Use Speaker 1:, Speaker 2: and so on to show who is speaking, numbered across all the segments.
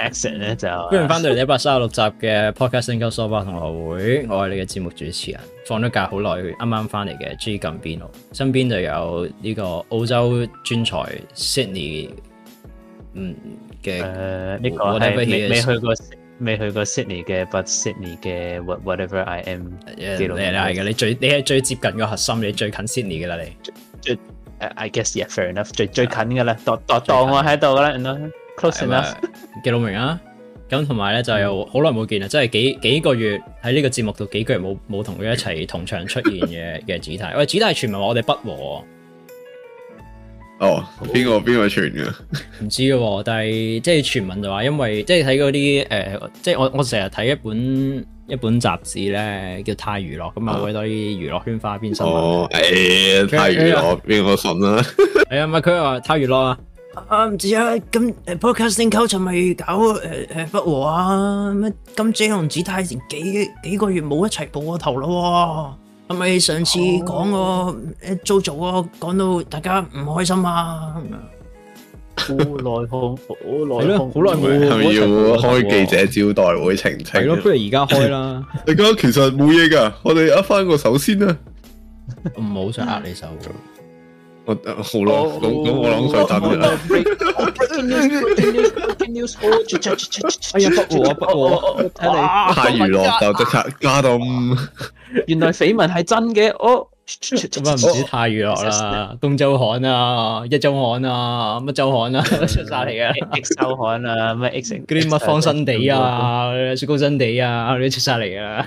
Speaker 1: Accent 咧就，歡迎翻到嚟一百三十六集嘅 Podcast English Sofa 同學會，我係你嘅節目主持人。放咗假好耐，啱啱翻嚟嘅，住近邊度？身邊就有呢個澳洲專才 Sydney，嗯嘅，呢個我係未去過，未去過 Sydney 嘅，But Sydney 嘅 Whatever I Am，你係嘅，你最你係最接近個核心，你最近 Sydney 嘅啦，你最，最，I guess yeah，fair enough，最 yeah. 最近嘅啦，當我喺度啦，係咪、嗯？記到明啊！咁同埋咧，就又好耐冇見啦，即、就、係、是、幾幾個月喺呢個節目度幾個月冇冇同佢一齊同場出現嘅嘅 Gtai 喂，Gtai 傳聞話我哋不和哦。
Speaker 2: 邊個邊個傳嘅？唔、oh.
Speaker 1: 知噶，但係即係傳聞就話，因為即係睇嗰啲誒，即係、呃、我我成日睇一本一本雜誌咧，叫《太娛樂》咁啊，好多啲娛樂圈花邊新聞。哦、 哎，誒，《太娛樂》邊個信啊？係啊，咪佢話《太娛樂》啊。啊唔知啊，咁 podcasting couple 咪搞誒誒不和啊？乜金姐同子太前幾幾個月冇一齊報過頭咯？係咪上次講個、oh. 做做啊，講到大家唔開心 啊？好
Speaker 2: 耐
Speaker 3: 好，好耐好耐冇。係咪要
Speaker 2: 開記者招待會澄清？咯，不如而家開啦。你覺 得其實冇嘢噶，我哋一翻個手先
Speaker 1: 啦。唔 好想呃你手。我好咯，咁咁我諗佢得噶啦。Breaking news，breaking news，breaking news，好！哎呀，不過不過睇你太娛樂
Speaker 2: 就即刻加凍。
Speaker 1: 原來緋聞係真嘅，我做乜唔止太娛樂啦？東周刊啊，一周刊啊，乜周刊啊出晒嚟嘅？X 周刊啊，乜 X？嗰啲乜方新地啊，雪糕新地啊，嗰啲出晒嚟嘅。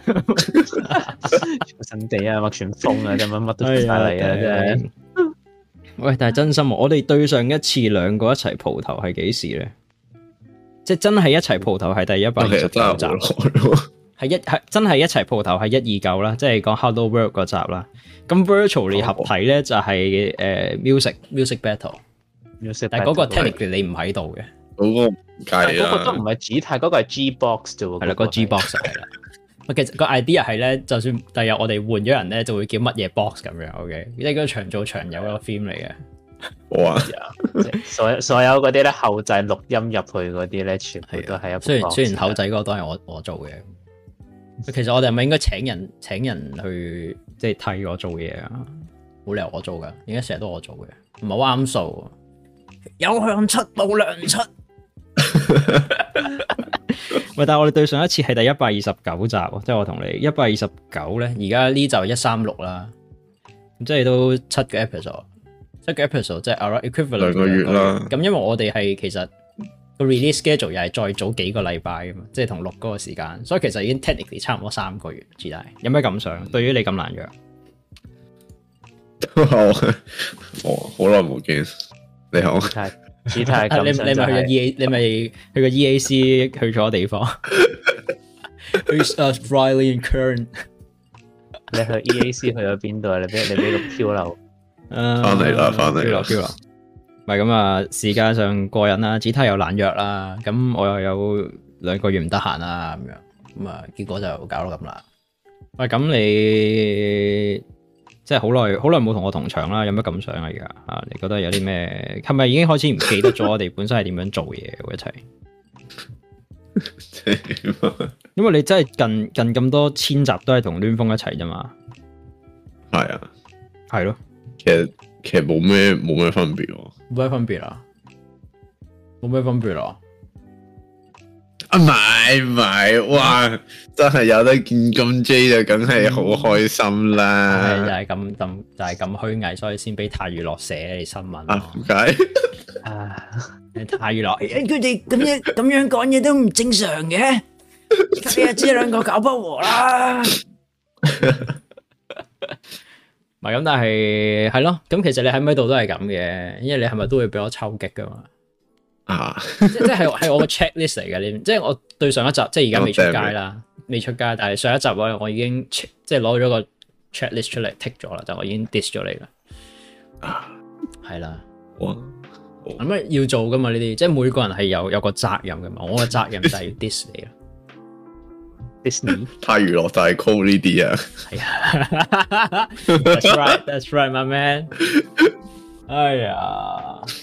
Speaker 1: 新地啊，麥旋風啊，咁樣乜都出晒嚟啊，真係。喂，但係真心，我哋對上一次兩個一齊蒲頭係幾時咧？即係真係一齊蒲頭係第 一百二十九集係一係真係一齊蒲頭係一二九啦，即係講 Hello Work 嗰集啦。咁 Virtual 你合體咧、oh。就係、是、誒、呃、Music Music Battle，music 但係嗰個 Technic 你唔喺度
Speaker 2: 嘅，嗰、那個嗰個都
Speaker 1: 唔係主題，嗰個係 G Box 啫係啦，嗰、那個 G Box 嚟啦。 其實個 idea 係咧，就算第日我哋換咗人咧，就會叫乜嘢 box 咁樣。OK，即係嗰個長做長有嗰個 theme 嚟嘅。哇！所 所有嗰啲咧，後製錄音入去嗰啲咧，全部都係一。雖然雖然後製嗰個都係我我做嘅。其實我哋係咪應該請人請人去即係、就是、替我做嘢啊？冇理由我做噶，點解成日都我做嘅？唔係好啱數，有向出冇量出。喂， 但係我哋對上一次係第一百二十九集，即係我同你一百二十九咧，而家呢就一三六啦，即係都七個 episode，七個 episode 即係 around equivalent 兩個月啦。咁因為我哋係其實個 release schedule 又係再早幾個禮拜啊嘛，即係同錄嗰個時間，所以其實已經 technically 差唔多三個月。朱大，有咩感想？對於你咁難約，
Speaker 2: 好，好耐冇見，你
Speaker 1: 好。 姿泰，你你咪去咗 E A，你咪去咗 E A C 去錯地方。去誒，Brian 和 Kern， 你去 E A C 去咗邊度啊？
Speaker 4: 你俾你俾個漂流，
Speaker 1: 翻嚟啦，翻嚟，漂流漂流。唔係咁啊，時間上過癮啦，子泰又懶約啦，咁我又有兩個月唔得閒啦，咁樣咁啊，結果就搞到咁啦。喂、啊，咁你？即係好耐好耐冇同我同場啦，有咩感想啊？而家啊，你覺得有啲咩？係 咪已經開始唔記得咗我哋本身係點樣做嘢？ 我一齊。 因為你真係近近咁多千集都係同暖風一齊啫嘛。
Speaker 2: 係啊。係咯。其實其實冇咩冇咩分別啊。
Speaker 1: 冇咩分別啊？冇咩分別啊？唔係
Speaker 2: 唔係，哇！真係有得見金 J 就梗係好開心啦。就係
Speaker 1: 咁，就就係咁虛偽，所以先俾太娛樂寫你新聞。啊，點解？啊，太娛樂，哎，佢哋咁樣咁樣講嘢都唔正常嘅。阿 J 兩個搞不和啦。咪咁，但係係咯，咁其實你喺邊度都係咁嘅，因為你係咪都會俾我抽擊噶嘛？啊！ 即係係我個 checklist 嚟噶呢？即係我對上一集，即係而家未出街啦，未出街。但係上一集我我已經即係攞咗個 checklist 出嚟剔咗啦，但我已經 dis 咗你啦。啊，係啦，咁咩要做噶嘛？呢啲即係每個人係有有個責任噶嘛？我嘅責任就係要 dis 你啦
Speaker 2: ，dis 你。太娛樂就係 call 呢啲啊。係啊
Speaker 1: ，That's right, that's right, my man。 哎呀～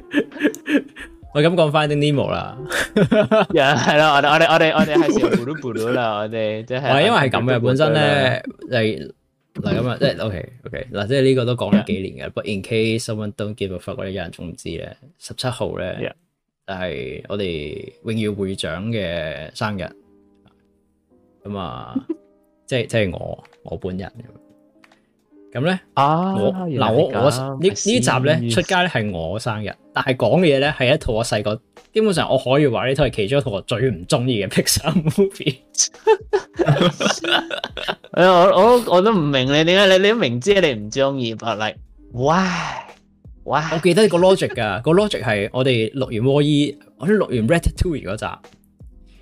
Speaker 1: 我咁講翻啲 nemo 啦，係咯，我我我哋我哋係時候撥擼撥擼啦，我哋即係，魯魯魯 因為係咁嘅， 本身咧嚟嗱咁啊，即 係、就是 就是、OK OK 嗱，即係呢個都講咗幾年嘅，But in case someone don't give a fuck， 我哋有人仲唔知咧，十七號咧就係我哋榮耀會長嘅生日，咁 啊、嗯，即係即係我 我本人咁。咁咧啊！嗱，我我呢集咧出街咧係我生日，但係講嘅嘢咧係一套我細個，基本上我可以話呢套係其中一套我最唔中意嘅 Pixar movie。 我我我都唔明你點解你你都明知你唔中意，但係 w 我記得個 logic 噶， 個 logic 係我哋錄完《WALL-E》，我哋錄完《Ratatouille》嗰集。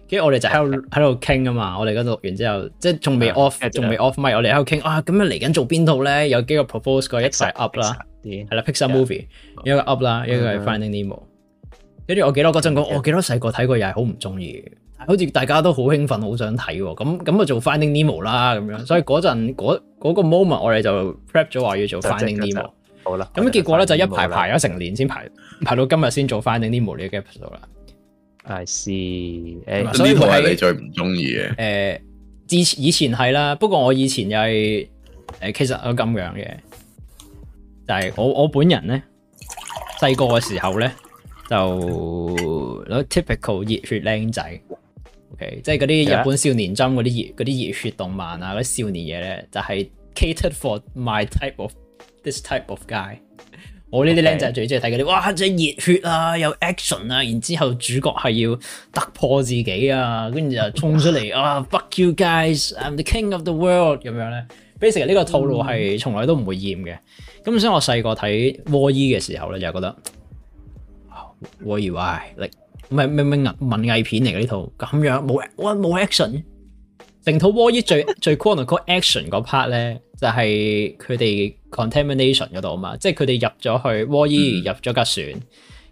Speaker 1: 跟住我哋就喺度喺度傾啊嘛，我哋嗰度錄完之後，即係仲未 off 仲、yeah. 未 off mic，我哋喺度傾啊，咁樣嚟緊做邊套咧？有幾個 propose 過一齊 up 啦，係 啦，啊啊啊，Pixar movie、yeah. up, uh -huh. 一個 up 啦，一個係 Finding Nemo。跟住我記得嗰陣講，yeah. 我記得細個睇過又係好唔中意，好似大家都好興奮，好想睇喎。咁、啊、咁就做 Finding Nemo 啦咁樣，所以嗰陣嗰個 moment 我哋就 prep 咗話要做 Finding Nemo 好。好、嗯、啦，咁結果咧就一排排咗成年先排，排到今日先做 Finding Nemo 呢個 gap 度啦。
Speaker 2: 係，uh, 所以呢套係你最唔中意
Speaker 1: 嘅。誒、呃，之以前係啦，不過我以前又係誒，其實係咁樣嘅，就係、是、我我本人咧細個嘅時候咧，就、The、typical 熱血靚仔，OK，即係嗰啲日本少年針嗰啲熱啲、yeah. 熱血動漫啊，嗰啲少年嘢咧，就係、是、catered for my type of this type of guy。我呢啲靚仔最中意睇嗰啲，哇！真係熱血啊，有 action 啊，然之後主角係要突破自己啊，跟住就衝出嚟啊 ，oh，fuck you guys，I'm the king of the world 咁樣咧。basically 呢個套路係從來都唔會厭嘅。咁所以我細個睇《WALL-E》嘅時候咧，就覺得 WALL-E，你咩咩咩文藝片嚟嘅呢套，咁樣冇，冇 action。整套 -E《Wall-E 》最最 core 嗰個 action 嗰 part 咧，就係佢哋 contamination 嗰度啊嘛，即係佢哋入咗去 Wall-E 入咗架船，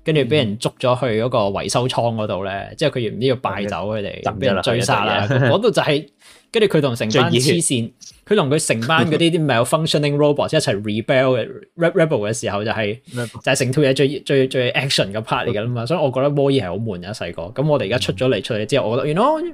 Speaker 1: 跟住俾人捉咗去嗰個維修倉嗰度咧，之後佢哋唔知要敗走佢哋，俾、okay. 人追殺啦。嗰 度就係、是、跟住佢同成班黐 線，佢同佢成班嗰啲啲 malfunctioning robots 一齊 rebel 嘅 rebel 嘅時候、就是， 就係就係整套嘢最最最 action 嘅 part 嚟㗎嘛。所以我覺得《Wall-E 係好悶嘅細個。咁我哋而家出咗嚟出嚟之後，我覺得、嗯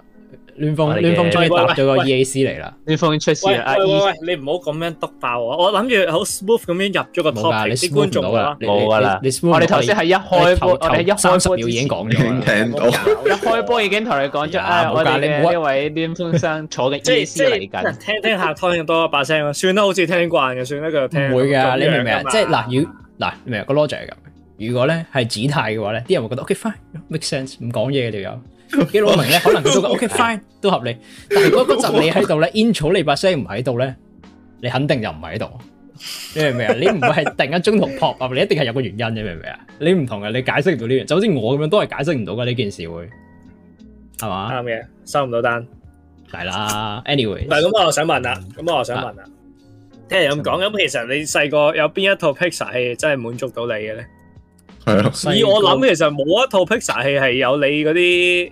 Speaker 1: 亂風亂風終於答咗個 EAC 嚟啦，
Speaker 4: 亂風
Speaker 3: 已
Speaker 1: 經出師阿喂、啊、喂，
Speaker 4: 喂你唔好咁樣篤爆我，我諗住好 smooth 咁樣入咗個 topic。你聽唔到噶，冇噶啦。我你頭先係一開波，我一、啊、
Speaker 1: 三十秒已經講咗，你聽唔到。
Speaker 4: 一開波已經同你講咗、啊。啊，冇你唔好一為亂風生坐嘅 EAC 嚟、啊、緊、就是就是。聽聽下，拖住多把聲算啦，好似聽慣嘅，算啦，佢又聽。唔會你明唔明啊？即係嗱，
Speaker 1: 要嗱，明個邏輯係咁。如果咧係指態嘅話咧，啲人會覺得 OK fine，make sense，唔講嘢嘅就幾老明咧，可能佢都講 OK fine 都合理。但係如果嗰集你喺度咧，intro 你把聲唔喺度咧，你肯定就唔喺度。你明唔明啊？你唔會係突然間中途 pop，你一定係有個原因嘅，明唔明啊？你唔同嘅，你解釋唔到呢樣，就好似我咁樣都係解釋唔到嘅呢件事會係嘛？啱
Speaker 4: 嘅，收唔到單係啦。anyway，但係咁我又想問啦，咁我又想問啦，聽人咁講，咁其實你細個有邊一套 Pixar 戲真係滿足到你嘅咧？
Speaker 1: 係咯，以我諗
Speaker 4: 其實冇一套 Pixar 戲係有你嗰啲。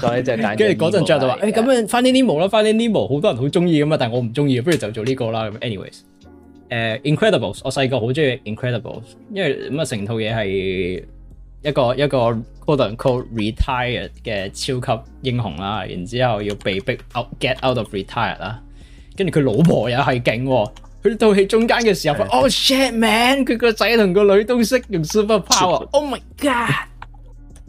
Speaker 4: 所以真係跟住嗰陣着到話，誒，
Speaker 1: 咁樣翻啲 Nemo 咯，翻啲 Nemo，好多人好中意噶嘛，但我唔中意，不如就做呢個啦。咁，anyways，誒，Incredibles，我細個好中意 Incredibles，因為咁啊成套嘢係一個一個 called called retired 嘅超級英雄啦，然之後要被逼 out get out of retired 啦，跟住佢老婆又係勁，佢套戲中間嘅時候，哦 shit man，佢個仔同個女都識用 super power，oh my god！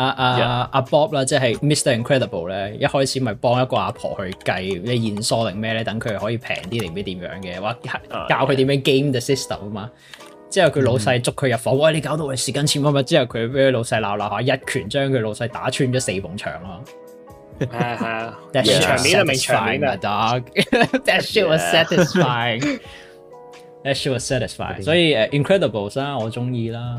Speaker 1: 阿阿阿 Bob 啦，即係 Mr Incredible 咧，一開始咪幫一個阿婆去計咩現數定咩咧，等佢可以平啲定唔知點樣嘅，話教佢點樣 game the system 啊嘛。之後佢老細捉佢入房，喂，你搞到我時間錢乜乜，之後佢俾佢老細鬧鬧下，一拳將佢老細打穿咗四埲牆咯。
Speaker 4: That was satisfying, dog. That was satisfying.
Speaker 1: That was satisfying. 所以誒，Incredibles 啊，我中意啦。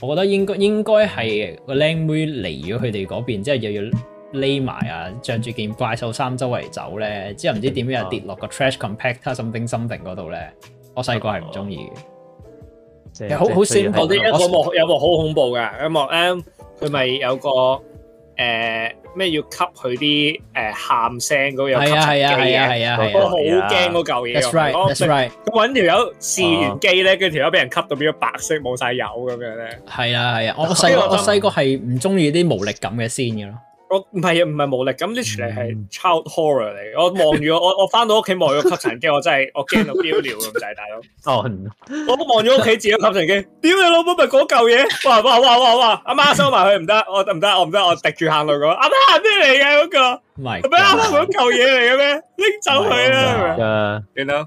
Speaker 1: 我覺得應該應該係個靚妹嚟咗佢哋嗰邊，之後又要匿埋啊，著住件怪獸衫周圍走咧，之後唔知點樣跌落個 trash compactor something something 嗰度咧，我細、嗯嗯嗯嗯、個係唔中意嘅。好好恐怖啲一幕，
Speaker 4: 有幕好恐怖嘅一幕咧，佢咪有個誒。呃咩要吸佢啲誒喊聲嗰樣吸啊，機啊！我好驚嗰嚿嘢。我揾條友試完機咧，跟住條友俾人吸到變咗白色，冇晒油咁
Speaker 1: 樣咧。係啊係啊，我細我細個係唔中意啲無力感嘅先嘅咯。
Speaker 4: 我唔係啊，唔係無力。咁呢出嚟係 child horror 嚟。我望住我，我我翻到屋企望咗吸塵機，我真係我驚到飆尿咁滯，大佬。哦，我都望住屋企自己吸塵機，屌你老母咪嗰嚿嘢。哇哇哇哇哇！阿媽收埋佢唔得，我得唔得，我唔得，我滴住喊淚講，阿媽係咩嚟嘅嗰個？咩啊？嗰嚿嘢嚟嘅咩？拎走佢啦！係咪？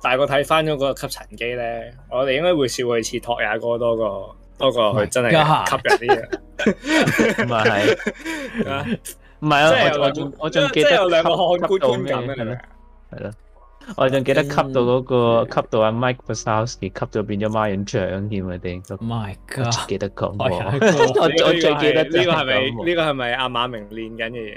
Speaker 4: 大個睇翻咗個吸塵機咧，我哋應該會笑佢似托也哥多過多過佢真係吸引啲嘅。咁啊係，唔 係不是 不是 啊，看的我我我仲記得吸到
Speaker 3: 咩、那、咧、個？咯、嗯，Vazowski,
Speaker 4: God, 我仲記得吸到嗰個吸到阿 Mike Wazowski 吸咗變咗孖人腸添啊！頂、哎，唔 記得講喎。這個、 我我最記得呢、這個係咪呢個係咪阿馬明練緊嘅嘢？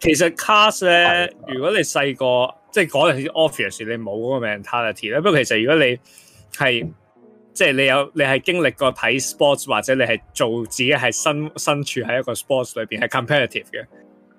Speaker 4: 其實 cast 咧，如果你細個，即係嗰陣時，obvious 你冇嗰個 mentality 咧。不過其實如果你係，即係你有，你係經歷過睇 sports 或者你係做自己係身身處喺一個 sports 裏邊係 competitive 嘅，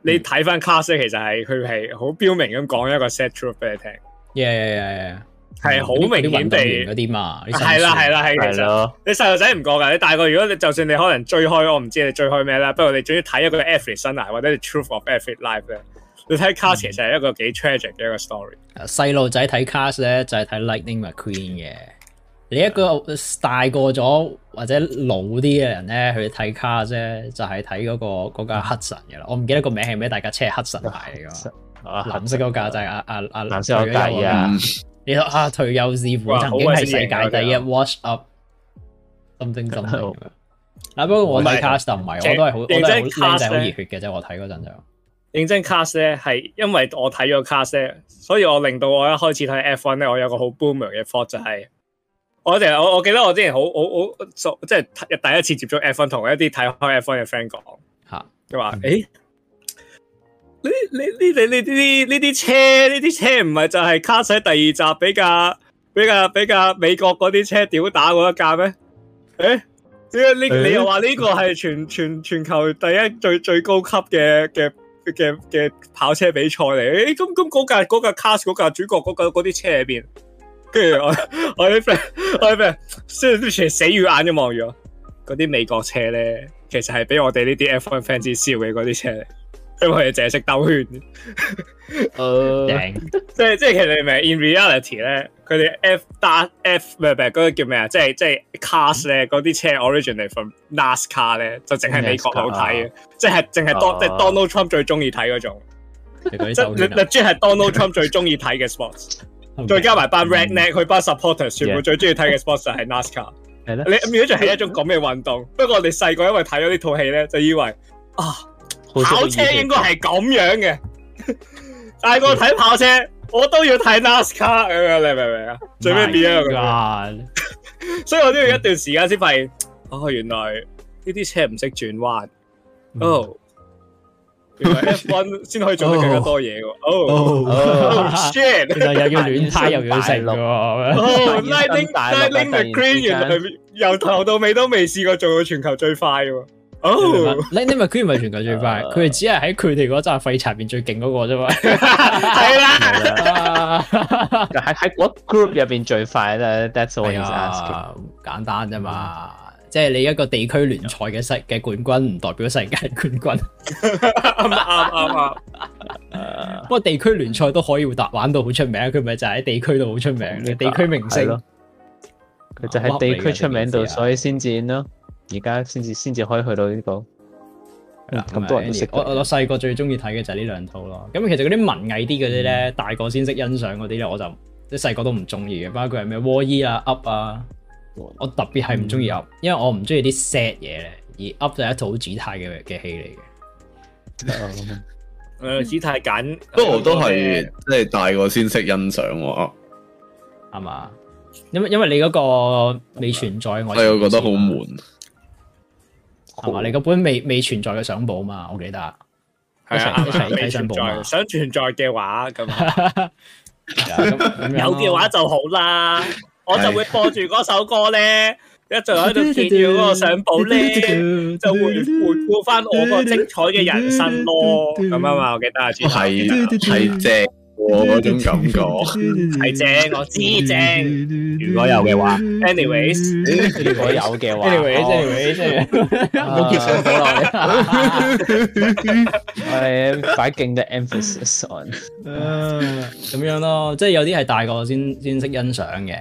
Speaker 4: 你睇翻 cast 咧，其實係佢係好標明咁講一個 sad truth 俾你聽。
Speaker 1: Yeah yeah yeah yeah. 係好明顯地嗰啲、嗯、嘛，係啦係啦係，
Speaker 4: 其實你細路仔唔過噶，你大個如果你就算你可能追開，我唔知你追開咩啦，不過你最要睇一個《Efrid》生或者《True of Efrid Life》咧、嗯，你睇《Cars》，其實係一個幾 tragic 嘅一個 story。
Speaker 1: 細路仔睇《Cars》咧就係睇《Lightning McQueen》嘅，你一個大個咗或者老啲嘅人咧去睇《Cars》啫，就係睇嗰個嗰架黑神嘅啦。我唔記得個名係咩，但架車係黑神牌嚟噶，藍色嗰架就係阿阿阿藍色嗰架啊。就是啊啊藍色啊，退休師傅曾經係世界第一，watch up，咁正咁正。嗯、不過我睇 cast 唔係，我都係好，認真 cast 好熱血嘅啫。我睇嗰陣就，
Speaker 4: 認真 cast 咧係，因為我睇咗 cast，所以我令到我一開始睇 F1 咧，我有個好 boomer 嘅 fault 就係，我哋我我記得我之前好好好即係第一次接觸 F1，同一啲睇開 F1 嘅 friend 講，吓、啊，就話誒。呢？你呢？你呢？呢啲車，呢啲車唔係就係 Cars 第二集比較比較比較美國嗰啲車屌打嗰一架咩？誒？呢？你又話呢個係全全全球第一最最高級嘅嘅嘅嘅跑車比賽嚟？誒、欸？咁咁嗰架嗰架 Cars 架主角嗰架啲車喺邊？跟住我 我啲 friend 我啲 friend，雖然都全死魚眼咁望住我，嗰啲美國車咧，其實係比我哋呢啲 F1 fans 笑嘅嗰啲車。因為佢淨係識兜圈，頂即係即係其實咪 in reality 咧，佢哋 F 打 F 唔係唔係嗰個叫咩啊？即係即係 Cars 咧，嗰啲車 originally from NASCAR 咧，就淨係美國佬睇嘅，即係淨係當即係 Donald Trump 最中意睇嗰種，即係即係 Donald Trump 最中意睇嘅 sports，再加埋班 redneck 佢班 supporters 全部最中意睇嘅 sports 就係 NASCAR，係咧。你 Imagine 係一種咁嘅運動？不過我哋細個因為睇咗呢套戲咧，就以為啊。
Speaker 3: 跑車應該係
Speaker 4: 咁樣嘅，大個睇跑車，我都要睇 NASCAR 咁樣，你明唔明啊？最尾 B 啊？所以我都要一段時間先發現，哦，原來呢啲車唔識轉彎。哦，原來 F1 先可以做到更加多嘢嘅。哦，哦，shit！又要軟胎，又要成轆。哦，Lightning LightningMcQueen，原來由頭到尾都未試過做到全球最快。
Speaker 1: 哦，Lightning McQueen 唔係全球最快的，佢哋只係喺佢哋嗰陣廢柴入邊最勁嗰個啫嘛，係啦，喺喺嗰 group 入邊最快咧，that's all you ask，簡單啫嘛，即係你一個地區聯賽嘅世嘅冠軍唔代表世界冠軍，啱
Speaker 4: 啱啱不
Speaker 1: 過地區聯賽都可以達玩到好出名，佢咪就喺地區度好出名，你地區明星咯，佢就喺地區出名度、啊，所以先至。咯。而家先至先至可以去到呢、呢個，嗱咁多我我細個最中意睇嘅就係呢兩套咯。咁其實嗰啲文藝啲嗰啲咧，嗯、大個先識欣賞嗰啲咧，我就即係細個都唔中意嘅。包括係咩《WALL-E》啊，《Up》啊，我特別係唔中意 Up、嗯、因為我唔中意啲 sad 嘢嘅。而 Up 就係一套好主態嘅嘅戲嚟嘅。誒姿態簡，不 也 過我都
Speaker 2: 係即係大個先識欣賞喎、啊。係嘛？
Speaker 1: 因為因為你嗰個未存在，我係我覺得好悶。係、啊、嘛？你嗰本未未存在嘅相簿嘛？我記
Speaker 4: 得係啊，未想想存在嘅話咁， 有嘅話就好啦。 我就會播住嗰首歌咧， 一就喺度見住嗰個相簿咧， 就會回顧回顧翻我個精彩嘅人生咯。咁 啊嘛，我記得係係 記得 正。我嗰種感覺係正，我知正。如果有嘅話，anyways，如果有嘅話，anyways，anyways，哈
Speaker 1: 哈哈，冇結束得耐，係擺勁的 emphasis on，咁、uh, 樣咯。即係有啲係大個先先識欣賞嘅。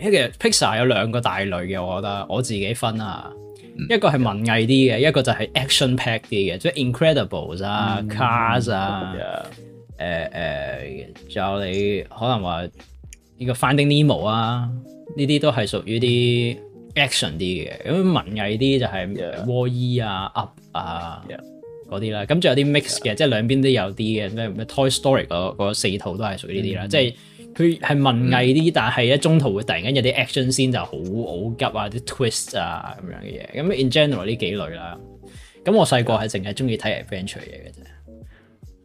Speaker 1: 一其實 Pixar 有兩個大類嘅，我覺得我自己分啊，嗯、一個係文藝啲嘅，一個就係 action pack 啲嘅，即係 Incredibles 啊、嗯、，Cars 啊。嗯嗯嗯誒誒，仲有你可能話呢個 Finding Nemo 啊，呢啲都係屬於啲 action 啲嘅。咁文藝啲就係 Wall-E 啊 Up 啊嗰啲啦。咁、yeah. 仲有啲 mix 嘅，yeah. 即係兩邊都有啲嘅，咩咩 Toy Story 嗰四套都係屬於呢啲啦。Mm -hmm. 即係佢係文藝啲，但係咧中途會突然間有啲 action 先就好好急啊，啲 twist 啊咁樣嘅嘢。咁 in general 呢幾類啦。咁我細個係淨係中意睇 adventure
Speaker 4: 嘢嘅啫。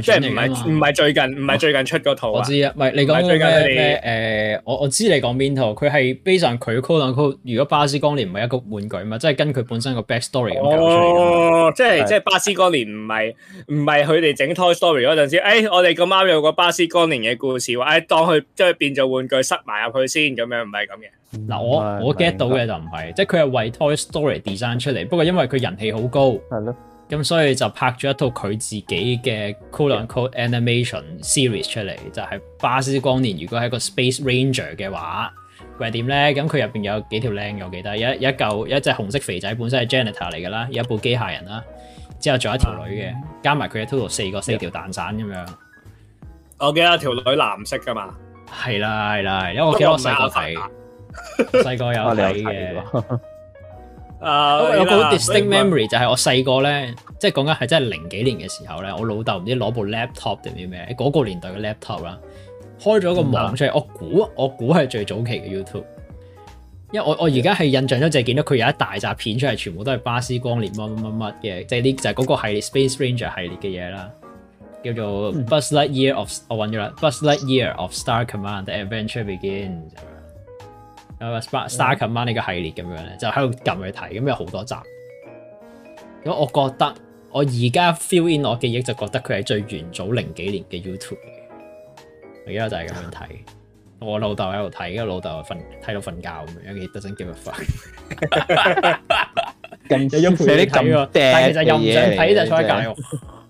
Speaker 4: 即係唔係唔係最近唔係最近出嗰套、啊、我知啊，唔係你，你、呃、你講最近
Speaker 1: 誒？我我知你講邊套？佢係 b 常佢 i c a l l 如果巴斯光年唔係一個玩具嘛，即係跟佢本身個 back story 咁、哦、搞
Speaker 4: 出嚟、哦。即係即係巴斯光年唔係唔係佢哋整 toy story 嗰陣時、哎，我哋咁啱有個巴斯光年嘅故事，話誒當佢即係變做玩具塞埋入去先咁樣，唔係咁嘅。嗱、嗯呃、我我 get 到嘅就唔係，
Speaker 1: 即係佢係為 toy story design 出嚟。不過因為佢人氣好高，係咯。咁所以就拍咗一套佢自己嘅 colonial animation series 出嚟，就係、是、巴斯光年如果係一個 space ranger 嘅話，佢係點咧？咁佢入邊有幾條靚嘅，我記得有一一舊一隻紅色肥仔，本身係 janitor 嚟噶啦，有一部機械人啦，之後仲有一條女嘅，加埋佢一 total 四個四條蛋散咁樣。
Speaker 4: 我記得條女藍色噶嘛？
Speaker 1: 係啦係啦，因為我記得我細個睇，細個有睇嘅。
Speaker 4: 啊、uh,！有個好 distinct memory
Speaker 1: 就係我細個咧，即係講緊係真係零幾年嘅時候咧，我老豆唔知攞部 laptop 定啲咩，嗰個年代嘅 laptop 啦，開咗個網出嚟、嗯，我估我估係最早期嘅 YouTube，因為我我而家係印象中就係見到佢有一大紮片出嚟，全部都係巴斯光年乜乜乜嘅，即係啲就係、是、嗰個系列 Space Ranger 系列嘅嘢啦，叫做 Buzz Light Year of，、嗯 oh, 我揾咗啦，Buzz Light Year of Star Command Adventure Begins。Starman 呢個系列咁樣咧、嗯，就喺度撳去睇，咁有好多集。咁我覺得我而家 feel in 我記憶就覺得佢係最元祖零幾年嘅 YouTube 嚟嘅。我而家就係咁樣睇，我老豆喺度睇，因為老豆瞓睇到瞓覺咁樣，突然間叫佢瞓。咁 樣陪你睇喎，但係其實又唔想睇，就坐喺度。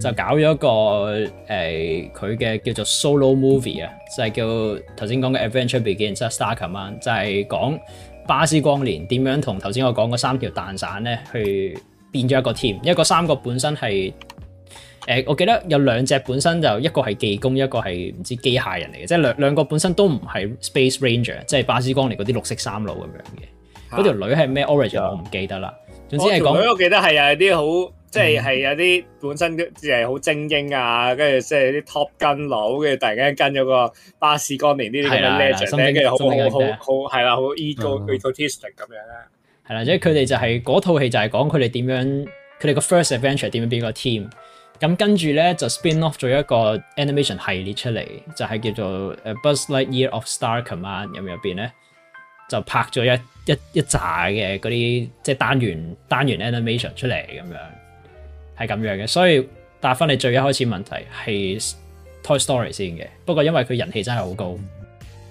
Speaker 1: 就搞咗一個誒，佢、呃、嘅叫做 Solo Movie 啊、嗯，就係、是、叫頭先講嘅 Adventure Begins，Star Command，就係講巴斯光年點樣同頭先我講嗰三條蛋散咧，去變咗一個 team，因為嗰三個本身係誒、呃，我記得有兩隻本身就一個係技工，一個係唔知機械人嚟嘅，即係兩兩個本身都唔係 Space Ranger，即係巴斯光年嗰啲綠色衫佬咁樣嘅，嗰、啊、條女係咩 Orange 我唔記得啦，總之係講，我,的
Speaker 4: 我記得係又啲好。即係係有啲本身即係好精英啊，跟住即係啲 Top Gun 佬，跟住突然間跟咗個巴斯光年呢啲咁樣咧，跟好好啦，好 eager o 咁樣咧
Speaker 1: 係啦，即係佢哋就係套戲就係講佢哋點樣佢哋個 first adventure 點樣變個 team，咁跟住咧就 spin off 做一個 animation 系列出嚟，就係叫做《誒 Buzz Lightyear of Star Command》入邊咧就拍咗一一一拃嘅啲即係單元單元 animation 出嚟咁樣係咁樣嘅，所以答翻你最一開始問題係《Toy Story》先嘅。不過因為佢人氣真係好高，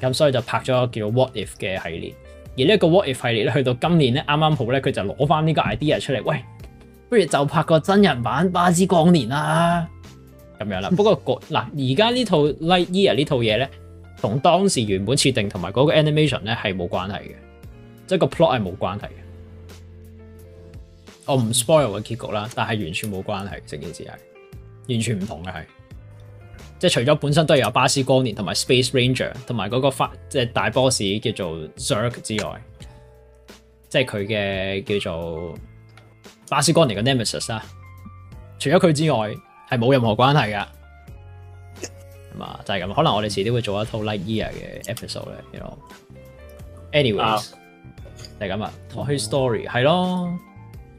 Speaker 1: 咁所以就拍咗叫《What If》嘅系列。而呢個《What If》系列咧，去到今年咧，啱啱好咧，佢就攞翻呢個 idea 出嚟，喂，不如就拍個真人版《巴斯光年、啊》啦，咁樣啦。不過嗱，而家呢套《Lightyear》呢套嘢咧，同當時原本設定同埋嗰個 animation 咧係冇關係嘅，即係個 plot 係冇關係嘅。我唔 spoil 嘅結局啦，但係完全冇關係，成件事係完全唔同嘅，係即係除咗本身都係有巴斯光年同埋 Space Ranger 同埋嗰個花即係大 boss 叫做 Zurg 之外，即係佢嘅叫做巴斯光年嘅 Nemesis 啊，除咗佢之外係冇任何關係噶，啊就係咁，可能我哋遲啲會做一套 Lightyear 嘅 episode 嘅，anyways 就係咁啊，Toy Story 係咯。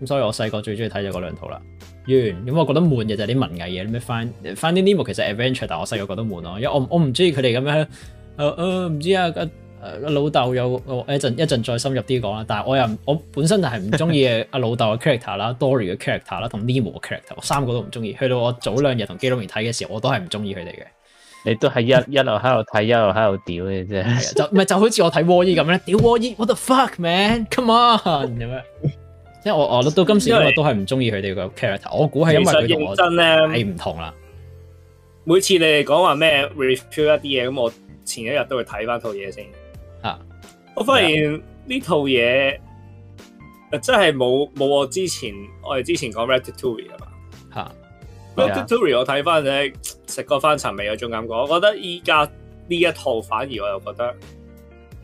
Speaker 1: 所以我細個最中意睇就嗰兩套啦，完。咁、嗯嗯、我覺得悶嘅就係、是、啲文藝嘢，啲咩翻翻啲 Nemo 其實 Adventure 但我細個覺得悶咯，因為我我唔中意佢哋咁樣，唔、呃呃、知啊阿、啊、老豆有我一陣一陣再深入啲講啦。但係我又我本身就係唔中意阿老豆嘅 character 啦 ，Dory 嘅 character 啦，同 Nemo 嘅 character，我三個都唔中意。去到我早兩日同基隆明睇嘅時候，我都係唔中意佢哋嘅。你都係一一路喺度睇，一路喺度屌嘅啫。就唔係就好似我睇 Wall-E 咁咧，屌 Wall-E，what the fuck man，come on 咁樣。即係我我到今時，因為都係唔中意佢哋個 character，我估係因為佢真個係唔同啦。
Speaker 4: 每次你哋講話咩 review 一啲嘢，咁我前一日都會睇翻套嘢先。吓、啊，我發現呢套嘢，真係冇冇我之前我哋之前講 Ratatouille 啊嘛。吓，Ratatouille 我睇翻咧食過翻層味有種感覺，我覺得依家呢一套反而我又覺得。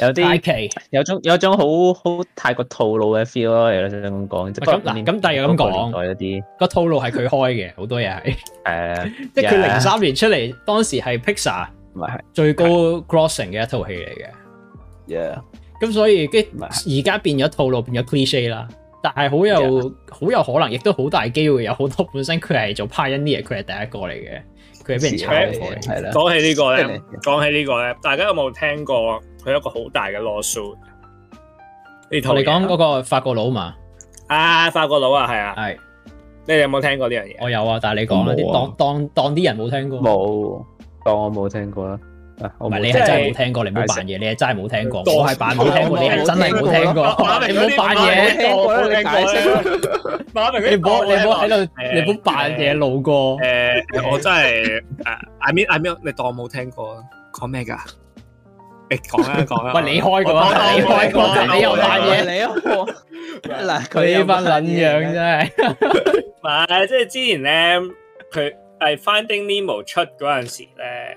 Speaker 1: 有啲有種有一種好好太過套路嘅 feel 咯，而家想咁講，咁嗱咁，但係又咁講，有啲個套路係佢開嘅，好多嘢係，誒，即係佢零三年出嚟，uh, 當時係 Pixar 唔係最高 grossing 嘅一套戲嚟嘅，yeah，咁所以即係而家變咗套路，變咗 cliche 啦，但係好有好、uh, yeah, 有可能，亦都好大機會有好多本身佢係做 pioneer，佢係第一個嚟嘅。佢唔係，講
Speaker 4: 起呢個咧，講起呢個咧，大家有冇聽過佢一個好大嘅 law suit
Speaker 1: 你同你講嗰個法國佬嘛？
Speaker 4: 啊，法國佬啊，係啊，係。你哋有冇聽過呢樣嘢？
Speaker 1: 我有啊，但係你講啦、啊，當當當啲人冇聽過，冇當我冇聽過啦。唔係，你係真係冇聽過，你唔好扮嘢。你係真係冇聽過，我係扮冇聽過。你係真係
Speaker 3: 冇聽過，你唔好扮嘢。我我解釋，
Speaker 1: 你唔好你唔好
Speaker 4: 喺度，你唔好扮嘢老哥。誒，我真係誒，I mean I mean，你當我冇聽過啊？講咩噶？誒，講啦講啦。喂，你開過，你開過，你又扮嘢你啊？
Speaker 1: 嗱，佢呢班捻
Speaker 4: 樣真係，唔係即係之前咧，佢係 Finding Nemo 出嗰陣時咧。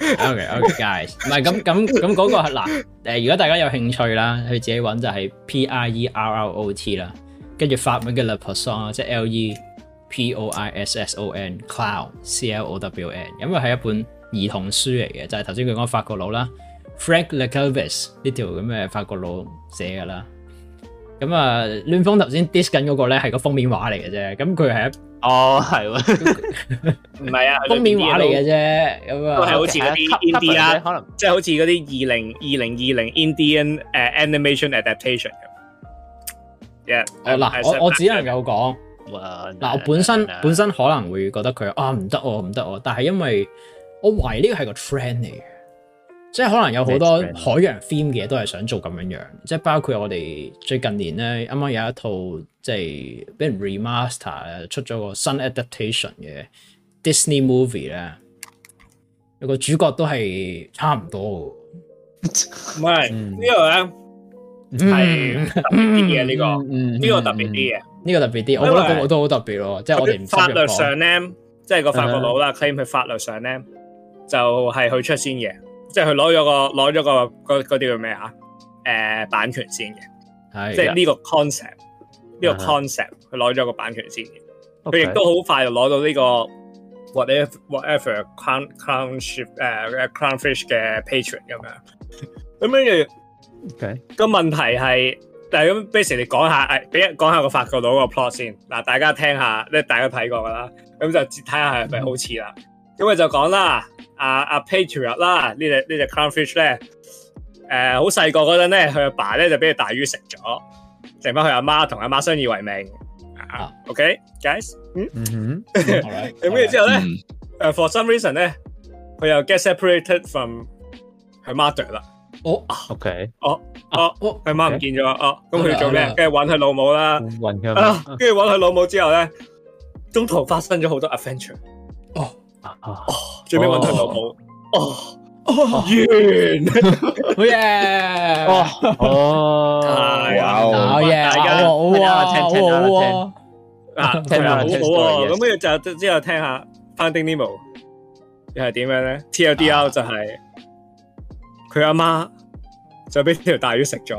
Speaker 1: OK, OK, guys，唔係咁咁咁嗰個係嗱，誒，如果大家有興趣啦，去自己搵就係 P I E R L O T 啦，跟住法文嘅 le poisson，即係 L E P O I S S, -S O N Cloud, C L O W N，咁佢係一本兒童書嚟嘅，就係頭先佢講法國佬啦，Frank l e c l v i s 呢條咁嘅法國佬寫噶啦，咁啊，亂峰頭先 disc 緊嗰個咧係個封面畫嚟嘅
Speaker 4: 啫，咁佢係一。哦、oh，係喎，唔係啊，封 面畫嚟嘅啫，
Speaker 1: 咁、就、啊、是，都 係樂、就是、好似嗰啲 i 可能
Speaker 4: 即係好似嗰啲二零二零二零 Indian 誒、uh, animation adaptation 咁、嗯。y、嗯、嗱、嗯，我我只
Speaker 1: 能夠講，
Speaker 4: 嗱、
Speaker 1: 嗯嗯，我本身、嗯、本身可能會覺得佢啊唔得哦，唔得哦，但係因為我懷疑呢個係個 friend 嚟嘅。即係可能有好多海洋 theme 嘅嘢都係想做咁樣樣，即係包括我哋最近年咧，啱啱有一套即係俾人 remaster 了出咗個新 adaptation 嘅 Disney movie 咧，有個主角都係差唔多唔係、這個、呢個咧係特別啲嘅呢個，呢、這個這個特別
Speaker 4: 啲嘅，呢個特別啲。我覺
Speaker 1: 得呢個都好特別咯，即係、就是、我哋法律上咧，
Speaker 4: 即係個法國佬啦 claim 喺法律上咧、uh, 就係佢出先嘅。即係佢攞咗個攞咗個嗰啲叫咩啊？誒、呃、版權先嘅，Hi、即係呢個 concept，呢、yeah. 個 concept 佢攞咗個版權先嘅，佢亦都好快就攞到呢、這個 whatever whatever crown crownship、uh, 誒 crownfish 嘅 patron 咁樣。咁跟住個問題係，但係咁 basically，你講下誒，俾人講下個發覺到個 plot 先嗱，大家聽下，即係大家睇過噶啦，咁就睇下係咪好似啦。咁、mm. 佢就講啦。阿、uh, 阿、uh, Patriot 啦，呢隻呢隻 clownfish 咧，誒好細個嗰陣咧，佢阿爸咧就俾隻大魚食咗，剩翻佢阿媽同阿媽相依為命，啊，OK，guys，嗯，好啦，咁跟住之後咧，誒、uh, for some reason 咧，佢又 get separated from 佢 mother 啦，哦，OK，哦哦哦，佢媽唔見咗，哦，咁佢做咩？跟住揾佢老母啦，揾佢，跟住揾佢老母之後咧，中途發生咗好多 adventure，哦。Oh. 最尾搵條老母，哦、啊啊、完，好 耶，哦 太樂、啊 啊啊 啊、好，大家聽下聽下
Speaker 3: 聽下，啊聽下好、嗯、好啊，咁
Speaker 4: 要就之後聽下 Finding Nemo，又係點樣咧？T L D L 就係佢阿媽就俾條大魚食咗，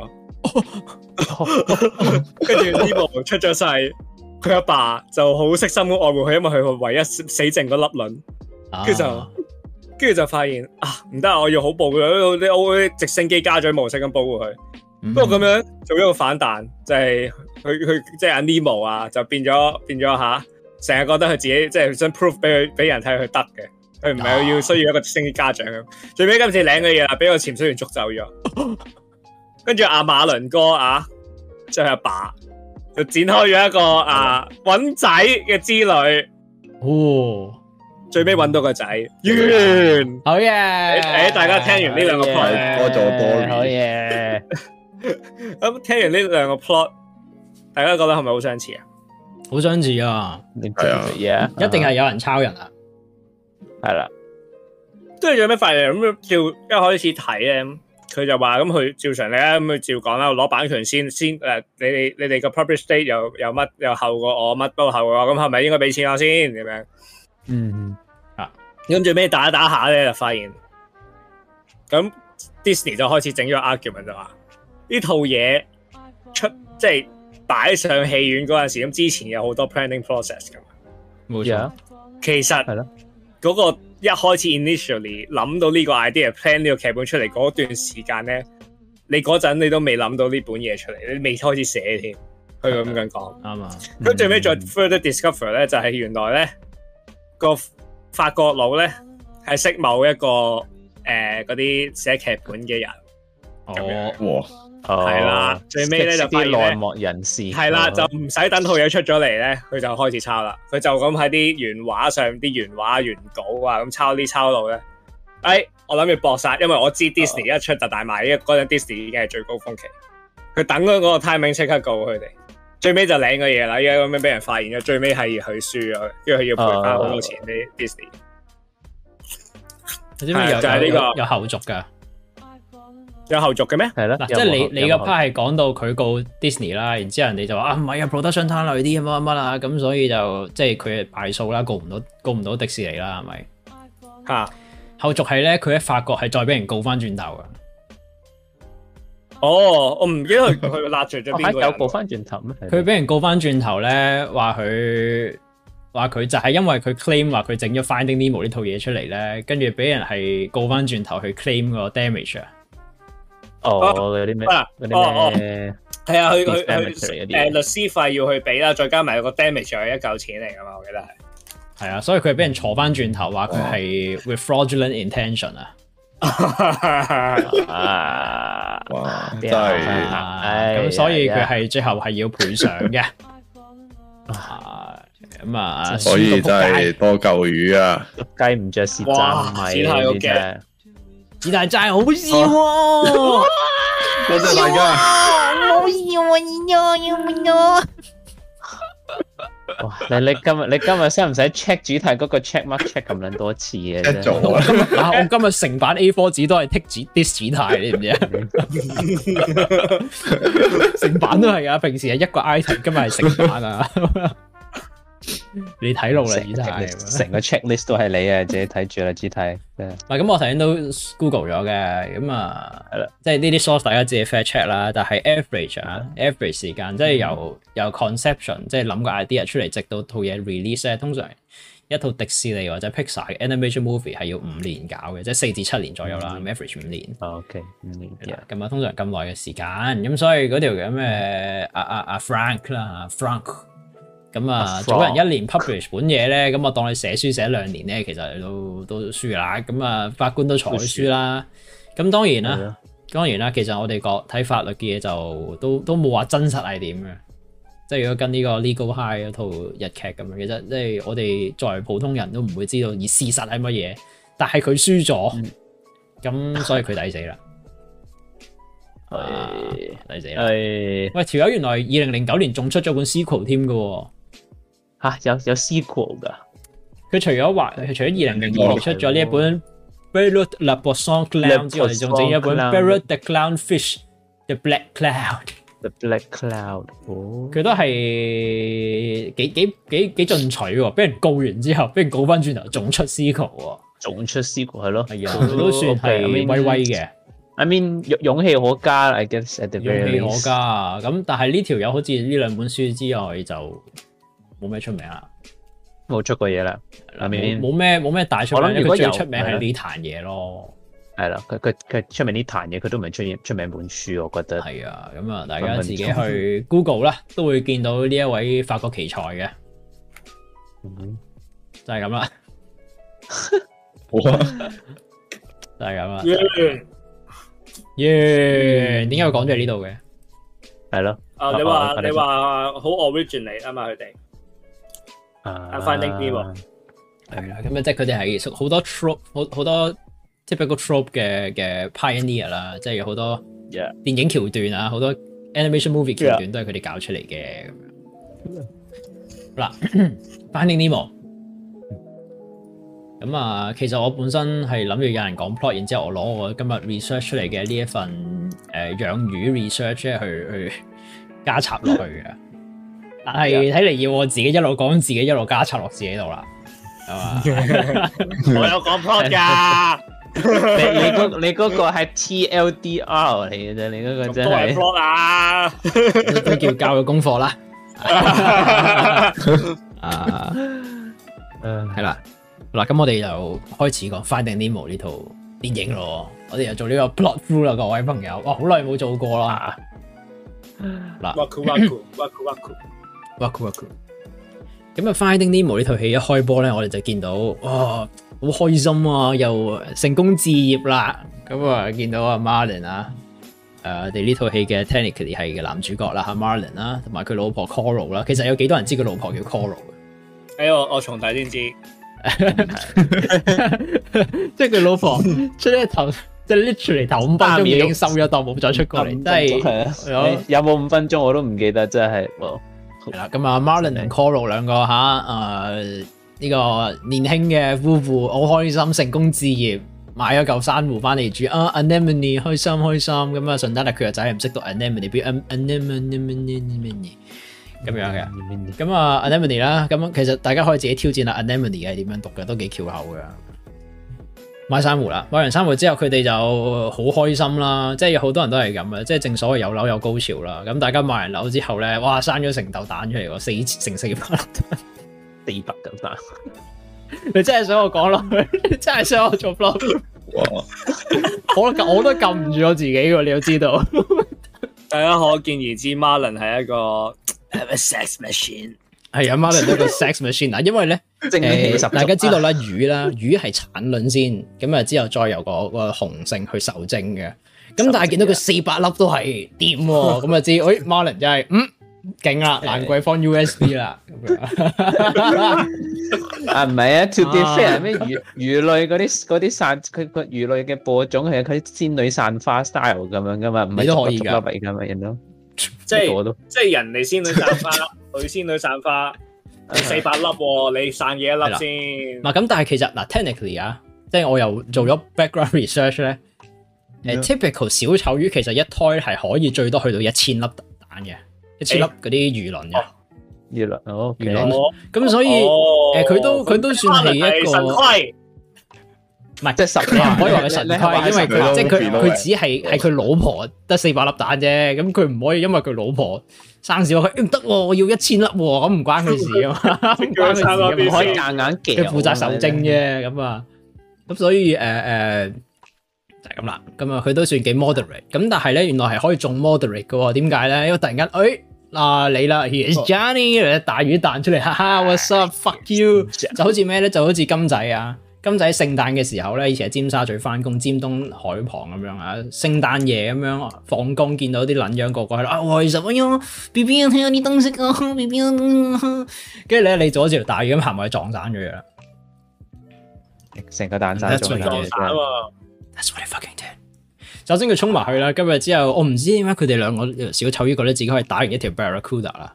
Speaker 4: 跟住 Nemo 出咗世。佢阿爸，爸就好悉心咁愛護佢，因為佢唯一死剩嗰粒卵，跟、啊、住就，跟住就發現啊，唔得，我要好保護，我啲我啲直升機家長模式咁保護佢，不過咁樣做一個反彈，就係佢佢即係 Nemo 啊，就變咗變咗吓，成日覺得佢自己即係、就是、想 proof 俾佢俾人睇佢得嘅，佢唔係要需要一個直升機家長，啊、最尾今次領嘅嘢啦，俾個潛水員捉走咗，跟住阿馬倫哥啊，即係阿爸。就展開咗一個啊揾仔嘅之旅，哦，最尾揾到個仔，完，好嘢，誒，大家聽完呢兩個 plot，開咗玻璃，好嘢，咁 聽完呢兩個 plot，大家覺得係咪好相似啊？
Speaker 1: 好相似啊，係啊，一定係有人抄人啊，係
Speaker 4: 啦，即係仲有咩反應咁？叫一開始睇咧佢就話咁佢照常咧，咁佢照講啦，攞版權先先誒，你哋你哋個 public state 又又乜又後過我，乜都後過，咁係咪應該俾錢我先咁樣？嗯，啊，咁最屘打一打一下咧就發現，咁 Disney 就開始整咗 argument 就話呢套嘢出，即係擺上戲院嗰陣時，咁之前有好多 planning process 噶嘛，冇錯，啊，其實係咯，嗰個。一開始 initially 諗到呢個 idea plan 呢個劇本出嚟嗰段時間咧，你嗰陣你都未諗到呢本嘢出嚟，你未開始寫添，佢咁講。啱啊！咁最尾再 further discover 咧， 就係原來咧、個法國佬咧係識某一個誒嗰啲寫劇本嘅人
Speaker 2: 咁樣。哦，哇！係、oh，啦，最尾咧就呢內幕人士。係啦、oh. 就唔
Speaker 4: 使等套嘢出咗嚟咧，佢就開始抄啦。佢就咁喺啲原畫上啲原畫原稿啊，咁抄，抄路呢抄到咧，哎，我諗住搏殺，因為我知 Disney 一出就大賣，oh。因為嗰陣 Disney 已經係最高峰期。佢等咗嗰個 timing，即刻告佢哋。最尾就領個嘢啦，因為咁樣俾人發現咗，最尾係佢輸咗，因為佢要賠翻好多錢啲 Disney。就係、是、呢、這個有，有，有後續噶。有後續嘅咩？係咧，嗱， 即、就、係、是、你有有你個 part 係
Speaker 1: 講到佢告 Disney 啦，然之後人哋就話啊唔係啊 production time 類啲乜乜啦，咁、啊、所以就即係佢敗訴啦，告唔到告唔到迪士尼啦，係、啊、咪？嚇、啊、後續係咧，佢喺法國係再俾人告翻轉頭嘅。哦，我唔
Speaker 4: 記得佢去拉住咗邊個。擺、 啊、告翻轉頭咩？佢
Speaker 1: 俾人告翻轉頭咧，話佢話佢就係因為佢 claim 話佢整咗 Finding Nemo 呢套嘢出嚟咧，跟住俾人係告翻轉頭去 claim 個 damage 啊。哦，你、哦、有啲咩？嗰啲咩咧？係、哦哦哦、啊，去去去，
Speaker 4: 誒，律師費要去俾啦，再加埋個 damage 係一嚿錢嚟噶嘛，我記得係。
Speaker 1: 係啊，所以佢俾人坐翻轉頭，話佢係 with fraudulent intention 啊 哇。 哇！真係咁、哎 所以， 所以佢係最後係要賠償嘅。咁啊，所以，所以真係
Speaker 2: 多嚿魚啊！雞唔着屎渣米呢
Speaker 1: 你台債好笑喎，真係噶，好笑喎，你呢？要唔要？哇！你你今日你今日使唔使 check 主題嗰個 check mark check 咁捻多次啊？做到！我今日成版 A4 紙都係剔紙 disc 態，你唔知啊？成版都係啊！平時係一個 item，今日係成版啊！你睇落嚟，以下成個 checklist 都係你嘅，自己睇住啦，只睇。唔係咁，我頭先都 Google 咗嘅，咁啊，即係呢啲 source 大家自己 fair check 啦。但係 average 啊，average 時間，即係由由 conception 即係諗個 idea 出嚟，直到套嘢 release 咧，通常一套迪士尼或者 Pixar 嘅 animation movie 係要五年搞嘅，即係四至七年左右啦，average 五年。哦，OK，五年嘅咁啊，通常咁耐嘅時間，咁所以嗰條叫咩阿阿阿 Frank 啦，Frank。咁啊，做人一年 publish 本嘢咧，咁我當你寫書寫兩年咧，其實都都輸啦。咁啊，法官都裁書啦。咁當然啦，啊，當然啦，其實我哋個睇法律嘅嘢就都都冇話真實係點嘅，即係如果跟呢個 Legal High 嗰套日劇咁，其實即係我哋作為普通人都唔會知道而事實係乜嘢，但係佢輸咗，咁、嗯、所以佢抵死啦。係抵死啦。喂，條、這、友、個、原來二零零九年仲出咗本 sequel 添嘅、哦。吓有有思 l 噶，佢除咗話，他除咗二零零二年、哦、出咗呢一本《哦、b e r r e l a b o u s s o n Clown 之》之外，仲整咗本《Barrel the Clown Fish the Black Cloud》。The Black Cloud，佢都係幾幾幾幾進取嘅，俾人告完之後，俾人告翻轉頭，仲出 s q 思考，仲出 SQL，思考，係咯，都算係威威嘅。 I, mean, I mean，勇勇氣可嘉，I guess a 勇氣可嘉啊。咁但係呢條友好似呢兩本書之外就。冇咩出名啦，冇出過嘢啦，係咪？冇咩冇咩大出名。我諗如果出名係呢壇嘢咯，係啦，佢佢佢出名呢壇嘢，佢都唔係出出名的本書，我覺得係啊。咁啊，大家自己去 Google 啦，都會見到呢一位法國奇才嘅、嗯，就係咁啦。哇， 就係咁啊！耶，點解我講住呢度嘅？係、uh,
Speaker 4: 咯，啊、uh, 你話你話好 origin 嚟啊嘛，佢哋。啊
Speaker 1: ！Finding Nemo 係啦，咁啊，即係佢哋係屬好多 trope，好好多 typical trope 嘅嘅 pioneer 啦，即係好多電影橋段啊，好多 animation movie 橋段都係佢哋搞出嚟嘅咁樣。嗱，Finding Nemo 咁啊，其實我本身係諗住有人講 plot，然之後我攞我今日 research 出嚟嘅呢一份誒養魚 research 去去加插落去嘅。但係睇嚟要我自己一路講自己一路加插落自己度啦，係
Speaker 4: 嘛？ 我有講 plot 噶，
Speaker 1: 你你你嗰個係 TLDR 嚟嘅啫，你嗰個真係。講 plot 啊， 都叫教佢功課啦。啊、uh,，嗯，係啦，嗱，咁我哋就開始講 Finding Nemo 呢套電影咯，我哋又做呢個 plot through 啦，各位朋友，哇、哦，好耐冇做過啦。嗱
Speaker 3: ，walk walk walk walk。
Speaker 1: 咁啊，Finding Nemo 呢套戲一開波咧，我哋就見到哇，好開心啊，又成功置業啦。咁啊，見到阿、啊啊啊、Marlin 啊，誒，我哋呢套戲嘅 Technically 係嘅男主角啦，吓 Marlin 啦，同埋佢老婆 Coral 啦。其實有幾多人知佢老婆叫 Coral？
Speaker 4: 誒，我我從大先知，
Speaker 1: 即係佢老婆出一頭， 即係 literally 頭五分鐘已經收咗檔，冇再出過嚟，即係。有冇五分鐘、嗯哎、有有五分鐘我都唔記得，真係。係啦，咁啊，Marlon 同 Coral 兩個吓，誒、呃、呢、這個年輕嘅夫婦好開心，成功置業，買咗嚿珊瑚翻嚟住啊，Anemone 開心開心，咁、嗯、啊，順帶、嗯，佢個仔唔識讀 Anemone，Anemone，咁樣嘅，咁、嗯、啊、嗯嗯、Anemone 啦，咁其實大家可以自己挑戰下 Anemone 係點樣讀嘅，都幾翹口噶。買珊瑚啦，買完珊瑚之後佢哋就好開心啦，即係好多人都係咁嘅，即係正所謂有樓有高潮啦。咁大家買完樓之後咧，哇，生咗成豆蛋出嚟個四成四百粒蛋，四百個蛋。你真係想我講落去， 你真係想我做 flow？好啦，我都撳唔住我自己噶，你都知道。
Speaker 4: 大家可見而知，Marlin 係一個 have a sex machine。
Speaker 1: 係 啊，Marlin 都個 sex machine 啊，因為咧、 呃，大家知道啦， 魚啦，魚係產卵先，咁啊之後再由、那個、那個雄性去受精嘅，咁但係見到佢四百粒都係掂，咁 行啊 就知，誒、哎、，Marlin 真、就、係、是、嗯，勁啦，蘭桂坊 USB 啦， 啊唔係啊，to be fair 咩、啊、魚魚類嗰啲啲散佢佢魚類嘅播種係佢仙女散花 style 咁樣噶嘛，唔係都可以噶，而家咪人都，
Speaker 4: 即係我都，即係人哋仙女散花啦。 佢先去散花，四百粒喎，okay. 你散嘢一,一粒先。嗱
Speaker 1: 咁，但係其實嗱，technically 啊，即係我又做咗 background research 咧。Yeah. 啊、typical 小丑魚其實一胎係可以最多去到一千粒蛋嘅，一千粒嗰啲魚卵嘅、hey. oh. okay. 魚卵。哦，魚卵。咁所以誒，佢、oh. 都佢、oh. 都算係一個。唔係即係十，唔 可以話佢神龜，因為佢即係佢佢只係係佢老婆得四百粒蛋啫，咁佢唔可以因為佢老婆生小佢唔得，我要一千粒喎，咁唔關佢事啊嘛，唔關佢事，嗯、 關事可以硬佢負責受精啫，咁、嗯、啊，咁、嗯嗯、所以誒誒、uh, uh, 就係咁啦，咁啊佢都算幾 moderate，咁、嗯、但係咧原來係可以仲 moderate 喎。點解咧？因為突然間誒嗱你啦 here's Johnny，大魚彈出嚟哈哈、哎、，what's up fuck you，就好似咩咧？就好似金仔啊！今仔喺聖誕嘅時候咧，以前喺尖沙咀翻工，尖東海旁咁樣啊，聖誕夜咁樣放工，見到啲撚樣個個係咯，啊、oh,，二十 b b i 睇啲燈色啊 b b 跟住咧你做咗條大魚咁行埋去撞散佢樣，成個蛋散咗。
Speaker 3: That's what I fucking
Speaker 1: did. 首先佢衝埋去啦，今日之後我唔知點解佢哋兩個小丑魚覺得自己可以打完一條 Barracuda 啦，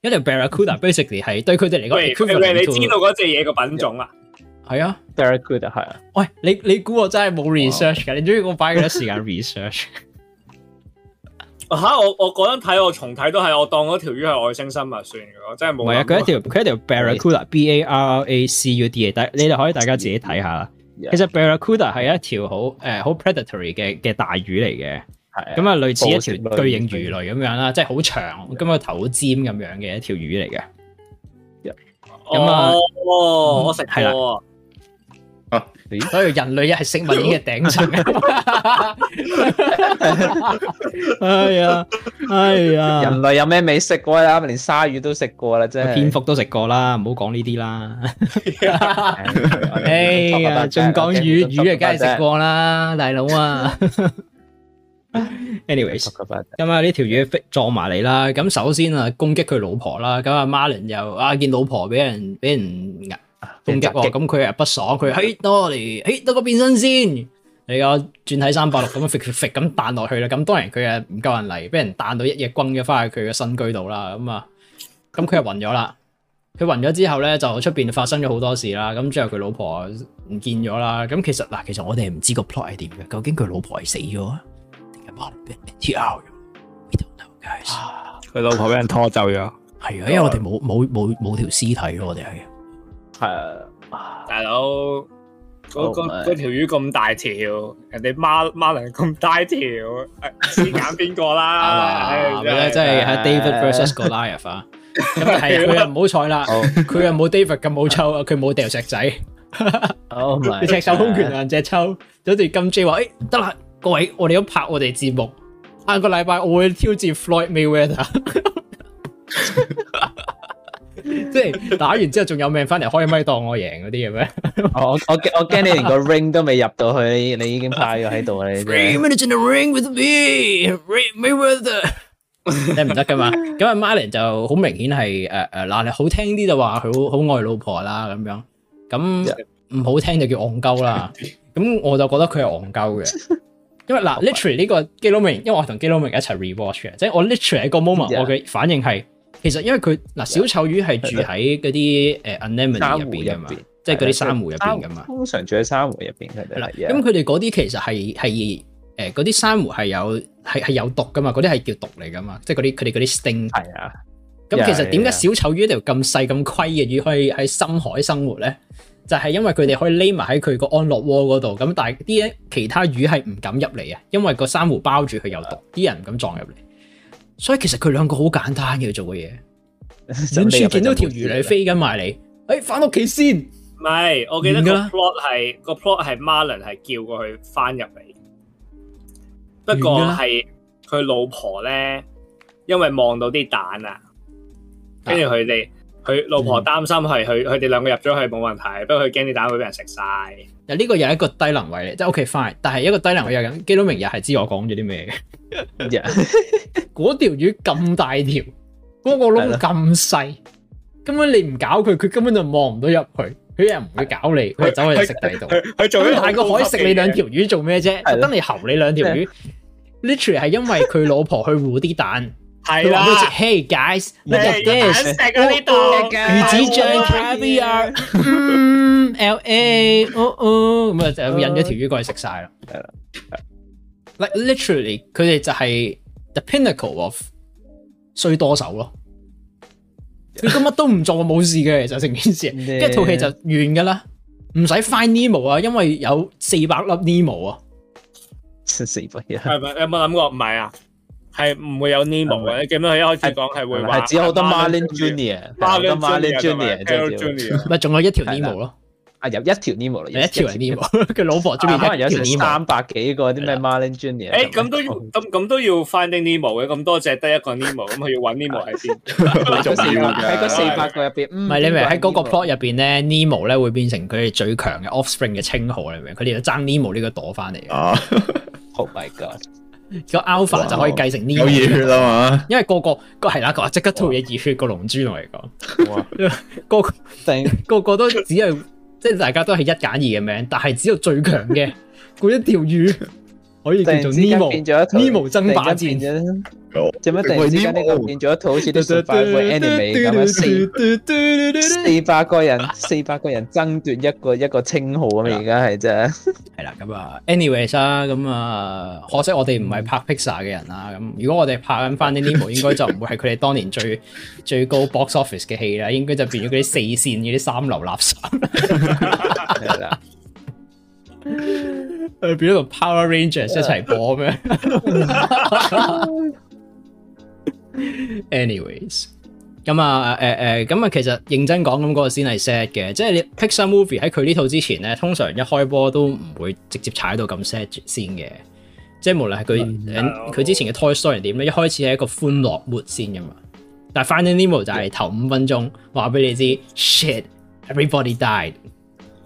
Speaker 1: 一條 Barracuda basically 係、嗯、對佢哋嚟講，你知道嗰
Speaker 4: 隻嘢個品種啊？嗯。
Speaker 1: 係啊 Barracuda 啊，係啊。喂，你你估我真係冇 research 嘅？Oh. 你鍾意我擺幾多時間 research？
Speaker 4: 吓，我我嗰陣睇，我重睇都係我當嗰條魚係外星生物算嘅，我真係冇。係啊，佢一條
Speaker 1: 佢一條 barracuda，b、a、r、a、c、u、d、a。但係你哋可以大家自己睇下啦。Yeah. 其實 barracuda r 係一條好誒好 predatory 嘅嘅大魚嚟嘅。係。咁啊，類似一條巨型魚類咁樣啦，yeah. 即係好長，咁、yeah. 個頭尖咁樣嘅一條魚嚟嘅。咁、
Speaker 3: yeah. 啊，oh,
Speaker 1: oh, 嗯、我食係啦。所以人類一係食物鏈嘅頂上，
Speaker 3: 哎呀，
Speaker 1: 哎呀，人類有咩未食過啊？連鯊魚都食過啦，即係蝙蝠都食過啦，唔好講呢啲啦。哎呀，仲講魚，魚梗係食過啦，大佬啊。anyways，咁啊呢條魚飛撞埋嚟啦。咁首先啊，攻擊佢老婆啦。咁阿 Marlin 又啊見老婆俾人俾人壓。攻擊，咁佢又不爽，佢又嘿多嚟，嘿得個變身先，你個轉體三百六咁樣，搣搣搣咁彈落去啦。咁當然佢又唔夠人嚟，俾人彈到一夜滾咗翻去佢嘅新居度啦。咁啊，咁佢又暈咗啦。佢暈咗之後咧，就出邊發生咗好多事啦。咁之後佢老婆唔見咗啦。咁其實嗱，其實我哋唔知個 plot 係點嘅，究竟佢老婆係死咗啊，定係 We don't know guys。佢老婆俾人拖走咗？係啊，因為我哋冇冇冇冇條屍體咯，我
Speaker 4: 哋係。係啊，大佬，嗰嗰嗰條魚咁大條，人哋馬馬良咁大條，知揀邊個啦？係咧，即係喺 David versus Goliath
Speaker 1: 啊！咁係佢又唔好彩啦，佢又冇 David 咁好抽，佢冇掉石仔。Oh my！赤手空拳硬隻抽，有段金 J 話：誒，得啦，各位，我哋都拍我哋節目，下個禮拜我會挑戰 Floyd Mayweather。即係打完之後仲有命翻嚟開麥當我贏嗰啲嘅咩？ 我我驚我驚你連個 ring 都未入到去，你已經趴咗喺度啦。Free man is in the ring with me, ring Mayweather 你唔得噶嘛？咁阿 Marlin 就好明顯係誒誒嗱，uh, uh, 你好聽啲就話佢好好愛老婆啦咁樣，咁唔好聽就叫戇鳩啦。咁我就覺得佢係戇鳩嘅，因為嗱 literally 呢個基隆明，因為我係同基隆明一齊 rewatch 嘅，即係我 literally 一個 moment，我嘅反應係。其實因為佢，嗱，小丑魚係住喺嗰啲誒，anemone 入邊噶嘛，即係嗰啲珊瑚入邊噶嘛。通常
Speaker 4: 住喺珊瑚入邊
Speaker 1: 嘅。嗱，咁佢哋嗰啲其實係係誒，嗰啲珊瑚係有係係有毒噶嘛，嗰啲係叫毒嚟噶嘛，即係啲佢哋嗰啲 sting。係啊。咁其實點解小丑魚一條咁細咁虧嘅魚可以喺深海生活咧？就係、是、因為佢哋可以匿埋喺佢個安樂窩嗰度。咁但係啲其他魚係唔敢入嚟啊，因為個珊瑚包住佢有毒，啲人唔敢撞入嚟。所以其實佢兩個好簡單嘅做嘅嘢，你處見到條魚你飛緊埋嚟，
Speaker 4: 誒、哎，翻屋企先，唔係，我記得個 plot 係個 plot 係 Marlin 係叫過佢翻入嚟，不過係佢老婆咧，因為望到啲蛋啊，跟住佢哋。佢老婆擔心係佢佢哋兩個入咗去冇問題，不過佢驚啲蛋會俾人食晒。誒，呢個又係一個低能位嚟，即
Speaker 1: 係 OK fine，但係一個低能位又噉。基佬明日係知我講咗啲咩嘅？嗰、yeah. 條魚咁大條，嗰、嗰個窿咁細，根、yeah. 本你唔搞佢，佢根本就望唔到入去。佢又唔會搞你，佢走去食第度。佢 做咁大個海可以食你兩條魚做咩啫？等 你喉你兩條魚 ？literally 係因為佢老婆去護啲蛋。係啦，Hey guys，look at this，
Speaker 4: 魚子醬 caviar，
Speaker 1: 嗯，L A，哦哦，咁啊就會引咗條魚過嚟食晒啦。係啦，like literally，佢哋就係 the pinnacle of 衰多手咯。你今乜都唔做，冇事嘅就成件事，一套戲就完噶啦，唔使 find Nemo 啊，因為有四百粒 Nemo 啊，四百啊，係
Speaker 4: 咪有冇諗過？唔係啊。係唔會有 Nemo 嘅？咁樣佢一開始講係會話，係只有好多 Marlin Junior，好多 Marlin Junior，咪
Speaker 1: 仲有一條 Nemo 咯？
Speaker 4: 啊有，一條 Nemo 咯，一條係 Nemo。佢老婆中意一條 Nemo，可能有三百幾個啲咩 Marlin Junior？誒，咁都咁咁都要 Finding Nemo 嘅？咁多只得一個 Nemo，咁佢要搵 Nemo 喺邊。喺嗰四百個入邊，唔係你明唔明？喺嗰個 plot
Speaker 1: 入邊咧，Nemo 咧會變成佢哋最強嘅 offspring 嘅稱號，你明唔明？佢哋就爭 Nemo 呢個朵翻嚟
Speaker 4: 嘅。Oh my god！
Speaker 1: 個 alpha 就可以繼承呢樣嘛？因為個個個係啦，個即刻吐嘢熱血個龍珠嚟講，個定個個,個,個, 個個都只係 即係大家都係一揀二嘅名，但係只有最強嘅嗰一條魚。可以叫做呢毛，呢毛爭霸戰啫。做乜？突然之間呢個變咗一套好似啲四百個 anim 嘅咁樣四百個人，四百個人爭奪一個 一個稱號啊！而家係啫，係啦咁啊。Anyways 啊，咁、嗯、啊，可惜我哋唔係拍 Pixar 嘅人啦。咁如果我哋拍緊翻啲呢毛，應該就唔會係佢哋當年最 最高 box office 嘅戲啦。應該就變咗嗰啲四線嗰啲三流垃圾。係 啦是、啊。 誒，比如做 Power Rangers 一齊播咩 ？Anyways，咁、嗯、啊，誒、嗯、誒，咁、嗯、啊、嗯，其實認真講，咁、那、嗰個先係 sad 嘅，即係你 Pixar movie 喺佢呢套之前咧，通常一開波都唔會直接踩到咁 sad 先嘅，即係無論係佢佢之前嘅 Toy Story 點咧，一開始係一個歡樂 mood 先噶嘛，但係 Finding Nemo 就係頭五分鐘話俾你知 ，shit，everybody died。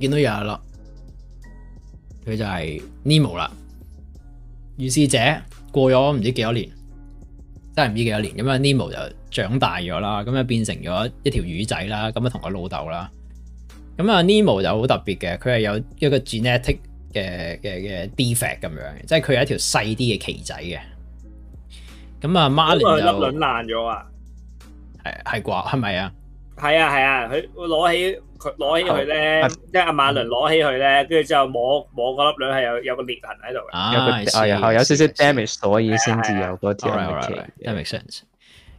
Speaker 1: 見到日啦，佢就係 Nemo 啦。於是者過咗唔知幾多年，真係唔知幾多年咁啊！Nemo 就長大咗啦，咁啊變成咗一條魚仔啦，咁啊同個老豆啦。咁啊 Nemo 就好特別嘅，佢係有一個 genetic 嘅嘅嘅 defect 咁樣，即係佢係一條細啲嘅旗仔嘅。
Speaker 4: 咁啊，Marlin 就粒卵爛咗啊！
Speaker 1: 係係啩？係咪啊？
Speaker 4: 係啊係啊！佢會攞起。佢攞起佢咧，即係阿馬倫攞起佢咧，跟住之後摸摸個粒卵係有有個裂痕喺度嘅，有個、哦、有有少少 damage，所以先至有嗰 s e That
Speaker 1: makes sense。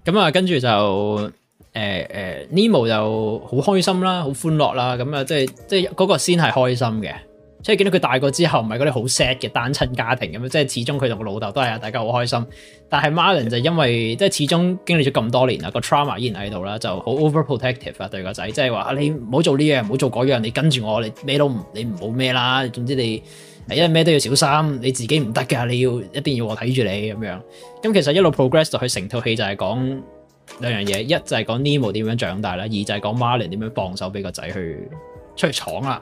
Speaker 1: 咁啊，跟住就、嗯嗯嗯、Nemo 就好開心啦，好歡樂啦，咁啊、就是，即係即係嗰個先係開心嘅。即係見到佢大個之後，唔係嗰啲好 sad 嘅單親家庭咁樣，即係始終佢同個老豆都係啊，大家好開心。但係 Marlin 就因為即係始終經歷咗咁多年啊，個 trauma 依然喺度啦，就好 overprotective 啊對個仔，即係話你唔好做呢樣，唔好做嗰樣，你跟住我，你咩都唔，你唔好咩啦。總之你因為咩都要小心，你自己唔得㗎，你要一定要我睇住你咁樣。咁其實一路 progress 落去，成套戲就係講兩樣嘢，一就係講 Nemo 點樣長大啦，二就係講 Marlin 點樣放手俾個仔去出去闖啦。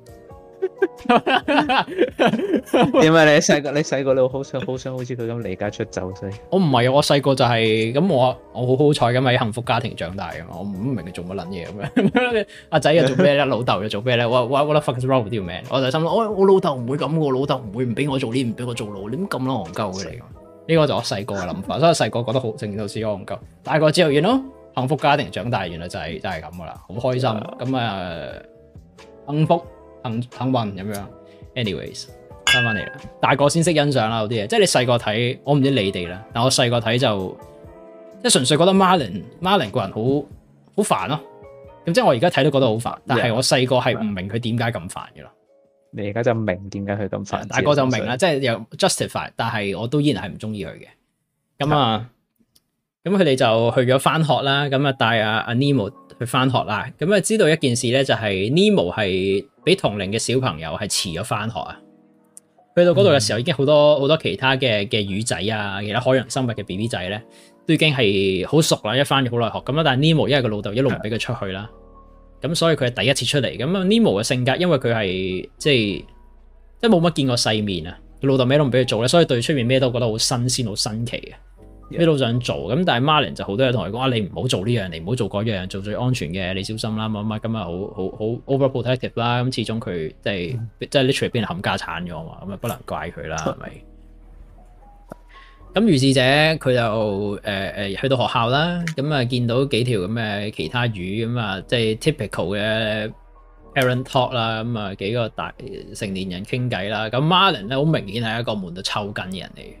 Speaker 1: 點 解你細個你細個你好想，想好想好似佢咁離家出走？我唔係啊，我細個就係、是、咁我我好好彩咁喺幸福家庭長大啊嘛，我唔明你做乜捻嘢咁樣？阿 仔又做咩咧？ 老豆又做咩咧？我我我諗 fuck around 條命，我就心諗我老豆唔會咁我老豆唔會唔俾我做呢，唔俾我做老。你咁捻憨鳩嘅嚟。呢、這個就我細個嘅諗法， 所以細個覺得好正到死憨鳩。大個之後咯，you know? 幸福家庭長大，原來就係、是、就係咁噶啦，好開心咁啊、嗯，幸福。咁揼運咁樣，anyways，翻翻嚟啦。大個先識欣賞啦，有啲嘢即係你細個睇，我唔知你哋啦。但我細個睇就即係純粹覺得 Marlin Marlin 個人好好煩咯、啊。咁即係我而家睇都覺得好煩，但係我細個係唔明佢點解咁煩嘅咯。Yeah, 你而家就明點解佢咁煩？嗯、大個就明啦，即係又 justify，但係我都依然係唔中意佢嘅。咁啊，咁佢哋就去咗翻學啦。咁啊，帶阿阿 Nemo 去翻學啦。咁啊，知道一件事咧，就係 Nemo 係。比同齡嘅小朋友係遲咗翻學啊，去到嗰度嘅時候已經好多好、嗯、多其他嘅嘅魚仔啊，其他海洋生物嘅 B B 仔咧都已經係好熟啦，一翻咗好耐學咁啦。但係 Nemo 因為個老豆一路唔俾佢出去啦，咁所以佢係第一次出嚟。咁啊 Nemo 嘅性格，因為佢係即係即係冇乜見過世面啊，老豆咩都唔俾佢做咧，所以對出面咩都覺得好新鮮、好新奇嘅。咩都想做，咁但係 Marlin 就好多人同佢講：啊，你唔好做呢樣，你唔好做嗰樣，做最安全嘅，你小心啦。乜乜今日好好好 overprotective 啦。咁始終佢、就是 yeah. 即係即係 literally 俾人冚家鏟咗嘛。咁啊不能怪佢啦，係咪？咁 預是者如是者佢就誒誒、呃、去到學校啦，咁啊見到幾條咁嘅其他魚，咁啊即係 typical 嘅 parent talk 啦，咁啊幾個大成年人傾偈啦。咁 Marlin 咧好明顯係一個悶到抽筋嘅人嚟。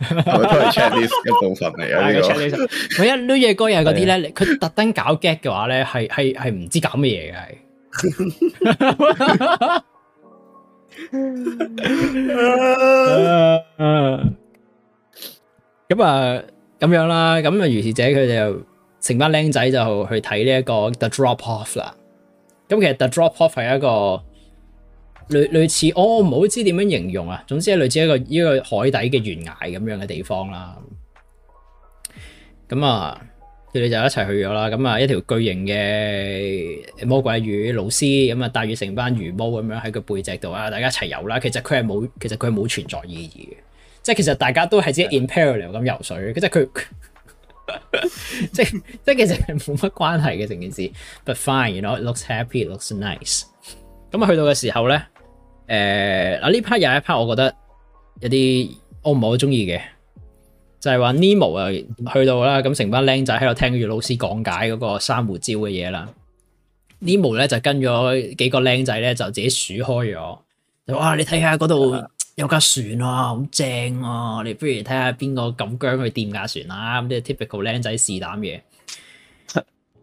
Speaker 1: 咁 都係 checklist 一部分嚟啊呢個，佢一呢嘢嗰嘢嗰啲咧，佢特登搞 gag 嘅話咧，係係係唔知搞乜嘢嘅係。咁啊，咁樣啦，咁啊，如是者佢哋就成班僆仔就去睇呢一個 the drop off 啦。咁其實 the drop off 係一個。類似，哦、我唔好知點樣形容啊。總之係類似一個呢個海底嘅懸崖咁樣嘅地方啦。咁啊，佢哋就一齊去咗啦。咁啊，一條巨型嘅魔鬼魚老師咁啊，帶住成班魚毛咁樣喺個背脊度啊，大家一齊游啦。其實佢係冇，其實佢係冇存在意義嘅。即係其實大家都係 in parallel 咁游水。 即係佢，即即其實係冇乜關係嘅成件事。 But fine, you know, it looks happy, it looks nice。咁啊，去到嘅時候咧。誒、呃，嗱呢 part 又係一 part，我覺得有啲我唔係好中意嘅，就係、是、話 Nemo 啊，去到啦，咁成班僆仔喺度聽住老師講解嗰個珊瑚礁嘅嘢啦。 Nemo 咧就跟咗幾個僆仔咧就自己數開咗，就話你睇下嗰度有架船啊，好 正啊，你不如睇下邊個咁僵去掂架船啊。」咁啲 typical 僆仔試膽嘢。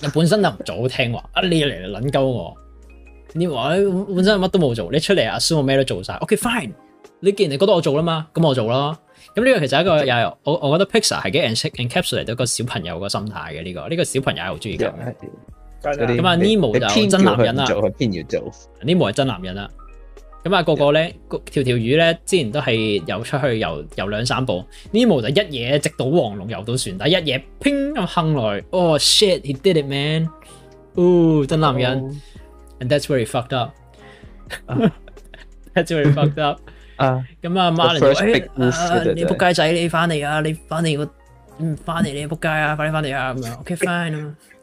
Speaker 1: 你 本身就唔早聽話，啊你嚟嚟撚鳩我，你話咧本身乜都冇做，你出嚟 assume 我咩都做晒。o、okay, k fine。你既然你覺得我做啦嘛，咁我做咯。咁呢個其實係一個又我我覺得 Pixar 係幾 encapsulate 到個小朋友個心態嘅呢、呢個呢、呢個小朋友係好中意嘅。咁啊 Nemo 就天真男人啦，Nemo 係真男人啦。咁啊，個個咧，個條條魚咧，之前都係游出去，游游兩三步，呢模就一嘢，直到黃龍游到船底，一嘢，砰咁哼落嚟。Oh shit, he did it, man. Oh，真男人。And that's where he fucked up. That's where he fucked up。啊，咁啊 Marlin 到，誒，你仆街仔，你翻嚟啊，你翻嚟個，嗯，翻嚟你仆街啊，快啲翻嚟啊，咁樣。Okay, fine.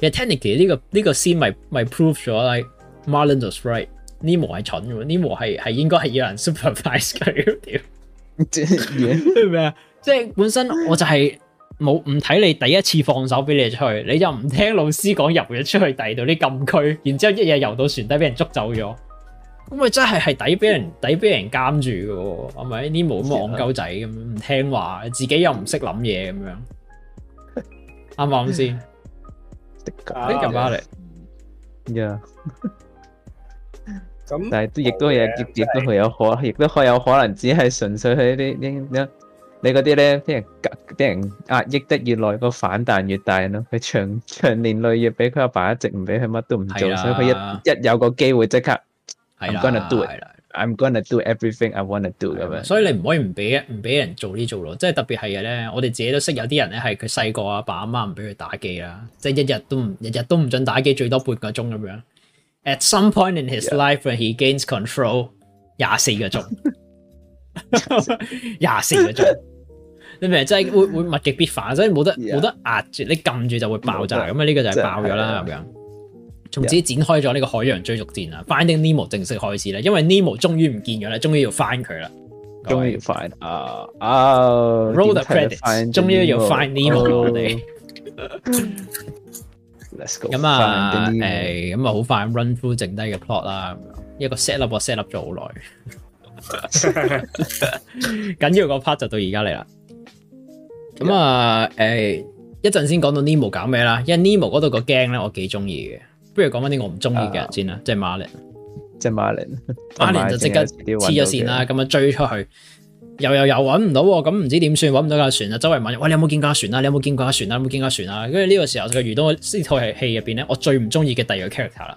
Speaker 1: 其、yeah, technically 呢個呢個先咪咪 prove 咗，like Marlon 都 right，呢模係蠢嘅，呢模係係應該係有人 supervise 佢。屌、 yeah.，即係咩啊？即係本身我就係冇唔睇你第一次放手俾你出去，你就唔聽老師講游嘅出去，第度啲禁區，然之後一嘢游到船底俾人捉走咗。咁咪真係係抵俾人、yeah. 抵俾人監住嘅，係咪？呢模戇狗仔咁樣，唔聽話，自己又唔識諗嘢咁樣，啱唔啱先？呢咁啊嚟，呀，
Speaker 4: 咁，但係都亦都係，亦
Speaker 1: 亦都係有可，亦都可有可能只係純粹係啲啲，你嗰啲咧啲人壓，俾人壓抑得越耐，個反彈越大咯。佢長長年累月俾佢阿
Speaker 4: 爸一直唔俾佢乜都唔做，所以佢一一有個機會即刻係啊，係啦。I'm gonna do everything I wanna do 咁樣！所以你唔可以唔
Speaker 1: 俾唔俾人做呢做咯，即係特別係咧，我哋自己都識有啲人咧，係佢細個阿爸阿媽唔俾佢打機啦，即係一日都唔日日都唔准打機，最多半個鐘咁樣。At some point in his life, when he gains control，廿四個鐘，廿 四個鐘小， 你明唔白明？即 係會會物極必反，所以冇得冇、yeah. 得壓住，你撳住就會爆炸咁啊！呢、這個就係爆咗啦咁樣。就是從此展開咗呢個海洋追逐戰啦，Finding Nemo 正式開始啦，因為 Nemo 終於唔見咗啦，終於要 find 佢啦，終於 find 啊啊，roll the credits，終於要 find Nemo 啦我哋，let's go。咁啊，誒，咁啊，好快 run through 剩低嘅 plot 啦，一個 set up 我 set up 咗好耐，緊要個 part 就到而家嚟啦。咁啊，誒，一陣先講到 Nemo 搞咩啦，因為 Nemo 嗰度個 game 咧，我幾中意嘅。不如講翻啲我唔中意嘅人先啦，即係馬玲，即係馬玲，馬玲就即刻黐咗線啦，咁 樣追出去，又又又揾唔到，咁唔知點算，揾唔到架船啊！周圍問喂，你有冇見過架船啊？你有冇見過架船啊？你有冇見過架船啊？跟住呢個時候就遇到我呢套戲入邊咧，我最唔中意嘅第二個 character 啦。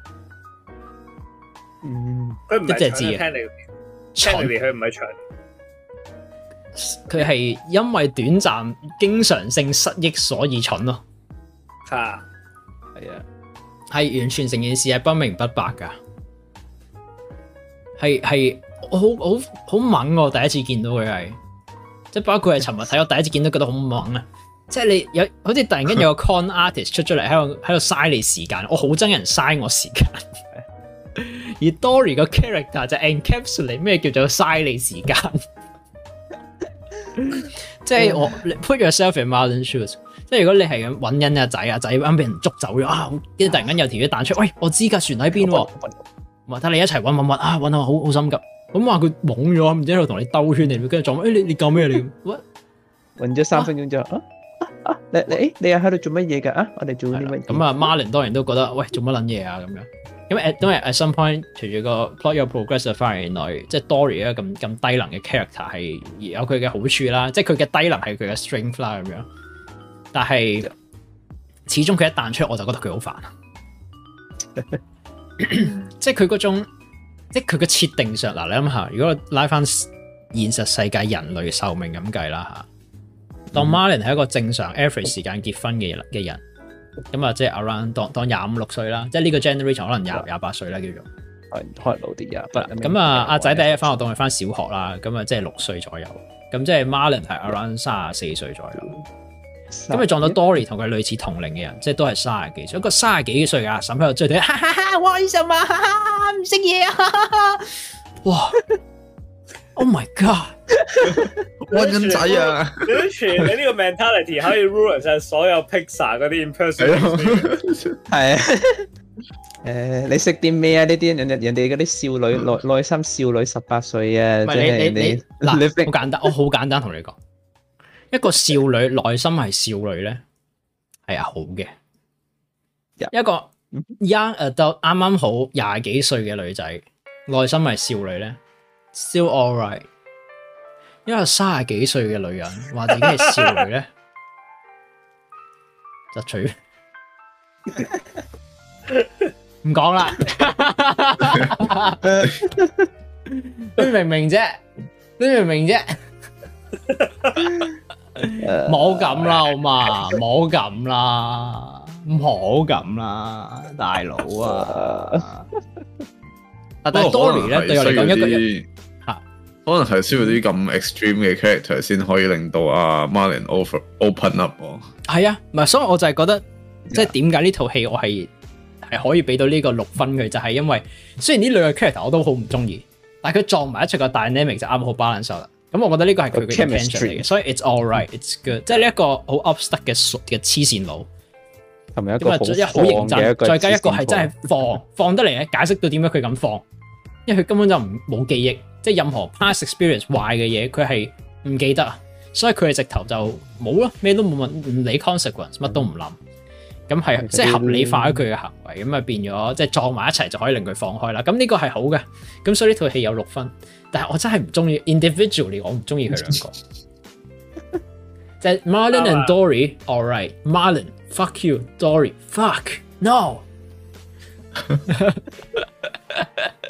Speaker 4: 嗯，佢唔係，一隻字啊！蠢，佢唔係蠢，
Speaker 1: 佢係因為短暫經常性失憶，所以蠢咯。嚇，係啊，係、啊啊、完全成件事係不明不白噶，係係，我好好好很猛、啊，第一次見到佢包括睇 我第一次見到佢係，即係包括係尋日睇，我第一次見都覺得好猛啊！即、就、係、係、你有好似突然間有個 con artist 出咗嚟喺度喺度嘥你時間，我好憎人嘥我時間。 而 Dory 個 character 就 encapsulate 咩叫做嘥你時間，即 係是我 put yourself in Marlin shoes，即係如果你係揾人啊仔啊仔啱俾人捉走咗啊，跟住突然間有條魚彈出，喂，我知架船喺邊，睇你一齊揾揾揾啊揾到我好好心急，咁話佢懵咗，唔知喺度同你兜圈嚟，跟住撞，誒、哎、你你救咩你？揾咗三分鐘之後，你你又喺度做乜嘢㗎？啊，啊我哋做啲乜？咁啊，Marlin 當然都覺得喂做乜撚嘢啊咁樣。因為 at some point 隨住個 plot your progress Of Fire in 翻來，即、就、係、是、Dory 啊咁咁低能嘅 character 係有佢嘅好處啦，即係佢嘅低能係佢嘅 strength 啦咁樣。但係始終佢一彈出，我就覺得佢好煩。 即係佢嗰種，即係佢嘅設定上嗱，你諗下，如果拉翻現實世界人類壽命咁計啦嚇，當 Marlin 係一個正常 every 時間結婚嘅嘅人。咁、嗯、啊，即係 Around 當當廿五六歲啦，即係呢個 generation 可能廿廿八歲啦，叫做係可能老啲廿八咁啊，阿、啊、仔第一日翻學當佢翻小學啦，咁、嗯、啊即係六歲左右，咁、嗯、即係 Marlin 係 Around 三十四歲左右，咁啊撞到 Dory 同佢類似同齡嘅人，即係都係卅幾、嗯，一個三十幾歲啊，沈香又追哈佢，我係哈哈，唔識嘢啊，哈哈啊哈哈
Speaker 4: 哇！ Oh my god！我仔、 uh, 啊！你呢個 mentality 可以 rule 晒所有 Pixar 嗰啲 impression。
Speaker 1: 係啊，誒，你識啲咩啊？呢啲人人哋嗰啲少女內內、嗯、心少女十八歲啊，你係你嗱，你好簡單，我好簡單同你講，一個少女內心係少女咧，係啊，好嘅，一個 young adult 啱啱 好廿幾歲嘅女仔內心係少女咧。still alright，因為三十幾歲嘅女人話自己係少女咧，就除唔講啦。你明明啫，
Speaker 4: 你明明啫，
Speaker 1: 冇咁啦好嘛，冇咁啦，唔好咁啦，大佬啊。
Speaker 3: 但係 Dory 咧對住咁一個人。
Speaker 1: 可
Speaker 2: 能係需要啲咁 extreme 嘅 character 先可以令到阿 Marlin open open up。哦，
Speaker 1: 係啊，唔係，所以我就係覺得即係點解呢套戲我係係可以俾到呢個六分佢，就係、是、因為雖然呢兩個 character 我都好唔中意，但係佢撞埋一出嘅 dynamic 就啱好 balance 啦。咁我覺得呢個係佢嘅 chemistry 嚟嘅，所以 it's all right，it's good 即。即係呢一個好 upstart 嘅熟嘅黐線佬，係咪？一個好好認真再加一個係真係放 放得嚟嘅，解釋到點解佢咁放，因為佢根本就唔冇記憶。即係任何 past experience 壞嘅嘢，佢係唔記得啊，所以佢係直頭就冇咯，咩都冇問，唔理 consequence，乜都唔諗，咁係即係合理化咗佢嘅行為，咁啊變咗即係撞埋一齊就可以令佢放開啦，咁呢個係好嘅，咁所以呢套戲有六分，但係我真係唔中意，individually 我唔中意佢兩個，即係 Marlin and Dory，all right，Marlin fuck you，Dory fuck no。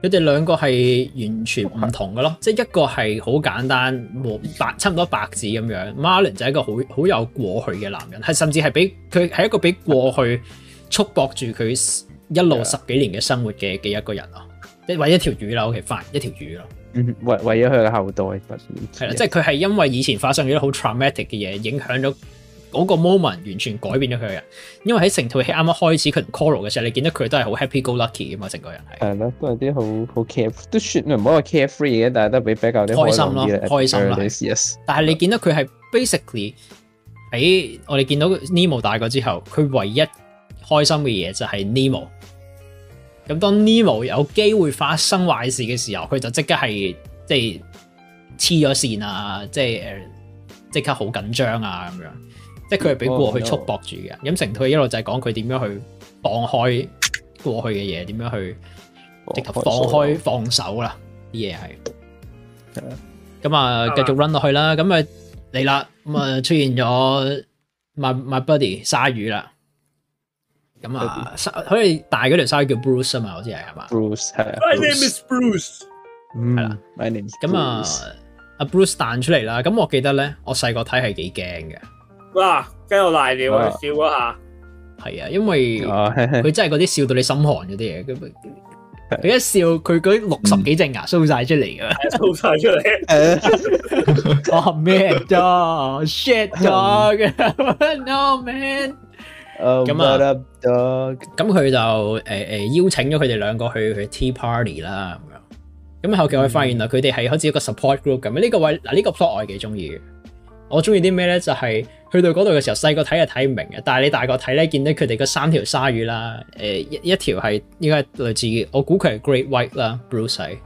Speaker 1: 佢哋兩個係完全唔同嘅咯，哦，即係一個係好簡單冇白，差唔多白紙咁樣。 Marlin 就係一個好好有過去嘅男人，係甚至係俾佢係一個俾過去束縛住佢一路十幾年嘅生活嘅嘅一個人咯，即係為一條魚啦，其哋發一條魚咯。嗯，
Speaker 2: 為為咗佢嘅後代。係 啦，即係
Speaker 1: 佢係因為以前發生咗啲好 traumatic 嘅嘢，影響咗。嗰個 moment 完全改變咗佢嘅人，因為喺成套戲啱啱開始佢同 Coral 嘅時候，你見到佢都係好 happy go lucky 嘅嘛，成個人
Speaker 4: 係係咯，都係啲好好 care，都算唔好話 carefree 嘅，但係都比比較開心咯，開心啦。This, 心 yes.
Speaker 1: 但係你見到佢係 basically 喺我哋見到 Nemo 大個之後，佢唯一開心嘅嘢就係 Nemo。咁當 Nemo 有機會發生壞事嘅時候，佢就即刻係即係黐咗線啊，即係誒即刻好緊張啊咁樣。即係佢係俾過去束縛住嘅，咁、oh, no. 嗯、成套一路就係講佢點樣去放開過去嘅嘢，點樣去直頭放開、oh, 放手啦啲嘢係。咁啊,、yeah. 啊 yeah. 繼續 run 落去啦，咁啊嚟啦，咁、yeah. 啊、嗯、出現咗 my my buddy 鯊魚啦，咁啊、yeah. 鯊好似大嗰條鯊魚叫 Bruce 啊嘛，好似係係嘛？Bruce 係、yeah. My name
Speaker 3: is Bruce。係啦，my name is Bruce.、
Speaker 1: 啊。咁啊阿 Bruce 彈出嚟啦，咁我記得咧，我細個睇係幾驚嘅。
Speaker 4: 哇！跟住
Speaker 1: 我瀨尿笑嗰下，係啊，因為佢真係嗰啲笑到你心寒嗰啲嘢，咁 佢一笑，佢嗰啲六十幾隻牙 show 晒出嚟嘅
Speaker 4: ，show 晒
Speaker 1: 出嚟。嗯、 Oh man! Dog shit dog!
Speaker 3: No man!
Speaker 1: Oh my dog! 咁佢就誒誒、呃呃、邀請咗佢哋兩個去去 tea party 啦咁樣。咁後期我哋發現，原來佢哋係好似一個 support group 咁。呢、呢個位嗱呢、呢個 plot 我係幾中意嘅，我中意啲咩咧？就係、是。去到嗰度嘅時候，細個睇係睇唔明嘅，但係你大個睇咧，見到佢哋嗰三條鯊魚啦、呃，一一條係應該係類似，我估佢係 Great White 啦，Bruce 水，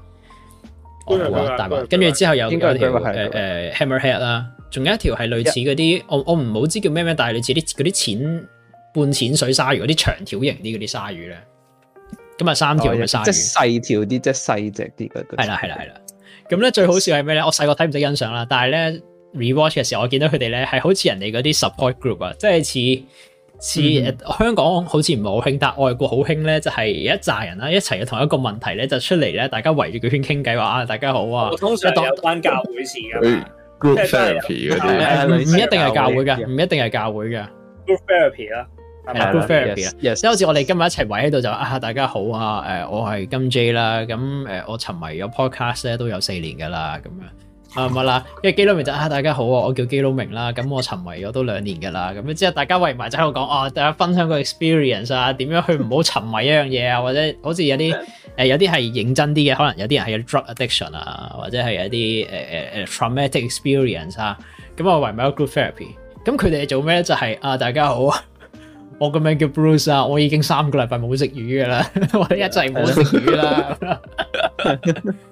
Speaker 3: 好、哦、大跟住之
Speaker 1: 後有另外一條誒、呃、hammerhead 啦，仲有一條係類似嗰啲、yeah.，我我唔好知叫咩咩，但係類似啲嗰啲淺半淺水鯊魚嗰啲長條型啲嗰啲鯊魚咧。咁啊，三條嘅鯊魚，即細
Speaker 4: 條啲，即細隻啲嘅。係啦，係啦，係
Speaker 1: 啦。咁咧最好笑係咩咧？我細個睇唔識欣賞啦，但係咧。rewatch 嘅時候，我見到佢哋咧係好似人哋嗰啲 support group 啊，即係似似香港好似唔係好興，但係外國好興咧，就係一紮人啦，一齊嘅同一個問題咧就出嚟咧，大家圍住個圈傾偈話啊，大家好啊，我通常有關教會事嘅 group therapy 嘅，唔、啊、唔一定係教會嘅，唔一定係教會嘅
Speaker 4: group therapy 啦、uh，group therapy yes, 啊，即、
Speaker 1: yes. 好似我哋今日一齊圍喺度就啊，大家好啊，誒，我係金 J 啦，咁誒，我沉迷咗 podcast 咧都有四年噶啦，咁樣。啊、嗯、係咪啦，因為基佬明就是、啊大家好啊，我叫基佬明啦，咁我沉迷咗都兩年噶啦，咁之後大家圍埋就喺度講，哦、啊、大家分享個 experience 啊，點樣去唔好沉迷一樣嘢啊，或者好似有啲誒、okay. 呃、有啲係認真啲嘅，可能有啲人係有 drug addiction 啊，或者係有啲誒誒 traumatic experience 啊，咁我圍埋 group therapy，咁佢哋做咩就係、是、啊大家好啊，我個名叫 Bruce 啊，我已經三個禮拜冇食魚噶啦，者、yeah. 一齊冇食魚啦。Yeah.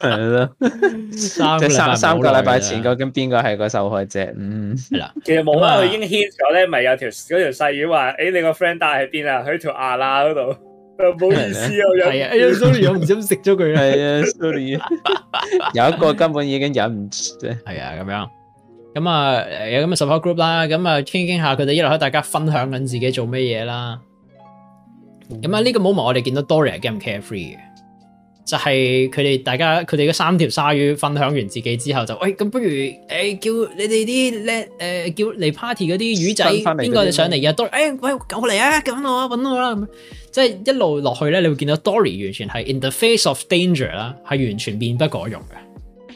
Speaker 4: 係 咯，三三個禮拜前究
Speaker 1: 竟邊個係個受害者？嗯，其
Speaker 4: 實冇啊，我已經 hit 咗咧，咪 有條嗰條細魚話，誒、 哎，你個 friend 帶喺邊啊？喺條牙罅嗰度，唔好意思，我、哎、 sorry 我唔想食咗佢，係啊
Speaker 1: ，sorry， 有一個根本已經忍唔住，係啊，咁樣，咁啊，有咁嘅 support group 啦，咁啊，傾傾下佢哋一路喺大家分享緊自己做咩嘢啦，咁啊，呢、這個 moment 我哋見到 Doria g 咁 carefree 嘅。就係佢哋大家佢哋嗰三條鯊魚分享完自己之後就，喂、欸、咁不如誒、欸、叫你哋啲咧誒叫嚟 party 嗰啲魚仔，邊個上嚟啊 d 喂狗嚟啊，搵、欸、我搵、啊、我啦、啊、咁，即係、啊啊就是、一路落去咧，你會見到 Dory 完全係 in the face of danger 啦，係完全變不過容面不改容嘅，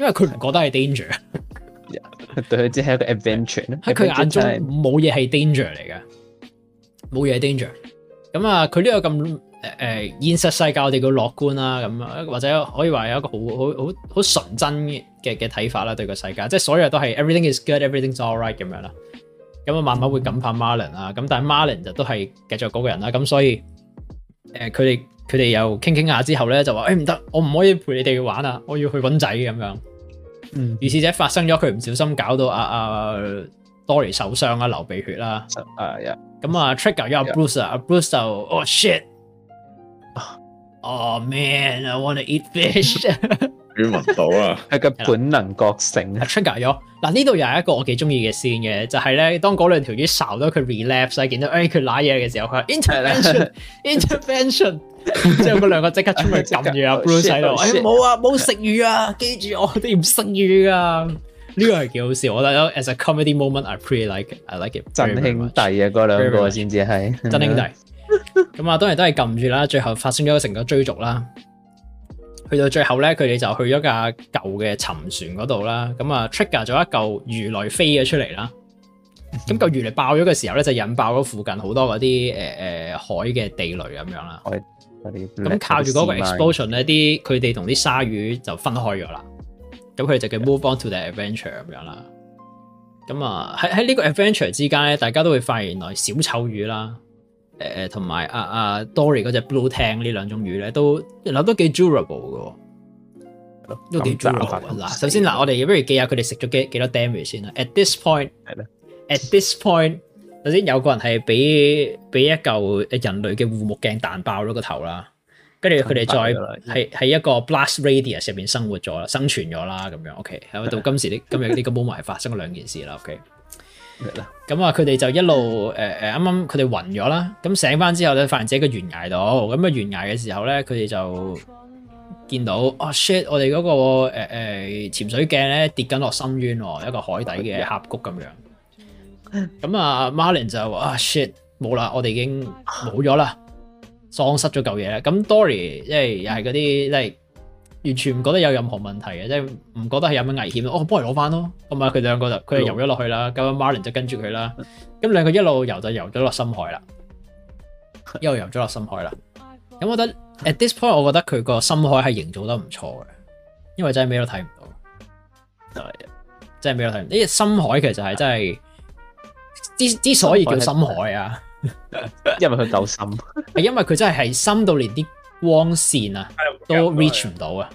Speaker 1: 因為佢唔覺得係 danger，對佢只係一個 adventure，喺 佢眼中冇嘢係 danger 嚟嘅，冇嘢 danger，咁啊佢呢個咁。誒誒，現實世界我哋叫樂觀啦、啊，咁或者可以話有一個好好好好純真嘅嘅睇法啦、啊，對個世界，即、就、係、是、所有人都係 everything is good，everything is alright 咁樣啦。咁啊，慢慢會感化 Marlin 啦、啊。咁但係 Marlin 就都係繼續嗰個人啦。咁、啊、所以誒，佢哋佢哋又傾傾下之後咧，就話誒唔得，我唔可以陪你哋去玩啊，我要去揾仔咁樣。嗯，於是者發生咗，佢唔小心搞到阿、啊、阿、啊、多莉受傷啦，流鼻血啦。咁、uh, yeah. 啊，trigger 咗阿、啊、Bruce，、yeah. 啊 Bruce 就、oh, shit。哦，哦，man，I wanna eat fish。
Speaker 4: 你聞到啦？係個本能覺醒
Speaker 1: ，trigger 咗。嗱，呢度又係一個我幾中意嘅先嘅，就係咧當嗰兩條魚咬到佢 relapse 啊，見到誒佢瀨嘢嘅時候，佢話 intervention，intervention，即係嗰兩個即刻出去撳住阿 Bruce 喺度。誒，冇啊，冇食魚啊，記住我哋唔食魚啊。呢個係幾好笑，我覺得 as a comedy moment，I pretty like it，I like it。真兄弟啊，嗰兩個先至係真兄弟。咁啊，當然都係撳住啦。最後發生咗成個追逐啦。去到最後咧，佢哋就去咗架舊嘅沉船嗰度啦。咁、嗯、啊，trigger 咗一嚿魚雷飛咗出嚟啦。咁、那、嚿、個、魚雷爆咗嘅時候咧，就引爆咗附近好多嗰啲誒誒海嘅地雷咁樣啦。咁、呃嗯嗯、靠住嗰個 explosion 咧、呃，啲佢哋同啲鯊魚就分開咗啦。咁佢哋就叫 move on to the adventure 咁樣啦。咁啊，喺喺呢個 adventure 之間咧，大家都會發現原來小丑魚啦。同埋啊 Dory 嗰隻 Blue Tang 呢兩種魚咧，都嗱都幾 durable 喎，都幾 durable 㗎。嗱，首先嗱，我哋不如記下佢哋食咗幾多 damage 先啦。At this point，At this point, At this point，首先有個人係俾俾一嚿人類嘅護目鏡彈爆咗個頭啦，跟住佢哋再喺喺一個 blast radius 入面生活咗啦，生存咗啦，咁樣 OK。係咪到今時啲 今日呢個 moment 發生咗兩件事啦？OK。咁啊！佢哋就一路誒誒，啱啱佢哋暈咗啦。咁醒翻之後咧，發現自己喺個懸崖度。咁啊，懸崖嘅時候咧，佢哋就見到啊、哦，shit！我哋嗰、那個誒誒潛水鏡咧跌緊落深淵，一個海底嘅峽谷咁樣。咁啊，Marlin 就啊，shit！冇啦，我哋已經冇咗啦，喪失咗嚿嘢啦。咁 Dory 即係又係嗰啲即係。嗯完全唔覺得有任何問題嘅，即係唔覺得係有乜危險咯，哦。我幫你攞翻咯，咁啊佢兩個就佢就游咗落去啦，咁 Marlin 就跟住佢啦，咁兩個一路游就游咗落深海啦，一路 游咗落深海啦。咁我覺得 at this point 我覺得佢個深海係營造得唔錯嘅，因為真係咩都睇唔到， 真係咩都睇唔到。因啲深海其實係真係 之之所以叫深海啊， 因為佢夠深， 因為佢真係係深到連啲。光線啊，不都 reach 唔到啊。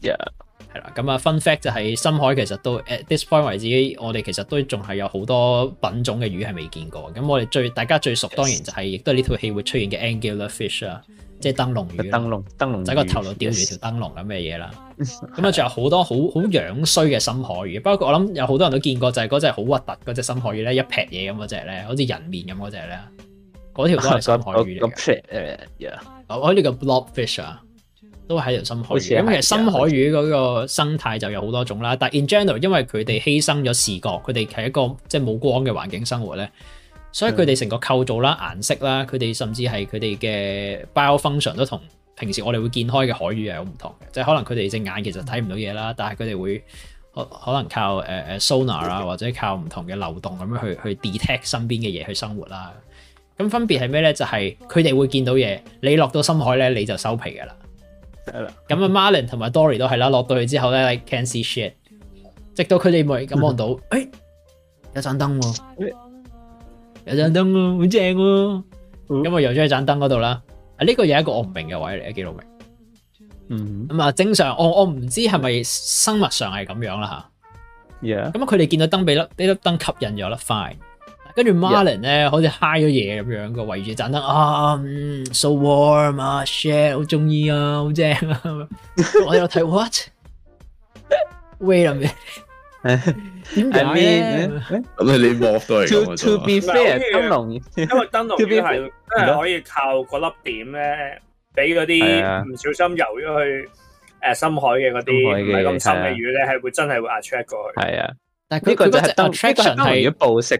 Speaker 1: 係、yeah. 啦，咁啊 fun fact 就係深海其實都 at this point 為止，我哋其實都仲係有好多品種嘅魚係未見過。咁我哋最大家最熟當然就係亦都係呢套戲會出現嘅 Anglerfish 啊，即係燈籠魚。燈籠燈籠，喺個、就是、頭度吊住條燈籠咁嘅嘢啦。咁 啊，仲有好多好好樣衰嘅深海魚。不過我諗有好多人都見過，就係嗰隻好核突嗰隻深海魚咧，一劈嘢咁嗰隻咧，好似人面咁嗰隻咧，嗰條都係深海魚嚟嘅。 我呢個 blobfish 啊，都喺條深海魚，因咁其實深海魚嗰個生態就有好多種啦。但係 in general，因為佢哋犧牲咗視覺，佢哋係一個即係冇光嘅環境生活咧，所以佢哋成個構造啦、顏色啦，佢哋甚至係佢哋嘅 biofunction 都同平時我哋會見開嘅海魚係好唔同嘅。即係可能佢哋隻眼其實睇唔到嘢啦，但係佢哋會可可能靠誒誒 sonar 啊，或者靠唔同嘅流動咁樣去去 detect 身邊嘅嘢去生活啦。咁分別係咩咧？就係佢哋會見到嘢，你落到深海咧，你就收皮噶啦。係啦。咁啊，Marlin 同埋 Dory 都係啦，落到去之後咧，你 can see shit，直到佢哋咪感咁望到，mm -hmm. 哎，有盞燈喎，啊，mm -hmm. 有盞燈喎，好正喎，咁啊，又咗喺盞燈嗰度啦。啊，呢、呢個又係一個我唔明嘅位嚟，幾難明。嗯。咁啊，正常，我我唔知係咪生物上係咁樣啦吓，yeah. 咁啊，佢、yeah. 哋見到燈比粒，比粒燈吸引咗啦快。Fine. 跟住 Marlin 咧，好似 high 咗嘢咁樣嘅，圍住賺得啊，so warm 啊，share 好中意啊，好正啊！我有睇 what？Wait a minute！點
Speaker 2: 解？咁係你 walk 都係嘅。To to be fair，燈籠，因
Speaker 4: 為燈籠咧，係真係可以靠嗰粒點咧，俾嗰啲唔小心游咗去誒深海嘅嗰啲唔係咁深嘅魚咧，係會真係會 attract 過去。係啊。
Speaker 1: 但佢佢嗰隻 attraction 係如果報色，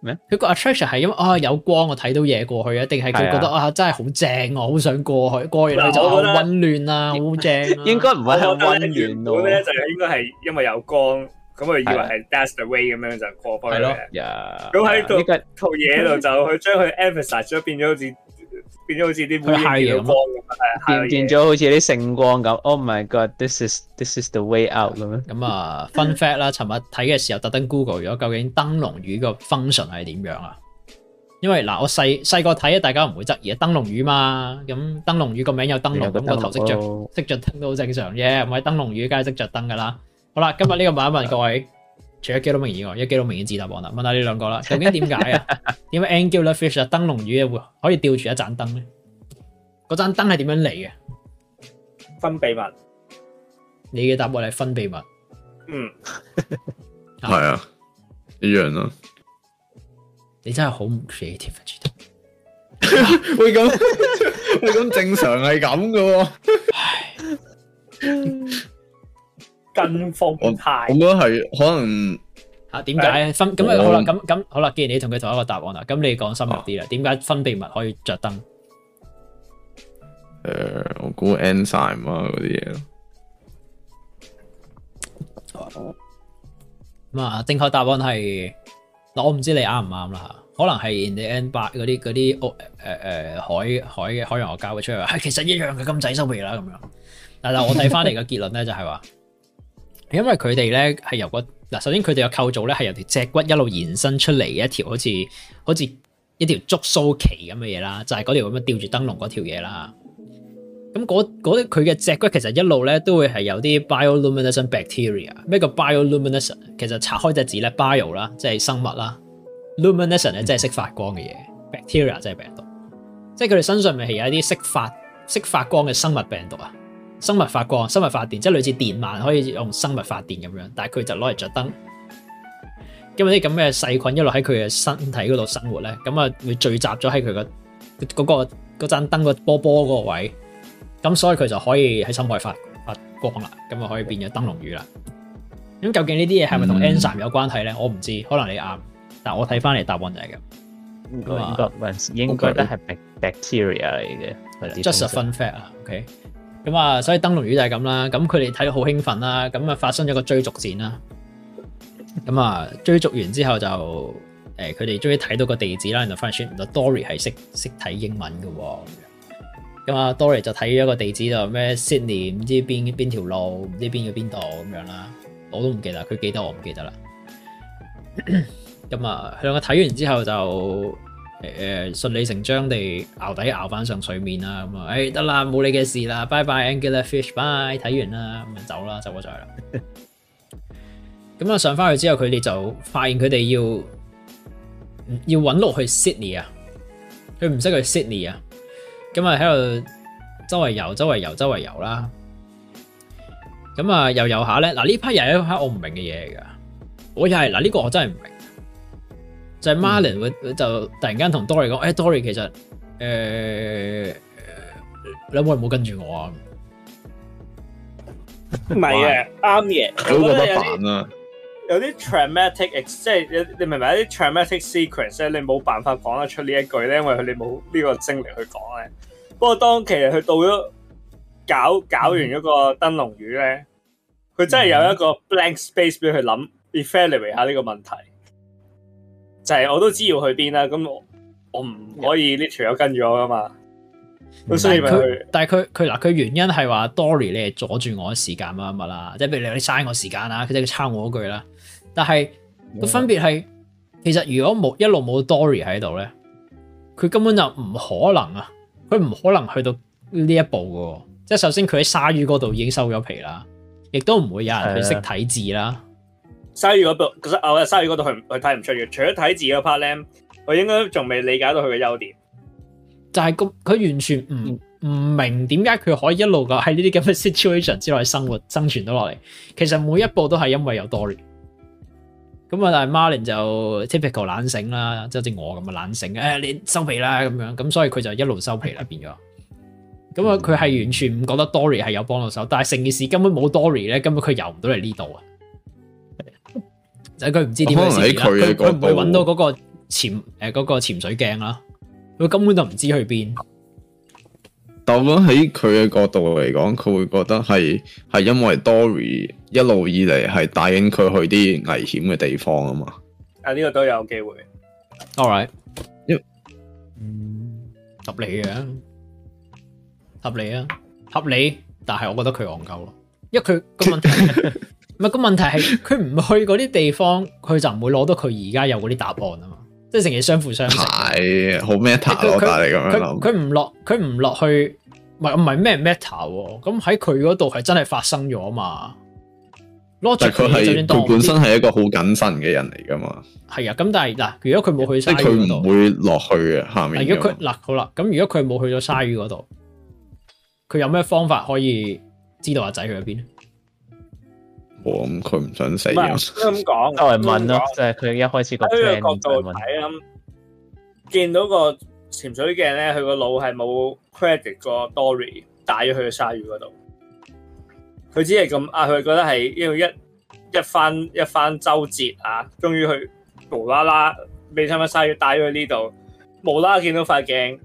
Speaker 1: 咩？佢個 attraction 係因為啊有光我睇到嘢過去啊，定係佢覺得啊真係好正，我好想過去過人就好溫暖啦，好正，
Speaker 4: 應該唔會係溫暖。咁咧就應該係因為有光，咁佢以為係 that's the way 咁樣就過翻嚟。係咯，咁喺度套嘢度就去將佢 emphasize 咗，變咗好似。變咗好似啲火焰咁，變變咗好
Speaker 1: 似啲聖光咁。Oh my god，this is this is the way out 咁樣。咁、uh, 啊，fun fact 啦，尋日睇嘅時候特登 Google 咗，究竟燈籠魚個 function 係點樣啊？因為嗱、呃，我細細個睇啊，大家唔會質疑啊，燈籠魚嘛，咁燈籠魚名燈籠個名有燈籠，個、嗯、頭識着識着燈都好正常啫。唔係燈籠魚梗係識着燈噶啦。好啦，今日呢個問一問各位。除咗基多明以外，有幾多名嘅自答王答？問下你兩個啦，究竟點解啊？點 解 anglerfish 啊，燈籠魚會可以吊住一盞燈咧？嗰盞燈係點樣嚟嘅？
Speaker 4: 分泌物。
Speaker 1: 你嘅答案係分泌物。嗯。係 啊。一樣啊。你真係好唔 creative 知道。 會咁這樣？ 會咁正常係咁嘅喎。 唉 跟風派咁樣係可能嚇點解分咁啊？欸、好啦，咁咁好啦。既然你同佢同一個答案啦，咁你講深入啲啦。點、啊、解分泌物可以着燈？
Speaker 2: 誒、呃，我估 enzyme 啊嗰啲嘢。咁
Speaker 1: 啊，正確答案係嗱，我唔知你啱唔啱啦嚇。可能係人哋 e n d 八嗰啲嗰啲屋誒誒海嘅海，海洋學教嘅出嚟、哎，其實一樣嘅咁仔收尾啦咁樣。但係我睇翻嚟嘅結論咧、就係，就係話。因為佢哋咧係由個嗱，首先佢哋嘅構造咧係由條脊骨一路延伸出嚟嘅一條好似好似一條竹鬚旗咁嘅嘢啦，就係嗰條咁樣吊住燈籠嗰條嘢啦。咁嗰嗰佢嘅脊骨其實一路咧都會係有啲 bioluminescent bacteria。咩叫 bioluminescent？其實拆開隻字咧，bio 啦即係生物啦，luminescent 咧即係識發光嘅嘢，bacteria 即係病毒。即係佢哋身上咪係有一啲識發識發光嘅生物病毒啊？生物發光、生物發電，即係類似電鰻可以用生物發電咁樣，但係佢就攞嚟着燈。因為啲咁嘅細菌一路喺佢嘅身體嗰度生活咧，咁啊會聚集咗喺佢嘅嗰個嗰盞、那個、燈個波波嗰個位，咁所以佢就可以喺深海發發光啦，咁啊可以變咗燈籠魚啦。咁究竟呢啲嘢係咪同 ANSAM 有關係咧、嗯？我唔知，可能你啱，但我睇翻嚟答案就係、是、咁。應該都係 bacteria 嚟嘅、okay，just a fun fact 啊，OK。咁、嗯、啊，所以燈籠魚就係咁啦，咁佢哋睇到好興奮啦，咁啊發生咗個追逐戰啦，咁、嗯、啊追逐完之後就誒，佢哋終於睇到個地址啦，然後發現原來 Dory 係識識睇英文噶，咁、嗯、啊 Dory 就睇咗個地址就咩 Sydney 唔知邊邊條路，唔知邊個邊度咁樣啦，我都唔記得，佢記得我唔記得啦，咁啊佢兩個睇完之後就。誒，順理成章地熬底熬翻上水面啦，咁啊，誒，得啦，冇你嘅事啦，bye bye Angela Fish，bye，睇完啦，咁啊走啦，走咗 上啦。咁啊上翻去之後，佢哋就發現佢哋要要搵落去 Sydney 啊，佢唔識去 Sydney 啊，咁啊喺度周圍游，周圍游，周圍游啦。咁啊游游下咧，嗱呢批人有啲我唔明嘅嘢嚟噶，我又係嗱呢個我真係唔明。就係、是、Marlin 會就突然間同 Dory 講：「嗯、哎，Dory 其實，誒、欸欸欸欸，你可唔可以冇跟住我 不是啊？唔
Speaker 4: 係啊，啱嘅。好得啊！有啲 traumatic，即 係你明唔明白啲 traumatic sequence 咧，你冇辦法講得出呢一句咧，因為佢哋冇呢個精力去講咧。不過當其實佢到咗搞搞完嗰個燈籠魚咧，佢真係有一個 blank space 俾佢諗 evaluate 下呢個問題。就係、是、我都知要去邊啦，咁我我唔可以呢條友跟住我噶嘛。所以佢，
Speaker 1: 但係佢佢嗱佢原因係話 Dory 你阻住我嘅時間吖嘛？啦，即係譬如你嘥我時間啦，佢即係抄我嗰句啦。但係個、嗯、分別係，其實如果冇一路冇 Dory 喺度咧，佢根本就唔可能啊，佢唔可能去到呢一步噶。即、就、係、是、首先佢喺鯊魚嗰度已經收咗皮啦，亦都唔會有人去識睇字啦。
Speaker 4: 鯊魚嗰度，其實鯊魚度佢佢睇唔出嘅，除咗睇字嗰 part 咧，我應該仲未理解到佢嘅優點。
Speaker 1: 就係咁，佢完全唔唔明點解佢可以一路個喺呢啲咁嘅 situation 之內生活生存到落嚟。其實每一步都係因為有 Dory。咁啊，但係 Marlin 就 typical 懶醒啦，即好似我咁嘅懶醒，誒、就是哎，你收皮啦咁樣，咁所以佢就一路收皮啦，變咗。咁啊，佢係完全唔覺得 Dory 係有幫到手，但係成件事根本冇 Dory 咧，根本佢游唔到嚟呢度啊！就佢唔知點樣死啦！佢唔會揾到嗰個潛誒嗰個潛水鏡啦，佢根本就唔知去邊。
Speaker 2: 但我喺佢嘅角度嚟講，佢會覺得係係因為 Dory 一路以嚟係帶緊佢去啲危險嘅地方啊嘛。
Speaker 4: 啊，呢個都有機會。All
Speaker 1: right，嗯合理嘅，合理啊，合理。但係我覺得佢戇鳩咯，因為佢個問題。唔係個問題係佢唔去嗰啲地方，佢就唔會攞到佢而家有嗰啲答案啊嘛！即係成日相輔相成，
Speaker 2: 好 matter 咯，但咁樣佢
Speaker 1: 唔落佢唔落去，唔係唔係咩 m a t t e 喎？咁喺佢嗰度係真係發生咗啊嘛！攞 o g 就算，佢本身係
Speaker 2: 一個好謹慎嘅人嚟噶嘛？
Speaker 1: 係啊，咁但係嗱，如果佢冇去，即佢唔
Speaker 2: 會落去嘅下面。如果佢
Speaker 1: 嗱好啦，咁如果佢冇去咗沙魚嗰度，佢有咩方法可以知道阿仔去咗邊？
Speaker 2: 咁佢唔
Speaker 4: 想死，唔係咁講，我嚟問咯，就係佢、就是、一開始個聽嘅角度睇咁，見到個潛水鏡咧，佢個腦係冇 credit 過 Dory 帶咗去個鯊魚嗰度，佢只係咁啊，佢覺得係因為一一番一番周折啊，終於去無啦啦未差唔多鯊魚帶咗去呢度，無啦啦見到塊鏡，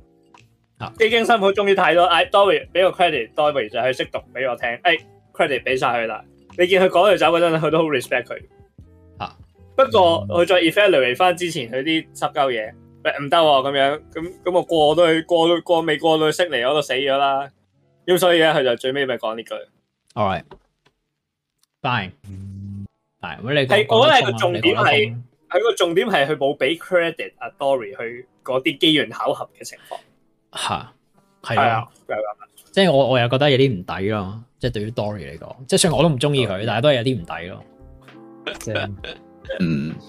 Speaker 4: 幾經辛苦，終於睇到唉、欸、Dory 俾個 credit，Dory 就係識讀俾我聽，哎 credit 俾晒佢啦。你見佢講就走嗰陣，佢都好 respect 佢嚇、啊。不過佢再 evaluate 翻之前，佢啲濕鳩嘢喂，唔得咁樣，咁咁我過到去，過到去，未過到去悉尼我都死咗啦。咁所以咧，佢就最尾咪講呢句。
Speaker 1: All right, bye 係、嗯，咁你我覺得係個重點係，
Speaker 4: 佢個重點係佢冇俾 credit 阿 Dory 去嗰啲機緣巧合嘅情況。
Speaker 1: 嚇係啊！即係我我又覺得有啲唔抵咯，即係對於 Dory 嚟講，即係雖然我都唔中意佢，但係都係有啲唔抵咯。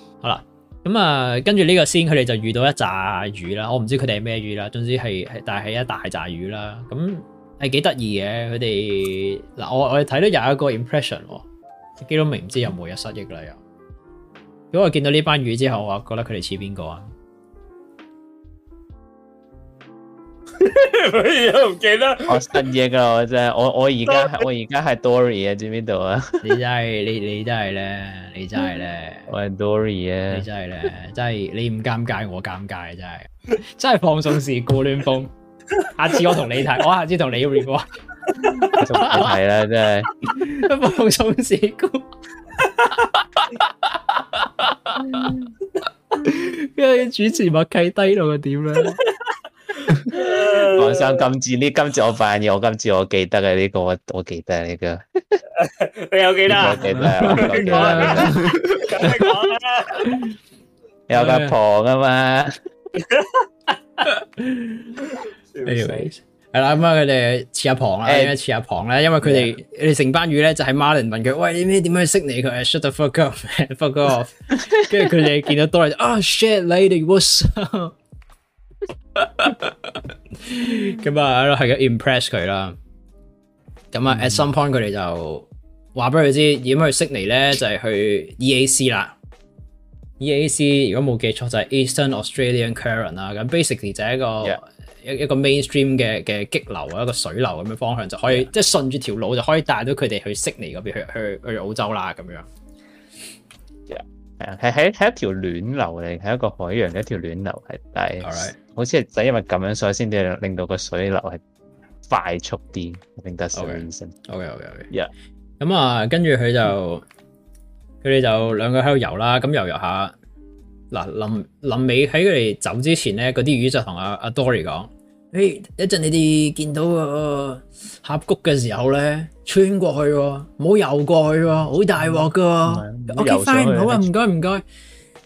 Speaker 1: 好啦，咁啊，跟住呢個先，佢哋就遇到一紮魚啦，我唔知佢哋係咩魚啦，總之係係，但係一大紮魚啦，咁係幾得意嘅。佢哋嗱，我我睇到有一個 impression，基隆明唔知有冇有失憶啦又。如果我見到呢班魚之後，我話覺得佢哋似邊個啊？我 唔記得，我新嘢噶，我真係，我我而家我而家係 Dory 啊，喺邊度啊？你真係，你你真係咧，你真係咧，我係 Dory 啊，你真係咧，真係你唔尷尬，我尷尬，真係，真係放送事故亂風，下次我同你睇，我下次同你 reward，係啦，真 係放送事故，因 為主持默契低落，個點咧？我想今次呢，今次我扮嘢，我今次我記得嘅呢個，我我記得呢個。你
Speaker 4: 有記得我記得你、， 嗯、記得記得
Speaker 1: 記得你有阿、嗯嗯、 婆啊嘛、嗯？係啦，咁啊，佢哋似阿婆啦，似阿婆咧，因為佢哋，佢哋成班魚咧就喺 Marlin 問佢：喂，你咩點樣識你？佢 shut the fuck off，fuck off。跟住佢哋見到多人，啊、oh,，shit，lady，我傻、so?。咁 啊、嗯，係咁 impress 佢啦。咁啊，at some point 佢哋就話俾佢知，點去悉尼咧就係去 EAC 啦。EAC 如果冇記錯就係、是、Eastern Australian Current 啦。咁 basically 就係一個一、yeah. 一個 mainstream 嘅嘅激流啊，一個水流咁嘅方向就可以、yeah. 即係順住條路就可以帶到佢哋去悉尼嗰邊去去去澳洲啦。咁樣，係、
Speaker 4: yeah. 啊，係喺喺一條
Speaker 1: 暖流嚟，係一個海洋嘅一條暖流係。All right. 好似就因為咁樣，所以先至令到個水流係快速啲，令得水性。O K O K O K，yeah 咁啊，跟住佢就佢哋就兩個喺度游啦，咁游游下。嗱，臨臨尾喺佢哋走之前咧，嗰啲魚就同阿阿 Dory 講，誒、hey，一陣你哋見到個峽谷嘅時候咧，穿過去，唔好游過去，好大鑊噶。O K，f i n e 好啊，唔該唔該。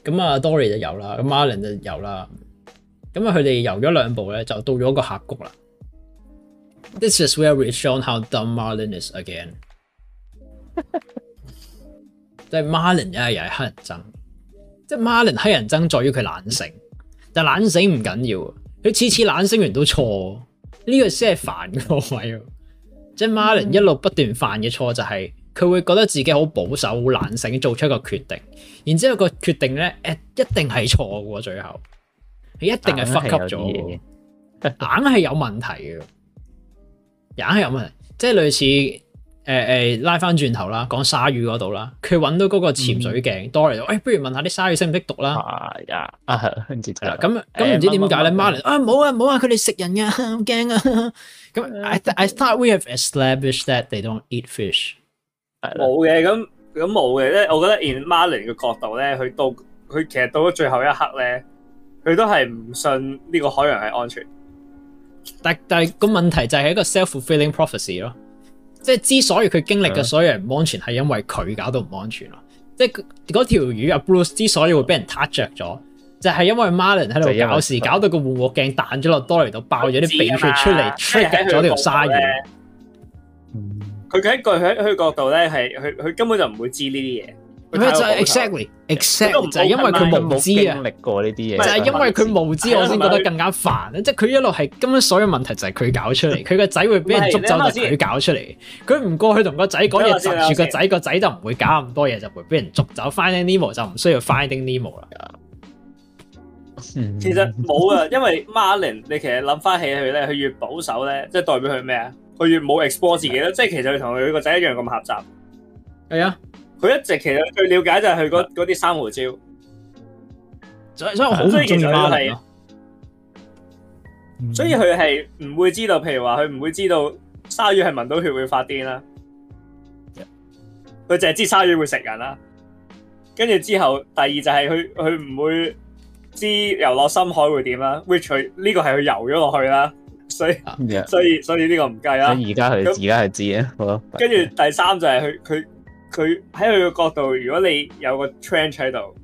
Speaker 1: 咁啊，Dory 就游啦，咁 Marlin 就游啦。咁啊，佢哋游咗兩步咧，就到咗個峽谷啦。This is where we show how dumb Marlin is again。即係 Marlin 一係又係乞人憎，即、就、係、是、Marlin 乞人憎在於佢懶醒，但係懶醒唔緊要，佢次次懶醒完都錯，呢、這個先係煩嗰位。即 係 Marlin 一路不斷犯嘅錯就係、是、佢會覺得自己好保守、好懶醒做出一個決定，然之後個決定咧一定係錯喎，最後。佢一定係呼吸咗
Speaker 3: 嘢，
Speaker 1: 硬係有，有問題嘅，硬係有問題，即係類似誒誒、呃、拉翻轉頭啦，講鯊魚嗰度啦，佢揾到嗰個潛水鏡，多嚟咗，誒、哎，不如問下啲鯊魚識唔識讀啦。係啊，啊係，咁咁唔知點解咧？Marlin 啊，冇啊冇啊，佢哋、啊嗯啊啊
Speaker 4: 啊、食人㗎，我驚啊！咁 I、啊
Speaker 1: 啊 啊嗯、I thought we have established that they don't eat fish。
Speaker 4: 冇嘅，咁咁冇嘅，即係我覺得 In Marlin 嘅角度咧，佢到佢其實到咗最後一刻咧。佢都係唔信呢個海洋係安、嗯、安全，
Speaker 1: 但但係個問題就係一個 self-feeling prophecy 咯，即係之所以佢經歷嘅所有人唔安全，係因為佢搞到唔安全咯。即係嗰條魚啊 Bruce 之所以會俾人 t 着咗，就係、是、因為 Marlon 喺度搞事，搞到個換臥鏡彈咗落多嚟度，爆咗啲鼻血出嚟，check 咗呢條鯊魚。
Speaker 4: 佢嘅一個喺佢角度咧，係佢佢根本就唔會知呢啲嘢。對就係、是、exactly
Speaker 1: exactly 就係、是、因為佢無知啊，經歷過呢啲嘢，就係、是、因為佢無知，我先覺得更加煩即係佢一路係根本所有問題就係佢搞出嚟，佢個仔會俾人捉走就佢搞出嚟，佢唔過去同個仔講嘢窒住個仔，個仔就唔會搞咁多嘢，就唔會俾人捉走。Finding Nemo 就唔需要 Finding Nemo 啦。其
Speaker 4: 實冇啊，因為 Marlin，你其實諗翻起佢咧，佢越保守咧，即、就、係、是、代表佢咩啊？佢越冇 explore 自己咯，即係、就是、其實佢同佢個仔一樣咁狹窄，
Speaker 3: 係啊。
Speaker 4: 佢一直其實最了解就係佢嗰啲珊瑚礁，所以好中意佢係，所以佢係唔會知道，譬如話佢唔會知道鯊魚係聞到血會發癲啦，佢淨係知鯊魚會食人啦。跟住之後，第二就係佢佢唔會知遊落深海會點啦，which 佢呢、呢個係佢游咗落去啦，所以所以所以呢個唔計啦。而家佢而家係知啊，跟住第三就係佢佢。佢喺佢嘅角度，如果你有個 trench 喺度，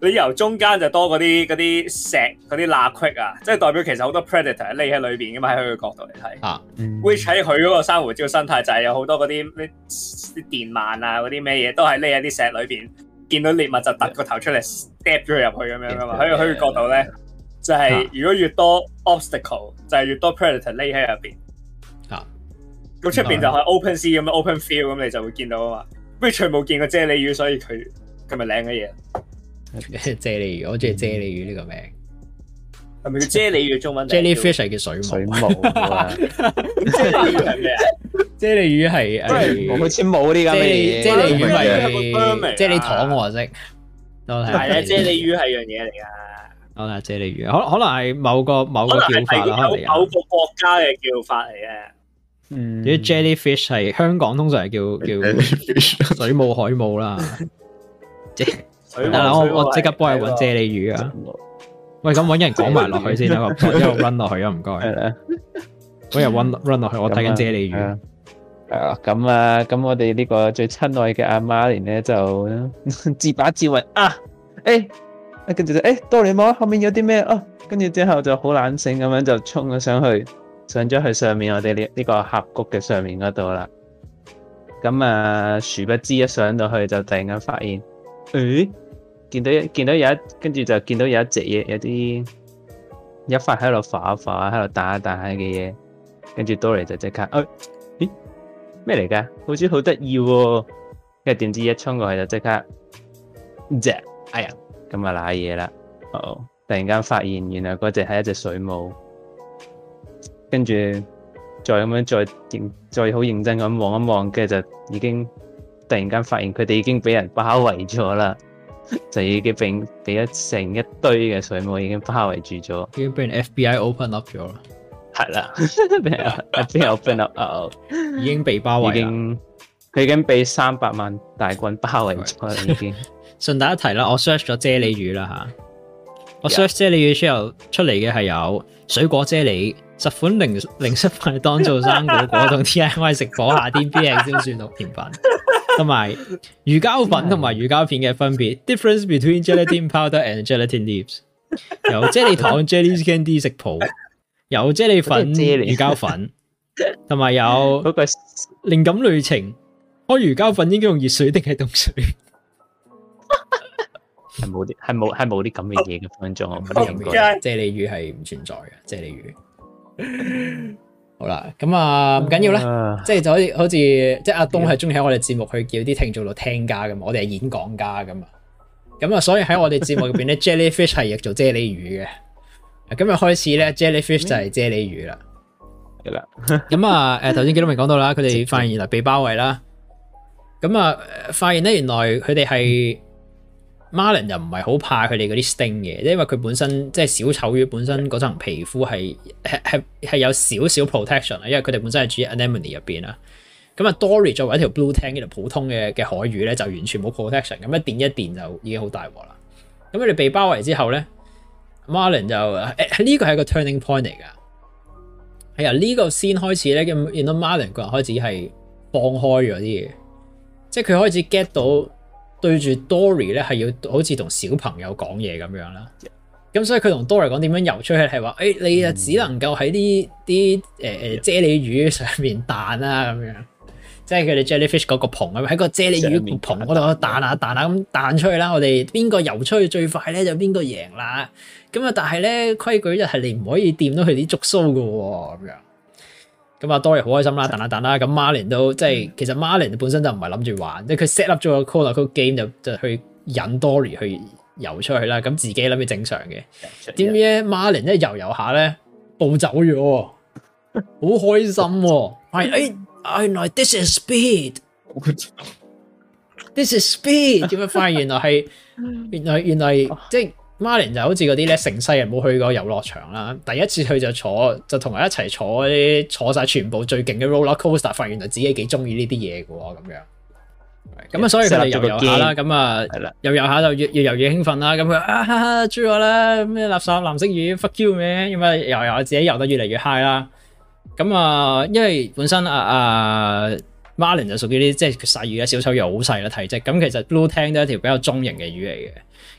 Speaker 4: 你由中間就多嗰啲啲石嗰啲罅隙啊，即係代表其實好多 predator 匿喺裏邊噶嘛。喺佢嘅角度嚟睇，啊、嗯、which 喺佢嗰個珊瑚礁嘅生態就係有好多嗰啲啲電鰻啊嗰啲咩嘢都係匿喺啲石裏邊，見到獵物就揼個頭出嚟 step 咗佢入去咁樣噶嘛。喺佢嘅角度咧、嗯，就係、是、如果越多 obstacle，就係越多 predator 匿喺入邊。啊，咁出邊就係 open sea 咁、嗯、open field 咁，你就會見到啊嘛。完全冇見過啫喱魚，所以佢佢咪靚嘅嘢。
Speaker 1: 啫喱魚，我中意啫喱魚呢個名。
Speaker 4: 係咪叫啫喱魚？中文啫喱 fish
Speaker 1: 係叫水母。啫喱魚係，啫喱魚係，我好似冇呢家嘢。啫喱魚係，啫喱糖我識。都係。係啊，啫喱
Speaker 4: 魚係樣嘢嚟噶。
Speaker 1: 講下啫喱魚，可能可能係某個某個叫法嚟啊？某
Speaker 4: 個國家嘅叫法嚟嘅。
Speaker 1: 啲 jellyfish 係香港通常係叫叫水母海母啦，即係啦我我即刻幫佢搵啫喱魚啊！喂，咁搵人講埋落去先，一路一路搵落去啊，唔該。我又搵搵落去，我睇緊啫喱魚。係啊，咁啊，咁我哋呢個最親愛嘅阿媽蓮咧就自把自為啊，誒，跟住就誒，多你望，後面有啲咩啊？
Speaker 4: 跟住之後就好懶醒咁樣就衝咗上去。上咗去上面，我哋呢個個峽谷嘅上面嗰度啦。咁啊，殊不知一上到去就突然間發現，誒、欸，見到見到有一，
Speaker 1: 跟住就見到有一隻嘢，有啲一發喺度發發浮喺度彈啊
Speaker 4: 彈嘅嘢。跟住多莉就即刻，誒、欸，咦，咩嚟噶？好似好得意喎，跟住點知一衝過去就即刻只、嗯，哎呀，咁啊瀨嘢啦。哦、oh，突然間發現原來嗰隻係一隻水母。跟住再咁樣，再認再好認真咁望一望，跟住就已經突然間發現佢哋已經俾人包圍咗啦，就已經被俾 一,
Speaker 1: 被一成一堆嘅水母已經包圍住咗。已經俾人 FBI open up 咗啦，係啦，FBI open up，已經被包圍啦，已經佢已經俾三百萬大軍包圍咗啦，已經。已經已經 順帶一提啦，我 search 咗啫喱魚啦吓，
Speaker 4: 我 search
Speaker 1: 啫喱魚之後出嚟嘅係有。水果啫喱十款零零食品當做生果果凍 DIY 食火夏天 B N 先算到甜品，同埋魚膠粉同埋魚膠片嘅分別。Difference between gelatin powder and gelatin leaves。有啫喱糖、jelly、candy 食譜，有啫喱粉、魚膠粉，同埋有嗰個靈感旅程。我魚膠粉應該用熱水定係凍水？
Speaker 4: 係冇啲，係冇
Speaker 1: 係冇啲咁嘅嘢嘅分鐘，冇啲咁嘅，啫喱魚係唔存在嘅啫喱魚。好啦，咁啊唔緊要啦，即係就好似好似即係阿東係中意喺我哋節目去叫啲聽眾度聽家噶嘛，我哋係演講家噶嘛，咁啊所以喺我哋節目入邊咧 ，Jellyfish 係譯做啫喱魚嘅。今日開始咧，Jellyfish 就係啫喱魚啦。好 啦，咁啊，誒頭先幾多咪講到啦，佢哋發現原來被包圍啦，咁啊發現咧原來佢哋係。Marlin 就唔係好怕佢哋嗰啲 sting 嘅，因為佢本身即係、即係、小丑魚本身嗰層皮膚係係係有少少 protection 啊，因為佢哋本身係住 anemone 入邊啦。咁啊，Dory 作為一條 blue tang，一條普通嘅嘅海魚咧，就完全冇 protection，咁一電一電就已經好大鑊啦。咁佢哋被包圍之後咧，Marlin 就呢個係一個 turning point 嚟㗎，係由呢個先開始咧，原來 Marlin 個人開始係放開咗啲嘢，即係佢開始 get 到。對住 Dory 咧，係要好似同小朋友講嘢咁樣啦。咁所以佢同 Dory 講點樣游出去，係話，誒、哎，你就只能夠喺呢啲誒誒啫喱魚上面彈啦，啊，咁樣，即係佢哋 jellyfish 嗰個棚啊，喺個啫喱魚棚嗰度彈啊彈啊，啊，啊，咁彈出去啦。我哋邊個游出去最快咧，就邊個贏啦。咁啊，但係咧，規矩就係你唔可以掂到佢啲竹鬚噶，咁樣。咁啊，Dory 好開心啦，等啦等啦，咁 Marlin 都即係其實 Marlin 本身就唔係諗住玩，即係佢 set up 咗個 cooperative game 就就去引 Dory 去遊出去啦，咁自己諗嘅正常嘅。點知咧，Marlin 一遊遊下咧，暴走咗，好 開心，啊。係誒， 原來 this is speed，this is speed，點解發現原來係，原來原來即係。Marlin 就好似嗰啲咧，成世人冇去過遊樂場啦，第一次去就坐，就同我一齊坐啲坐晒全部最勁嘅 roller coaster，發現就自己幾中意呢啲嘢喎，咁、嗯、樣。咁、嗯、啊、嗯，所以佢哋遊遊下啦，咁啊，遊遊下就越越，越遊越興奮啦。咁佢啊哈哈，追我啦，咩垃圾藍色魚 fuck you 咩？因為、嗯、遊遊自己遊得越嚟越 high 啦。咁啊，因為本身啊啊 Marlin 就屬於啲即係細魚啦，小丑魚好細啦體積。咁其實 blue tang 都係一條比較中型嘅魚嚟嘅。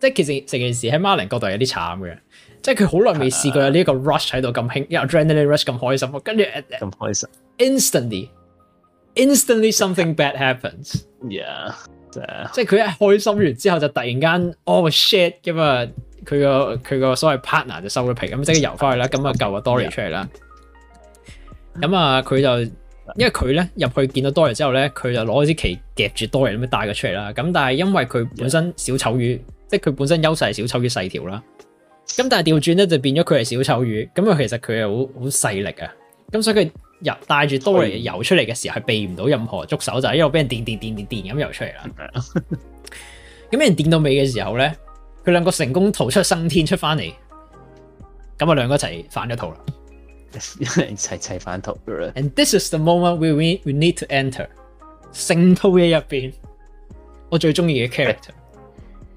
Speaker 1: 即係其實成件事喺 Marlin 角度有啲慘嘅，即係佢好耐未試過有呢一個 rush 喺度咁興，因為 adrenaline rush 咁開心，跟住咁開心 instantly，instantly something bad happens，yeah，即係佢一開心完之後就突然間 oh shit 咁啊，佢個佢個所謂 partner 就收咗皮，咁即刻游翻去啦，咁啊救個 Dory 出嚟啦，咁啊佢就因為佢咧入去見到 Dory 之後咧，佢就攞支旗夾住 Dory 咁樣帶佢出嚟啦，咁但係因為佢本身小丑魚。即係佢本身優勢係小丑魚細條啦，咁但係調轉咧就變咗佢係小丑魚，咁啊其實佢係好好勢力啊，咁所以佢入帶住多莉游出嚟嘅時候係避唔到任何觸手就仔，因為俾人電電電電電咁游出嚟啦。咁 俾人電到尾嘅時候咧，佢兩個成功逃出生天出翻嚟，咁啊兩個一齊翻咗套啦，一齊齊翻套。And this is the moment we we need to enter。成套嘢入邊，我最中意嘅 character。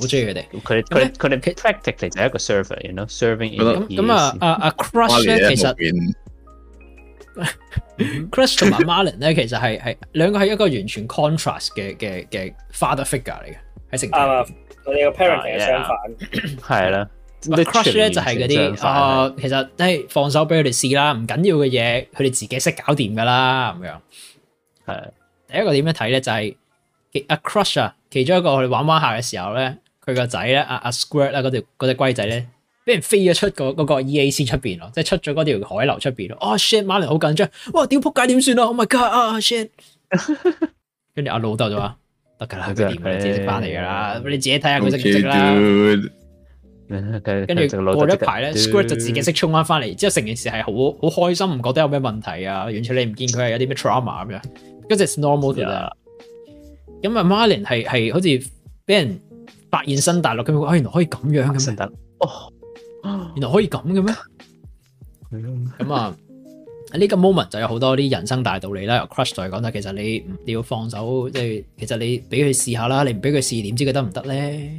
Speaker 1: 好中意
Speaker 4: 佢哋，佢哋佢哋 practically 就係一個 server，you know，serving in the business。咁啊啊啊 crush 咧，其實
Speaker 1: crush 同埋 Marlin 咧，其實係係兩個係一個完全 contrast 嘅嘅嘅 father figure 嚟嘅，喺成啊，我哋個 parenting 嘅相反，係啦。咁 crush 咧就係嗰啲啊，其實誒放手俾佢哋試啦，唔緊要嘅嘢佢哋自己識搞掂噶啦，咁樣。誒，第一個點樣睇咧，就係 a crush 啊，其中一個我哋玩玩下嘅時候咧。佢個仔咧，阿阿 Squirt 啦，嗰、啊、條嗰隻龜仔咧，俾人飛咗出、那個嗰、那個 EAC 出邊咯，即係出咗嗰條海流出邊咯。哦 shit，Marlin 好緊張，哇，點撲街點算啊？Oh my god，啊、oh、shit。 跟住阿老豆就話：得㗎啦，點佢自己識翻嚟㗎啦，okay, 你自己睇下佢識唔識啦。跟、okay, 住、okay, 過咗一排咧，Squirt、okay, 就自己識衝翻翻嚟，之後成件事係好好開心，唔覺得有咩問題啊。完全你唔見佢係有啲咩 trauma 咁樣，嗰 Because s it's normal 啦。 咁阿 Marlin 係係好似俾人。發現新大陸咁樣，啊，原來可以咁樣咁得哦，原來可以咁嘅咩？係 咯、啊，咁啊呢個 moment 就有好多啲人生大道理啦。Crush 就係講啦，其實你你要放手，即係其實你俾佢試下啦，你唔俾佢試，點知佢得唔得咧？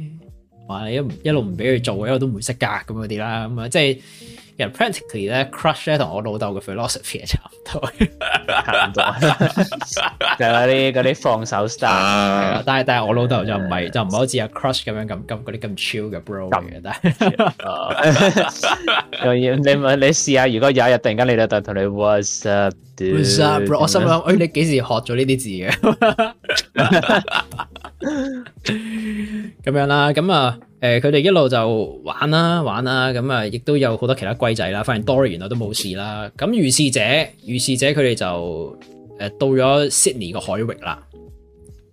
Speaker 1: 話你一一路唔俾佢做，一路都唔會識噶，咁嗰啲啦，咁啊，即係。其實 practically 咧，Crush 咧同我老豆嘅 philosophy 係差唔多 走過，差 唔多就係嗰啲啲放手 style 但係但係我老豆就唔係， 就唔係好似阿 Crush 咁樣咁咁啲咁 chill 嘅 bro 嘅 但是。但係又要你問你試下，如果有一日突然間你老豆同你 was、uh...。嗯、我心諗，哎，你幾時學咗呢啲字嘅？咁 樣啦，咁啊，誒、呃，佢哋一路就玩啦，啊，玩啦，咁啊，亦都有好多其他龜仔啦，反正 Dory 原來都冇事啦。咁於是者，於是者，佢哋就誒到咗 Sydney 個海域啦。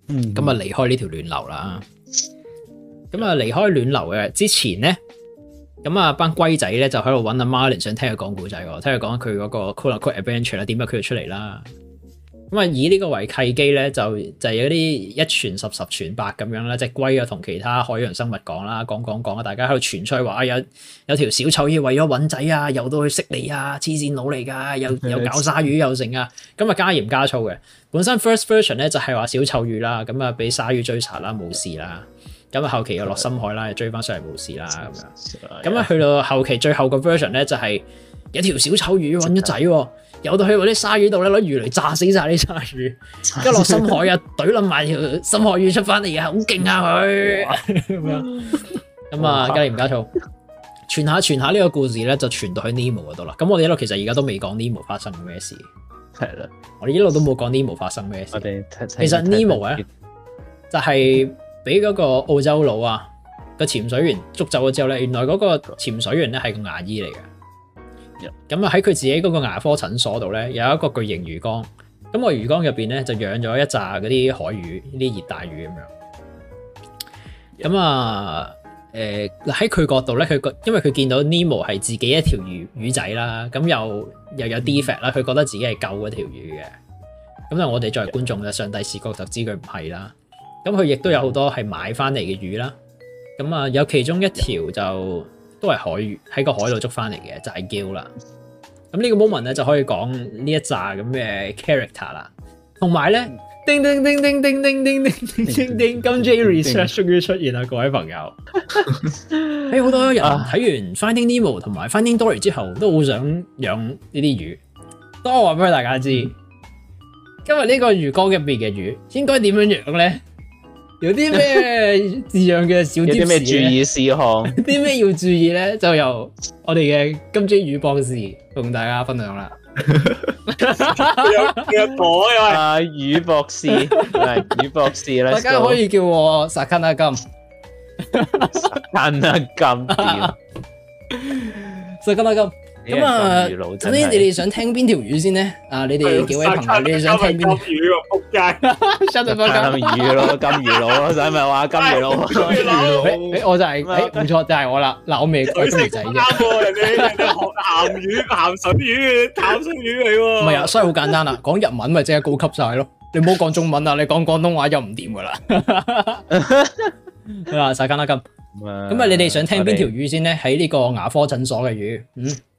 Speaker 1: 嗯，咁啊，離開呢條暖流啦。咁啊，離開暖流嘅之前咧。咁啊，班龜仔咧就喺度揾阿 Marlin，想聽佢講故仔喎，聽佢講佢嗰個 Coral Cove Adventure 啦，點解佢要出嚟啦？咁啊，以呢個為契機咧，就就係嗰啲一傳十，十傳百咁樣啦，即係龜啊，同其他海洋生物講啦，講一講一講啊，大家喺度傳出去話啊，有有條小丑魚為咗揾仔啊，遊到去悉尼啊，黐線佬嚟㗎，又又搞鯊魚又成啊，咁啊加鹽加醋嘅，本身 first version 咧就係、是、話小丑魚啦，咁啊俾鯊魚追殺啦，冇事啦。咁啊，後期又落深海啦，又追翻上嚟冇事啦，咁樣。咁啊，去到後期最後個 version 咧，就係有一條小丑魚揾咗仔，又到去嗰啲鯊魚度咧攞魚嚟炸死晒啲鯊魚，一落深海啊，懟冧埋條深海魚出翻嚟，係好勁啊佢。咁啊， 加鹽加醋傳下傳下呢個故事咧，就傳到去 Nemo 嗰度啦。咁我哋一路其實而家都未講 Nemo 發生過咩事。係啦，我哋一路都冇講 Nemo 發生咩事。我哋其實 Nemo 咧，就係、是。俾嗰個澳洲佬啊個潛水員捉走咗之後咧，原來嗰個潛水員咧係個牙醫嚟嘅。咁啊喺佢自己嗰個牙科診所度咧，有一個巨型魚缸。咁個魚缸入面咧就養咗一紮嗰啲海魚，呢啲熱帶魚咁樣。咁啊，喺、呃、佢角度咧，佢因為佢見到 Nemo 係自己一條魚，魚仔啦，咁又又有 dive 啦，佢覺得自己係救嗰條魚嘅。咁啊，我哋作為觀眾嘅上帝視角就知佢唔係啦。咁佢亦都有好多係買翻嚟嘅魚啦，咁啊有其中一條就都係海魚喺個海度捉翻嚟嘅，就係 Gill 啦。咁呢個 moment 咧就可以講呢一扎咁嘅 character 啦。同埋咧，叮叮叮叮叮叮叮叮叮叮，金 J Research 終於出現啦，各位朋友。喺 好、 hey，多人睇完 Finding Nemo 同埋 Finding Dory 之後，都好想養呢啲魚。所以我話俾大家知，今日呢個魚缸入邊嘅魚應該點樣養咧？有啲咩飼養嘅小貼士咧？有啲咩注意事項？有啲咩要注意咧？就由我哋嘅金磚魚博士同大家分享啦。
Speaker 4: 阿婆又係？啊，魚博士係魚博士啦。大家可以
Speaker 1: 叫我薩卡納金。
Speaker 4: 薩卡納金。
Speaker 1: 薩卡納金。咁啊，首先你哋想聽邊條魚先咧？啊，你哋幾位朋友，你哋想聽邊
Speaker 4: 條魚？扑街啦！金魚咯，金
Speaker 1: 魚佬咯，使咪話金魚佬？金魚佬，誒、 哎，我就係、是，誒，唔、哎、錯，就係、是、我啦。嗱，我未係金魚仔啫！啱人哋人哋學魚
Speaker 4: 鹹魚、鹹水魚、淡水魚嚟喎。唔係啊，
Speaker 1: 所以好簡單啦，講日文咪即係高級晒咯。你唔好講中文啊，你講廣東話又唔掂噶啦。 你話晒金啦金。咁啊，你哋想聽邊條魚先咧？喺呢個牙科診所嘅魚，嗯。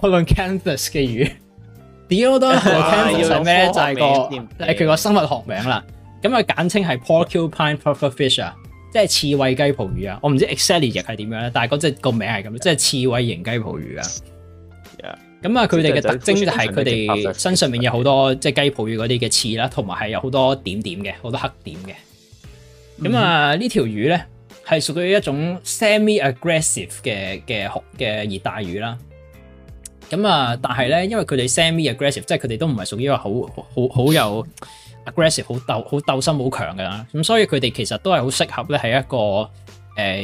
Speaker 1: 佢論 canthus 嘅魚，屌 多、啊、canthus 係咩就係、個誒佢個生物學名啦。咁佢簡稱係 porcupine pufferfish 啊， 即係刺蝟雞泡魚啊。我唔知 exelligent c 係點樣咧，但係嗰 即個名係咁，即係刺蝟型雞泡魚啊。咁啊，佢哋嘅特徵就係佢哋身上面有好多 即係雞泡魚嗰啲嘅刺啦，同埋係有好多點點嘅，好多黑點嘅。咁、mm、啊 -hmm.，呢條魚咧係屬於一種 semi-aggressive 嘅嘅嘅熱帶魚啦。咁啊，但係咧，因為佢哋 semi-aggressive，即係佢哋都唔係屬於話好好好有 aggressive、好鬥、好鬥心好強嘅啦。咁所以佢哋其實都係好適合咧，喺一個誒、呃，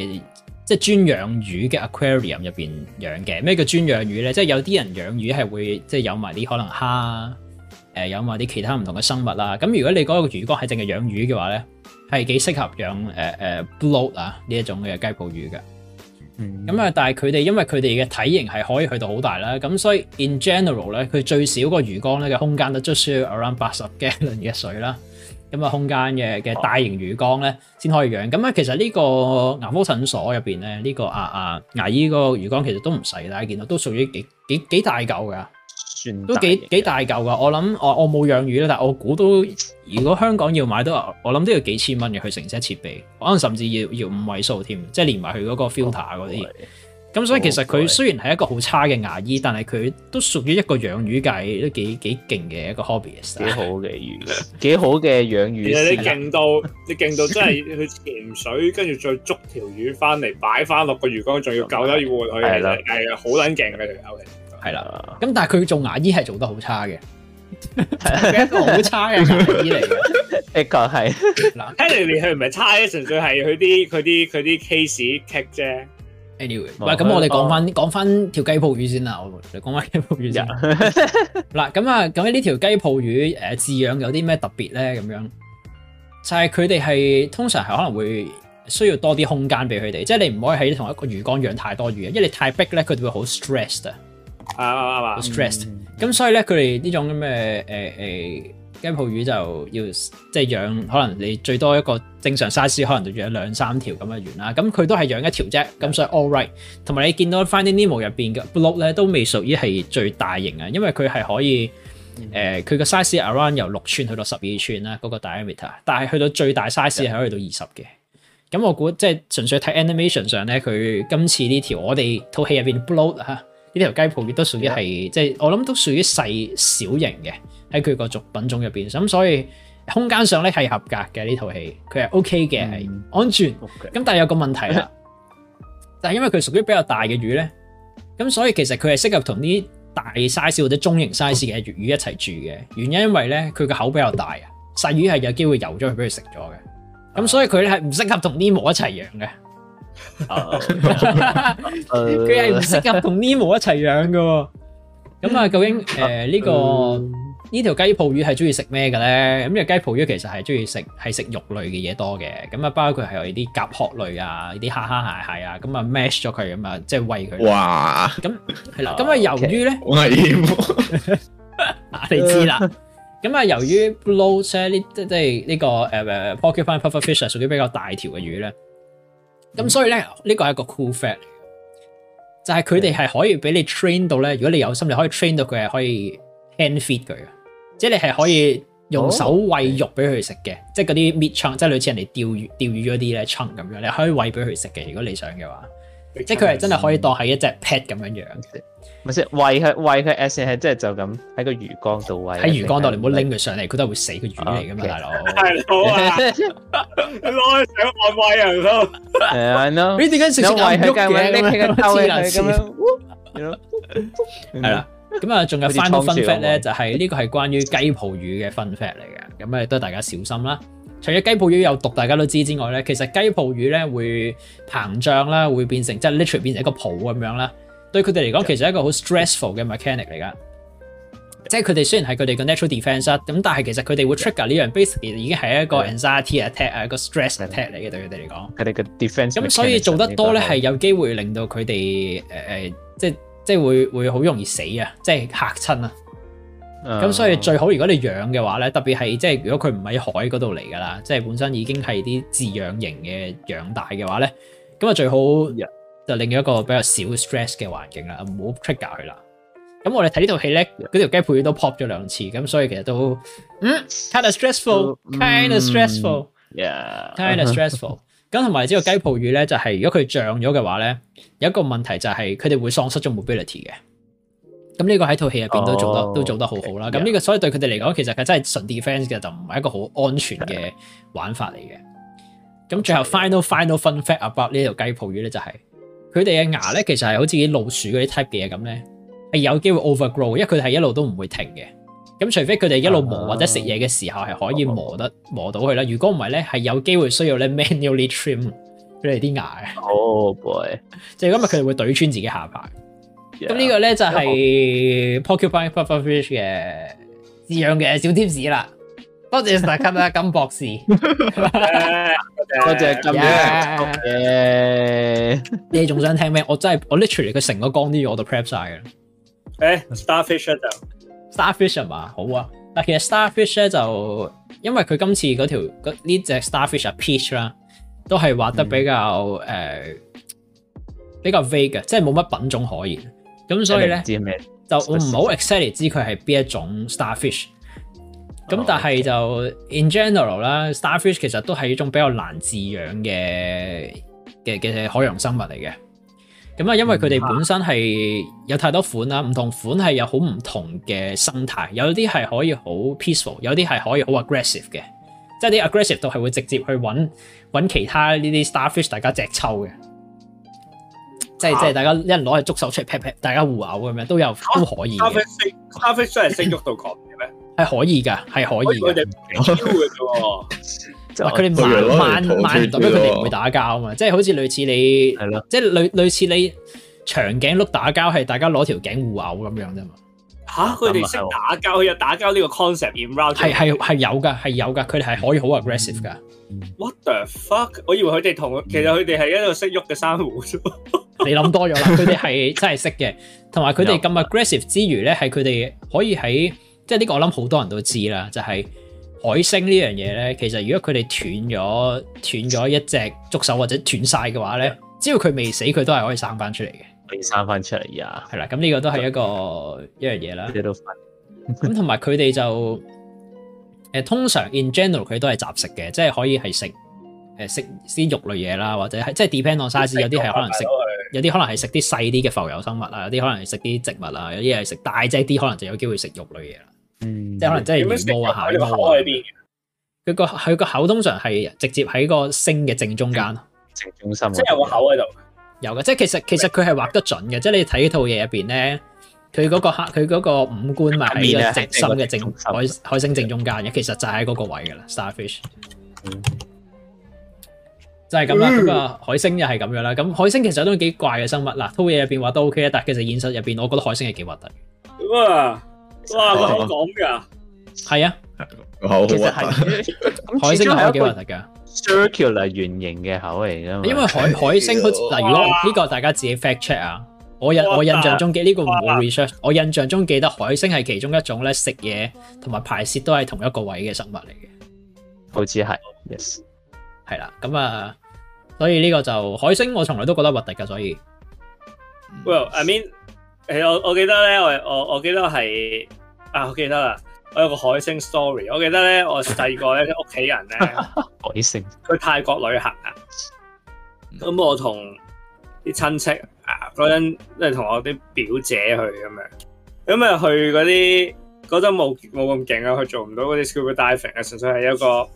Speaker 1: 即係專養魚嘅 aquarium 入邊養嘅。咩叫專養魚咧？即係有啲人養魚係會即係有埋啲可能蝦啊、呃，有埋啲其他唔同嘅生物啦。咁如果你嗰個魚缸係淨係養魚嘅話咧，係幾適合養誒誒、呃呃、bloat 啊呢一種嘅雞泡魚嘅。咁、嗯、啊，但係佢哋因為佢哋嘅體型係可以去到好大啦，咁所以 in general 咧，佢最少個魚缸咧嘅空間都需要 around 八十 gallon 嘅水啦，咁啊空間嘅嘅大型魚缸咧先可以養。咁其實呢個牙科診所入邊咧，呢、呢個啊啊牙醫嗰個魚缸其實都唔細啦，見到都屬於幾幾幾大嚿噶。都幾幾大嚿噶，我諗我我冇養魚咧，但係我估都如果香港要買都，我諗都要幾千蚊嘅去成 set 設備，可能甚至要要五位數添，即係連埋佢嗰個 filter 嗰啲。咁所以其實佢雖然係一個好差嘅牙醫，但係佢都屬於一個養魚界都幾幾勁嘅一個
Speaker 4: hobbyist。幾好嘅魚，幾 好嘅養魚。其實你勁到你勁到真係去潛水， 跟住再捉條魚翻嚟擺翻落個魚缸，仲要救得活佢，係咯，係好撚勁嘅一係啦，
Speaker 1: 咁但係佢做牙醫係做得好差嘅，係 一個好
Speaker 4: 差嘅牙醫嚟嘅。 他是的確係。嗱，Henry 佢唔係差嘅，純粹係佢啲佢啲佢啲 case 棘啫。Anyway，咁、啊、我哋講翻
Speaker 1: 講翻條雞泡魚先啦，我哋講翻雞泡魚咋？嗱、yeah. 咁啊，咁呢條雞泡魚誒飼養有啲咩特別咧？咁樣就係佢哋係通常係可能會需要多啲空間俾佢哋，即、就、係、是、你唔可以喺同一個魚缸養太多魚啊，因為你太逼咧，佢哋會好 stressed。
Speaker 4: 啊、ah, 咁、ah, ah, ah. mm
Speaker 1: -hmm. 所以咧，佢哋呢種咁嘅誒誒雞泡魚就要即係養，可能你最多一個正常 size，可能就養兩三條咁嘅魚啦。咁佢都係養一條啫。咁、yeah. 所以 all right。同埋你見到 Finding Nemo 入邊嘅 Bloat 咧，都未屬於係最大型啊，因為佢係可以誒，佢個 size around 由六寸去到十二寸啦，嗰、那個 diameter。但係去到最大 size 係可以去到二十嘅。咁我估即係純粹睇 animation 上咧，佢今次呢條我哋套戲入邊 Bloat 嚇。呢條雞泡亦都屬於係即係，我諗都屬於細小型嘅，喺佢個族品種入邊。咁所以空間上咧係合格嘅呢套戲，佢係 OK 嘅，係、mm -hmm. 安全。咁、okay. 但係有個問題啦，就 係因為佢屬於比較大嘅魚咧，咁所以其實佢係適合同啲大 size 或者中型 size 嘅魚一齊住嘅。原因是因為咧，佢個口比較大啊，細魚係有機會游咗去俾佢食咗嘅。咁所以佢咧係唔適合同啲毛一齊養嘅。
Speaker 3: 佢係唔適合
Speaker 1: 同 Nemo 一齊養噶。咁啊，究竟誒呢、 呃這個呢 條雞泡魚係中意食咩嘅咧？咁呢個雞泡魚其實係中意食係食肉類嘅嘢多嘅，咁啊，包括係有啲甲殼類啊，呢啲蝦蝦蟹蟹啊，咁啊 match 咗佢咁啊，即係餵佢。哇！咁係啦，咁 啊是的， 由於咧，我係 Nemo，你知啦。咁啊，由於 Blue Sally、這、即即係呢個誒誒，Porcupine Pufferfish 係屬於比較大條嘅魚咧。咁、嗯、所以咧，呢個係一個 cool fact 嚟嘅，就係佢哋係可以俾你 train 到咧。如果你有心，你可以 train 到佢係可以 hand feed 佢嘅，即係你係可以用手餵肉俾佢食嘅，即係嗰啲 meat chunk，即係類似人哋釣魚釣魚嗰啲咧 chunk 咁樣，你可以餵俾佢食嘅。如果你想嘅話。即係佢係真係可以當係一隻 pet 咁樣、嗯、樣，咪先餵佢餵佢食係，即係就咁喺個魚缸度餵。喺魚缸度你唔好拎佢上嚟，佢都係會死嘅魚嚟噶嘛，okay. 大佬。
Speaker 4: 係攞去上岸餵人都係
Speaker 1: 啊，no。 yeah, 你點解食食咁喐嘅？你傾緊偷嘢先。係 啦慘了，咁 啊 findful， 仲有翻到分 fact 咧，就係呢個係關於雞泡魚嘅分 fact 嚟嘅，咁啊都係大家小心啦。除咗雞泡魚有毒，大家都知之外咧，其實雞泡魚咧會膨脹啦，會變成即係、就是、literally 變成一個泡咁樣啦。對佢哋嚟講，其實係一個好 stressful 嘅 mechanic 嚟噶。即係佢哋雖然係佢哋嘅 natural defense 咁但係其實佢哋會 trigger 呢樣，basically 已經係一個 anxiety attack 啊，一個 stress attack 嚟嘅。對佢哋嚟講，佢哋嘅 defense 咁所以做得多咧，係有機會令到佢哋、呃、即係即係會會好容易死啊，即係嚇親啊！咁所以最好如果你養嘅話咧，特別係即係如果佢唔喺海嗰度嚟噶啦，即係本身已經係啲飼養型嘅養大嘅話咧，咁啊最好就另一個比較少 stress 嘅環境啦，唔好 trigger 佢啦。咁我哋睇呢套戲咧，嗰條雞泡魚都 pop 咗兩次，咁所以其實都嗯、mm. kind of stressful, kind of stressful, kind of stressful。咁同埋呢個雞泡魚咧，就係、是、如果佢漲咗嘅話咧，有一個問題就係佢哋會喪失咗 mobility 嘅。咁呢個喺套戲入邊都做得、oh, 都做得好好啦。咁、okay, 呢個所以對佢哋嚟講，yeah. 其實佢真係純 defense 嘅就唔係一個好安全嘅玩法嚟嘅。咁 最後 final final fun fact about 呢條雞泡魚咧就係、是，佢哋嘅牙咧其實係好似啲老鼠嗰啲 type 嘅嘢咁咧，係有機會 overgrow，因為佢哋係一路都唔會停嘅。咁除非佢哋一路磨或者食嘢嘅時候係可以磨得 磨，得磨得到佢啦。如果唔係咧，係有機會需要咧 manually trim 佢哋啲牙嘅。Oh, boy 即係今日佢哋會懟穿自己下巴。咁呢個咧就係 Porcupine Pufferfish 嘅飼養嘅小 tips 啦，多謝大家啊，金博士，多謝金博士。你仲想聽咩？我真係我 literally，佢成個缸啲魚我都 prep 曬嘅。
Speaker 4: 誒，Starfish 就
Speaker 1: Starfish 係嘛？好啊，但其實 Starfish 咧就因為佢今次嗰條嗰呢隻 Starfish 係 peach 啦，都係畫得比較誒比較 vague 嘅，即係冇乜品種可言。咁所以咧，就我唔好 excited 知佢係邊一種 starfish，oh。咁但係就 in general 啦，okay。starfish 其實都係一種比較難飼養嘅嘅嘅海洋生物嚟嘅。咁啊，因為佢哋本身係有太多款啦，唔、mm -hmm. 同款係有好唔同嘅生態，有啲係可以好 peaceful，有啲係可以好 aggressive 嘅，即係啲 aggressive 都係會直接去揾揾其他呢啲 starfish 大家隻抽嘅。即係即係大家一人攞隻竹手出嚟劈劈，大家互毆咁樣都有都可以的。咖啡
Speaker 4: 色咖啡色係色竹度講嘅咩？
Speaker 1: 係可以噶，係可以的。佢哋
Speaker 4: 招嘅啫，即係佢哋萬萬萬唔代表佢哋唔會
Speaker 1: 打交啊嘛！即係好似類似你係咯，即係類類似你長頸鹿打交係大家攞條頸互毆咁樣啫嘛。
Speaker 4: 吓、啊，佢哋識打交，佢有打交呢個 concept in round？係係
Speaker 1: 係有噶，係有噶，佢哋係可以好 aggressive 噶。嗯
Speaker 4: What the fuck？我以為佢哋同，其實佢哋係一度識喐嘅珊瑚。
Speaker 1: 你諗多咗啦，佢哋係真係識嘅。同埋佢哋咁 aggressive 之餘咧，係佢哋可以喺，即係呢個我諗好多人都知啦，就係海星呢樣嘢咧。其實如果佢哋斷咗、斷咗一隻觸手或者斷晒嘅話咧，只要佢未死，佢都係可以生翻出嚟嘅。可以生翻出嚟呀？係啦，咁呢個都係一個一樣嘢啦。咁同埋佢哋就。通常 in general 佢都係雜食嘅，即係可以係食誒食鮮肉類嘢啦，或者係即係 depend on size，有啲係可能食，有啲可能係食啲細啲嘅浮游生物啊，有啲可能係食啲植物啊，有啲係食大隻啲，可能就有機會食肉類嘢啦。嗯，即係可能即係魚毛啊、蟹毛啊。佢個佢個口通常係直接喺個星嘅正中間。正中心。即係有個口喺度。有嘅，即係其實其實佢係畫得準嘅，即係你睇套嘢入邊咧。佢嗰個黑，佢嗰個五官咪喺個直心嘅正海海星正中間嘅，其實就喺嗰個位嘅啦。Starfish、嗯、就係咁啦，咁、嗯、啊、那個、海星又係咁樣啦。咁海星其實都幾怪嘅生物嗱，套嘢入邊話都 OK 啊，但其實現實入邊，我覺得海星係幾核突。
Speaker 4: 哇哇講㗎，係啊，好其實係， 海星係幾核突
Speaker 1: 㗎。Circular 圓形嘅口嚟㗎嘛，因為海海星嗱，如果呢個大家自己 fact check 啊。我印我印象中記呢個唔會 research。我印象中記得海星係其中一種咧食嘢同埋排泄都係同一個位嘅生物嚟嘅，好似係，yes，係啦。咁啊，所以呢個就海星，我從來都覺得核突㗎。所以
Speaker 4: ，Well，I mean，誒，我我記得咧，我我我記得係啊，我記得啦，我有個海星 story。我記得咧，我細個咧屋企人咧，海星去泰國旅行啊，咁我同啲親戚。嗰陣即係同我啲表姐去咁樣，咁啊去嗰啲嗰陣冇冇咁勁啦，佢做唔到嗰啲 scuba diving 啊，純粹係一個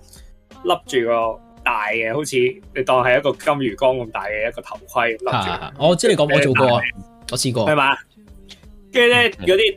Speaker 4: 笠住個大嘅，好似你當係一個金魚缸咁大嘅一個頭盔笠住、啊啊。
Speaker 1: 我知你講，我做過，我試過係
Speaker 4: 嘛。跟住咧嗰啲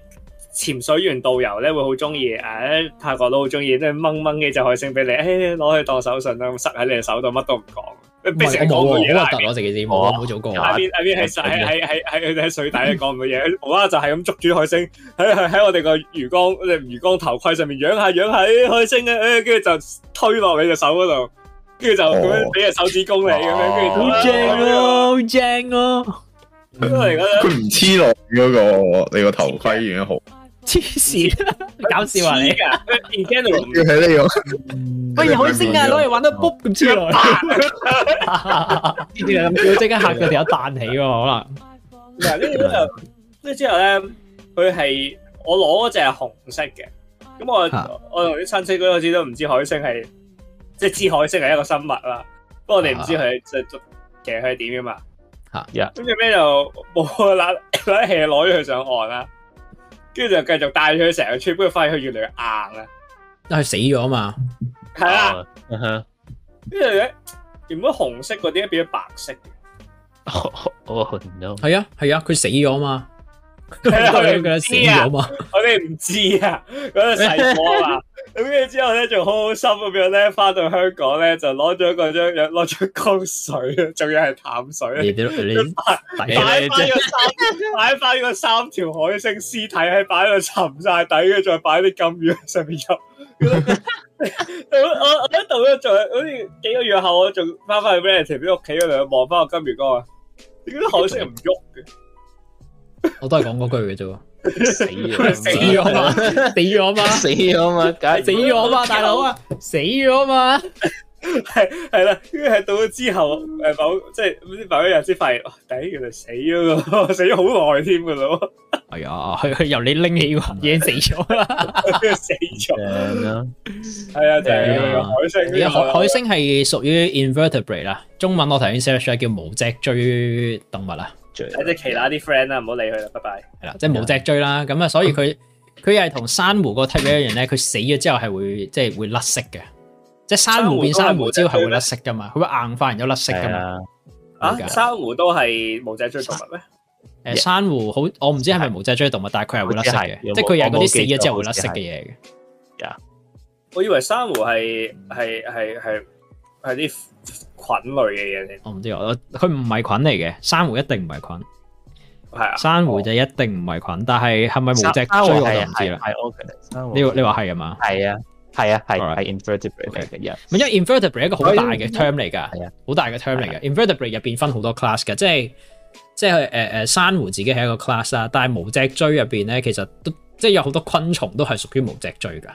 Speaker 4: 潛水員導遊咧會好中意，誒、啊、泰國都好中意，即係掹掹嘅就可以升俾你，誒、哎、攞去當手信啦，塞喺你嘅手度，乜都唔講。俾成缸個嘢
Speaker 1: 喺邊，我冇做功。喺邊喺邊喺水喺
Speaker 4: 喺喺水底講唔到嘢。我啊就係咁捉住海星，喺喺我哋個魚缸，即係魚缸頭盔上面仰下仰喺海星啊！誒，跟住就推落你隻手嗰度，跟住就咁樣俾隻手指公你咁樣。跟住好正咯，好正咯。
Speaker 2: 佢唔黐落嗰個你個頭盔，已經好。黐
Speaker 4: 線，搞笑你你你你啊！你啊佢 e n e r a l 叫起喂海星啊，攞嚟玩 o 卜咁跳，邊
Speaker 1: 度有咁跳？即刻嚇佢哋有彈起喎可能。嗱，跟
Speaker 4: 住之後，跟住之後咧，佢係我攞嗰隻係紅色嘅。咁我我同啲親戚嗰陣時都唔知海星係即係知海星係一個生物啦，不過我哋唔知佢即係其實佢係點噶嘛嚇。跟住咩就冇攞攞起攞咗佢上岸啦。跟住就繼續帶佢成個 trip 不過發現佢越嚟越硬啊
Speaker 1: 但死咗係啊！因為、oh, 佢、
Speaker 4: uh -huh.
Speaker 1: oh, oh,
Speaker 4: no. 啊啊、死咗啊嘛，係啦，跟住咧原本紅色嗰啲變咗白色嘅？
Speaker 1: 我 我見到係啊係啊，佢死咗啊嘛，
Speaker 4: 係、那、啊、個，佢死咗啊嘛，我哋唔知啊，嗰個細波啊。咁跟住之後咧，仲好好心咁樣咧，翻到香港咧就攞咗一個樽，攞咗缸水仲要係淡水啊，擺
Speaker 3: 翻個三，
Speaker 4: 擺翻個三條海星屍體喺擺喺度沉晒底嘅，再擺啲金魚喺上面喐。 我我我喺度咧，仲好似幾個月後，我仲翻翻去 Brentley 屋企嗰度望翻個金魚缸啊，點解啲海星唔喐嘅？
Speaker 1: 我都係講嗰句嘅啫。
Speaker 4: 死咗嘛？ 死咗嘛？ 死咗了嘛嗎？死咗嘛？大佬啊，死咗嘛？係係啦，跟住到咗之後，誒，某即係某日先發現，哇、哎，第一原來死咗咯，死咗好耐添噶咯。
Speaker 1: 係、哎、 死了 棒啊，佢由你拎起嘅，已經死咗
Speaker 4: 啦，死咗。係啊，就係、是、海星、那個哎。海
Speaker 1: 星係屬於 invertebrate 啦，中文我頭先 research 叫無脊椎動物啊。即
Speaker 4: 係其他啲 friend 啦，唔好理佢啦，拜拜。係
Speaker 1: 啦，即係無脊椎啦，咁啊，所以佢佢又係同珊瑚個 type 一樣咧，佢死咗之後係會即係、就是、會甩色嘅，即係珊瑚變珊瑚之礁係會甩色噶嘛，佢會硬化而有甩色噶嘛。
Speaker 4: 啊，珊瑚都係無脊椎動物
Speaker 1: 咩？誒、欸，yeah. 珊瑚好，我唔知係咪無脊椎動物，但係佢係會甩色嘅，即係佢又係嗰啲死咗之,之後會甩色嘅嘢嘅。Yeah.
Speaker 4: 我以為珊瑚係係係係係啲。嗯菌類
Speaker 1: 嘅嘢我唔知我佢唔係菌嚟嘅，珊瑚一定唔係菌，係啊，珊瑚就、哦、一定唔係菌，但係係咪無脊椎、哦、我唔知啦，你你話係啊嘛？係啊，係啊，
Speaker 4: 係、啊。係
Speaker 1: invertebrate 嘅唔係因為 invertebrate 一個好大嘅 term 嚟噶，係啊，好大嘅 term 嚟嘅、啊。invertebrate 入邊分好多 class 噶，即係即係誒誒，珊瑚自己係一個 class 啦。但係無脊椎入邊咧，其實都即係有好多昆蟲都係屬於無脊椎噶，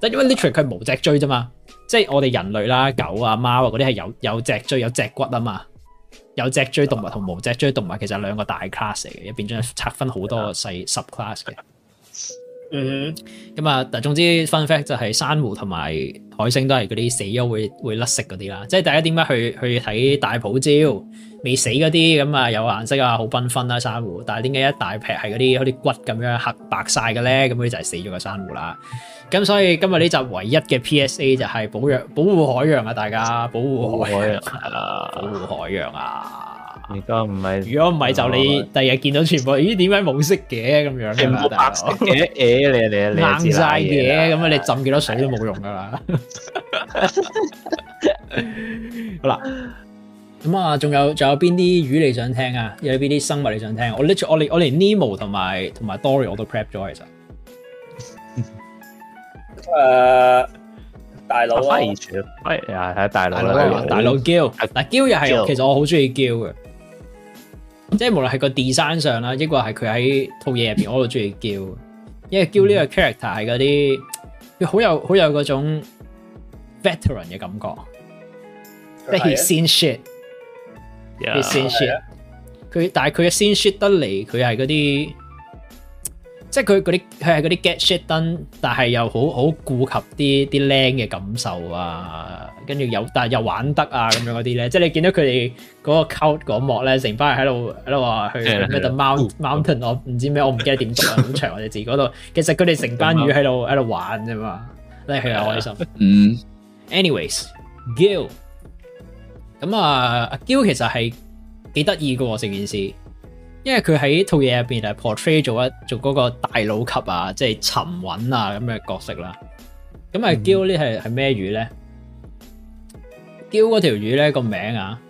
Speaker 1: 但因為 literally 佢係無脊椎啫嘛。即係我哋人類啦、狗啊、貓啊嗰啲係有有脊椎、有脊骨啊嘛，有脊椎動物同無脊椎動物其實係兩個大 class 嚟嘅，一邊將拆分好多細 sub class 嘅。Mm -hmm. 嗯哼，咁啊，但總之 fun fact 就係珊瑚同埋海星都係嗰啲死咗會會甩色嗰啲啦，即係大家點解去去睇大堡礁未死嗰啲咁啊有顏色啊好繽紛啦珊瑚，但係點解一大劈係嗰啲好似骨咁樣黑白晒嘅咧？咁佢就係死咗個珊瑚啦。咁所以今日呢集唯一嘅 P.S.A 就係保，保護保護海洋啊，大家保護海洋，保護海洋啊！如果唔係，如果唔係就你第日見到全部咦點解冇色嘅咁樣咧？全部白色嘅，
Speaker 4: 誒你嚟你硬晒嘅咁啊！你， 的你，樣你浸
Speaker 1: 幾多水都冇用噶啦。 好啦，咁啊，仲有仲有邊啲魚你想聽啊？有邊啲生物你想聽？我呢出我我嚟 Nemo 同埋同埋 Dory 我都 prep 咗其實。誒、 uh,
Speaker 4: 啊啊，大佬啊，係啊，睇大佬啦，大佬
Speaker 1: Gill，嗱 Gill 又係，其實我好中意 Gill 嘅。即係無論係個 design 上啦，亦或係佢喺套嘢入邊，我都中意叫，因為 Gill 呢個 character 係嗰啲佢好有好有嗰種 veteran 嘅感覺，Right. 即係 he seen shit，seen shit, yeah, he seen shit. Yeah. 佢但係佢嘅 seen shit 得嚟，佢係嗰啲，即係佢嗰啲佢係嗰啲 get shit done，但係又好好顧及啲啲靚嘅感受啊。跟住有，但又玩得啊咁樣嗰啲咧，即係你見到佢哋嗰個 cult 幕咧，成、哦、班人喺度喺度話去咩 the mount,、哦、mountain，我唔知咩，我唔記得點讀長我哋自己嗰度。其實佢哋成班魚喺度喺度玩啫嘛，你係開心。嗯，嗯，嗯，anyways，Gill，咁啊，阿 Gill 其實係幾得意噶喎，成件事，因為佢喺套嘢入邊係 portray 做一做個大佬級啊，即係沉穩啊咁嘅角色啦。咁、嗯、啊，Gill 呢係係咩魚咧？雕嗰條魚咧，個名啊，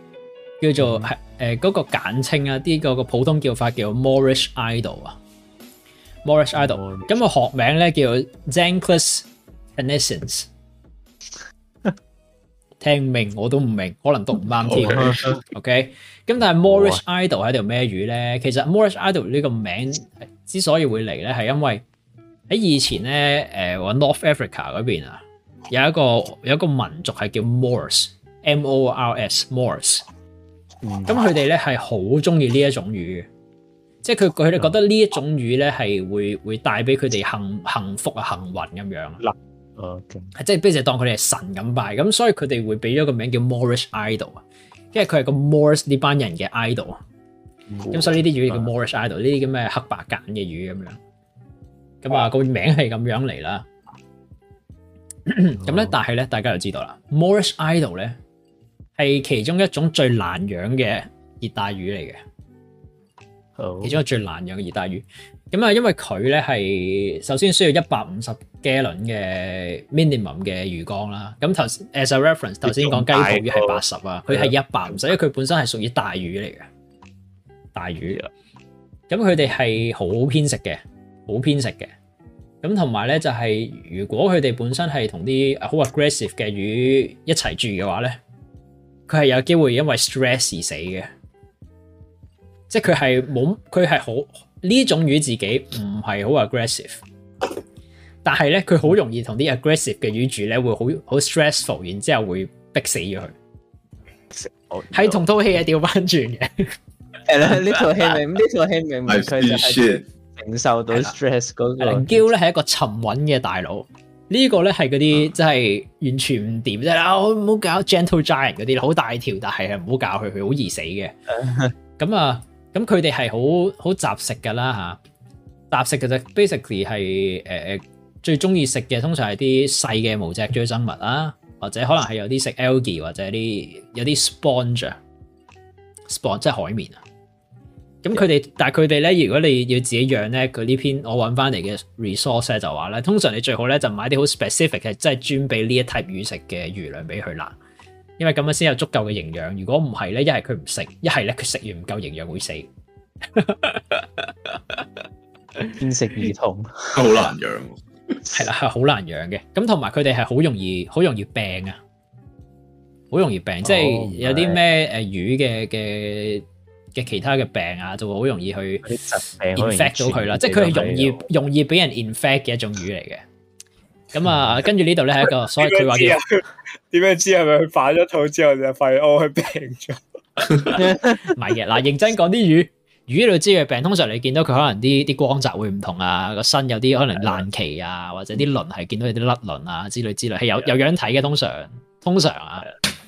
Speaker 1: 叫做係誒嗰個簡稱啊，啲、嗰個普通叫法叫 Moorish Idol 啊，Moorish Idol，咁個學名咧叫 Zanclus Innocence，聽唔明我都唔明，可能讀唔啱添。OK，咁、okay? 但係 Moorish Idol 係條咩魚咧？其實 Moorish Idol 呢個名之所以會嚟咧，係因為喺以前咧，誒我 North Africa 嗰邊啊，有一個有一個民族係叫 Morris。M O R r i S Moors 咁佢哋咧係好中意呢一種魚，即係佢佢哋覺得呢一種魚咧係會會帶俾佢哋幸幸福啊幸運咁樣，嗱，啊，即係即係當佢哋係神咁拜，咁所以佢哋會俾咗個名叫 Moorish Idol 啊，因為佢係個 Moors 呢班人嘅 idol，咁、mm -hmm. 所以呢啲魚叫 Moorish Idol，呢啲咁嘅黑白間嘅魚咁樣，咁、那、啊個名係咁樣嚟啦，咁、mm、咧 -hmm. 但係咧、mm -hmm. 大家就知道啦，Moorish Idol 咧。係其中一種最難養嘅熱帶魚嚟嘅，oh. 其中一最難養嘅熱帶魚咁啊。因為佢咧係首先需要一百五十加侖嘅 minimum 嘅魚缸啦。咁頭先 as a reference，頭先講雞泡魚係八十啊，佢係一百五，因為佢本身係屬於大魚嚟嘅大魚。咁佢哋係好偏食嘅，好偏食嘅。咁同埋咧就係、是、如果佢哋本身係同啲好 aggressive 嘅魚一齊住嘅話咧。佢係有機會因為 stress 而死嘅，即係佢係冇，佢係好呢種魚自己唔係好 aggressive，但係咧佢好容易同啲 aggressive 嘅魚住咧會好好 stressful，然之後會逼死咗佢。喺同套戲嘅調翻轉嘅，係啦呢套戲咪？呢套戲明明佢就係承受到 stress 嗰個。Gill 咧係一個沉穩嘅大佬。呢、這個咧係嗰啲即係完全唔掂即啫啦，唔、啊、好搞 Gentle Giant 嗰啲好大條，但係唔好搞佢，佢好易死嘅。咁 啊，咁佢哋係好好雜食噶啦吓，雜食其實、即係、basically 係誒、呃、最中意食嘅，通常係啲細嘅無脊椎生物啦，或者可能係有啲食 algae 或者啲有啲 sponge，啊 sponge 即係海綿啊。咁佢哋，但係佢哋咧，如果你要自己養咧，佢呢篇我搵翻嚟嘅 resource 咧就話咧，通常你最好咧就買啲好 specific 嘅，即係專備呢一 type 魚食嘅魚糧俾佢食，因為咁樣先有足夠嘅營養。如果唔係咧，一係佢唔食，一係咧佢食完唔夠營養會死。
Speaker 4: 偏食兒童，好 難養養，係
Speaker 1: 啦，係好難養嘅。咁同埋佢哋係好容易，好容易病啊，好容易病，oh, 即係有啲咩誒魚嘅嘅。嘅其他嘅病啊，就會好容易去 infect 到佢啦，即係佢係容易容易俾人 infect 嘅一種魚嚟嘅。咁啊，跟住呢度咧係一個所謂佢話
Speaker 4: 點樣知係咪佢反咗肚之後就肺屙癌病咗？
Speaker 1: 唔係嘅，嗱，認真講啲魚魚類之類嘅病，通常你見到佢可能啲啲光澤會唔同啊，個身有啲可能爛鰭啊，是或者啲鱗係見到有啲甩鱗啊之類之類，係有的有樣睇嘅。通常通常啊，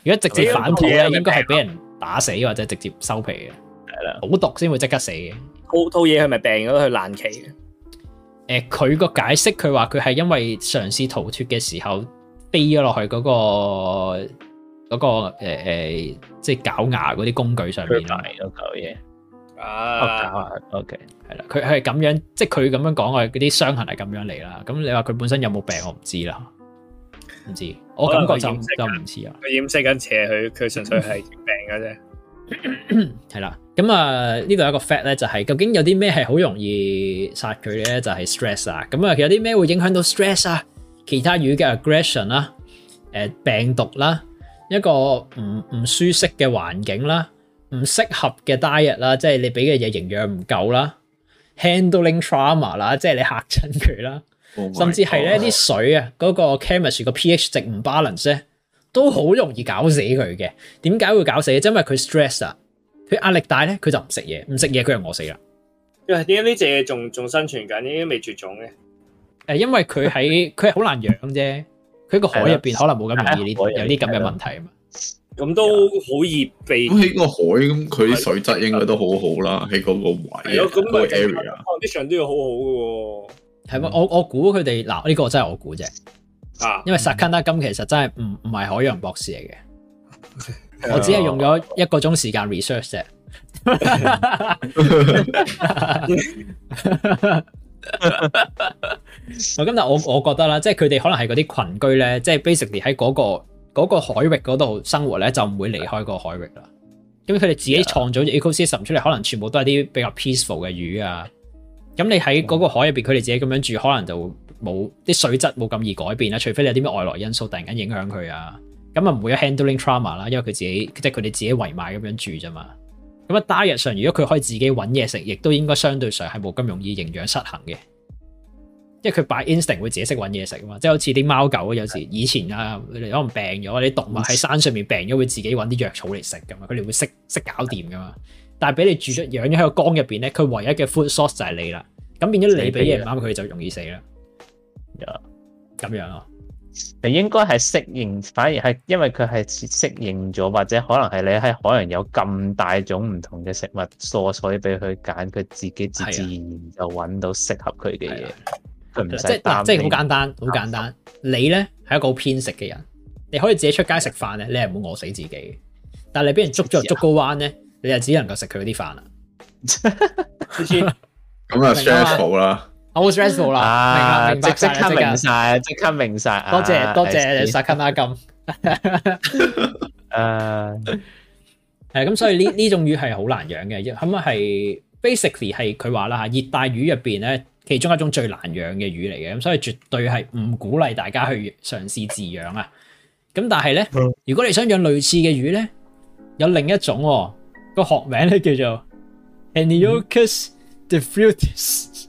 Speaker 1: 如果直接反肚咧，應該係俾人打死或者直接收皮嘅。好毒先會即刻死嘅，
Speaker 4: 套套嘢係咪病
Speaker 1: 咗佢爛鰭嘅？誒、呃，佢個解釋佢話佢係因為嘗試逃脫嘅時候飛咗落去嗰、那個嗰、那個誒誒、呃，即係搞牙嗰啲工具上面咯。套嘢、okay。啊、哦、搞，OK，係啦，佢係咁樣，即係佢咁樣講啊，嗰啲傷痕係咁樣嚟啦。咁你話佢本身有冇病，我唔知啦，
Speaker 4: 唔知。我感覺就就唔似啊，佢掩飾緊斜佢，佢純粹係病嘅啫，係 啦
Speaker 1: 咁啊，呢度有一個 fact 咧，就係究竟有啲咩係好容易殺佢咧？就係、是、stress 啊。咁啊，其實有啲咩會影響到 stress 啊？其他魚嘅 aggression 啦，誒，病毒啦，一個唔唔舒適嘅環境啦，唔適合嘅 diet 啦，即係你俾嘅嘢營養唔夠啦，handling trauma 啦，即係你吓親佢啦，
Speaker 3: 甚至係咧啲
Speaker 1: 水啊，嗰、那個 chemistry 個 pH 值唔 balance 咧，都好容易搞死佢嘅。點解會搞死？因為佢 stress 啊。佢壓力大咧，佢就唔食嘢，唔食嘢佢又餓死啦。
Speaker 4: 因為點解呢隻嘢仲仲生存緊，呢啲未絕種嘅？
Speaker 1: 誒，因為佢喺佢係好難養啫，佢個海入邊可能冇咁容易有啲咁嘅問題
Speaker 4: 啊嘛。咁都好易
Speaker 1: 被
Speaker 2: 喺個海咁，佢啲水質應該都好好啦，喺嗰個位咁個 area
Speaker 1: condition 都要好好嘅。係嘛、嗯，我我估佢哋嗱呢個真係我估啫啊，因為薩卡納金其實真係唔唔係海洋博士嚟嘅。 我只係用咗一個鐘時間 research 啫。我咁但我我覺得啦，即係佢哋可能係嗰啲群居咧，即係 basically 喺嗰、嗰個、嗰個海域嗰度生活咧，就唔會離開嗰個海域啦。咁佢哋自己創造咗 ecosystem 出嚟，可能全部都係啲比較 peaceful 嘅魚啊。咁你喺嗰個海入邊，佢哋自己咁樣住，可能就冇啲水質冇咁易改變啦。除非你有啲咩外來因素突然間影響佢啊。咁啊唔會有 handling trauma 啦，因為佢自己即係佢哋自己圍埋咁樣住啫嘛。咁啊，diet 上如果佢可以自己搵嘢食，亦都應該相對上係冇咁容易營養失衡嘅。即係佢 by instinct 會自己識搵嘢食啊嘛，即係好似啲貓狗有時以前啊，可能病咗啲動物喺山上面病咗會自己搵啲藥草嚟食噶嘛，佢哋會識識搞掂噶嘛。但係俾你住咗養咗喺個缸入邊咧，佢唯一嘅 food source 就係你啦。咁變咗你俾嘢唔啱佢就容易死啦。咁、yeah. 樣啊？你應該係適應，反而係因為佢係適應咗，或者可能係你喺海洋有咁大種唔同嘅食物素材俾佢揀，佢自己自自然然
Speaker 4: 就揾到適合佢嘅嘢，佢唔使即係，即係好簡
Speaker 1: 單，好簡單。你咧係一個好偏食嘅人，你可以自己出街食飯咧，你係唔會餓死自己嘅。但係你俾人捉咗捉個彎咧，你就只能夠食佢啲飯啦。
Speaker 4: 咁啊 share 啦。
Speaker 1: 我好 stressful 啦，啊！明白，立即立即明晒，明晒，即刻明晒，啊。多謝、啊、多謝，沙卡那金。誒，誒、 uh, 啊，咁所以呢呢種魚係好難養嘅，咁啊係 basically 係佢話啦，吓，熱帶 魚入邊咧，其中一種最難養嘅魚嚟嘅，咁所以絕對係唔鼓勵大家去嘗試飼養啊。咁但係咧，如果你想養類似嘅魚咧，有另一種哦，那個學名咧叫做 Heniochus、嗯、diphreutes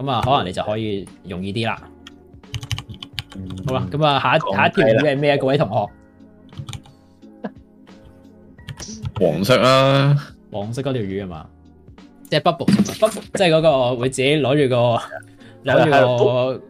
Speaker 1: 咁啊，可能你就可以容易啲啦、嗯。好啦，咁啊，下一條魚係咩？各位同學，黃色啦、啊，黃色嗰條魚啊嘛，即、就、係、是、bubble，bubble 即 係嗰個會自己攞住、個攞住。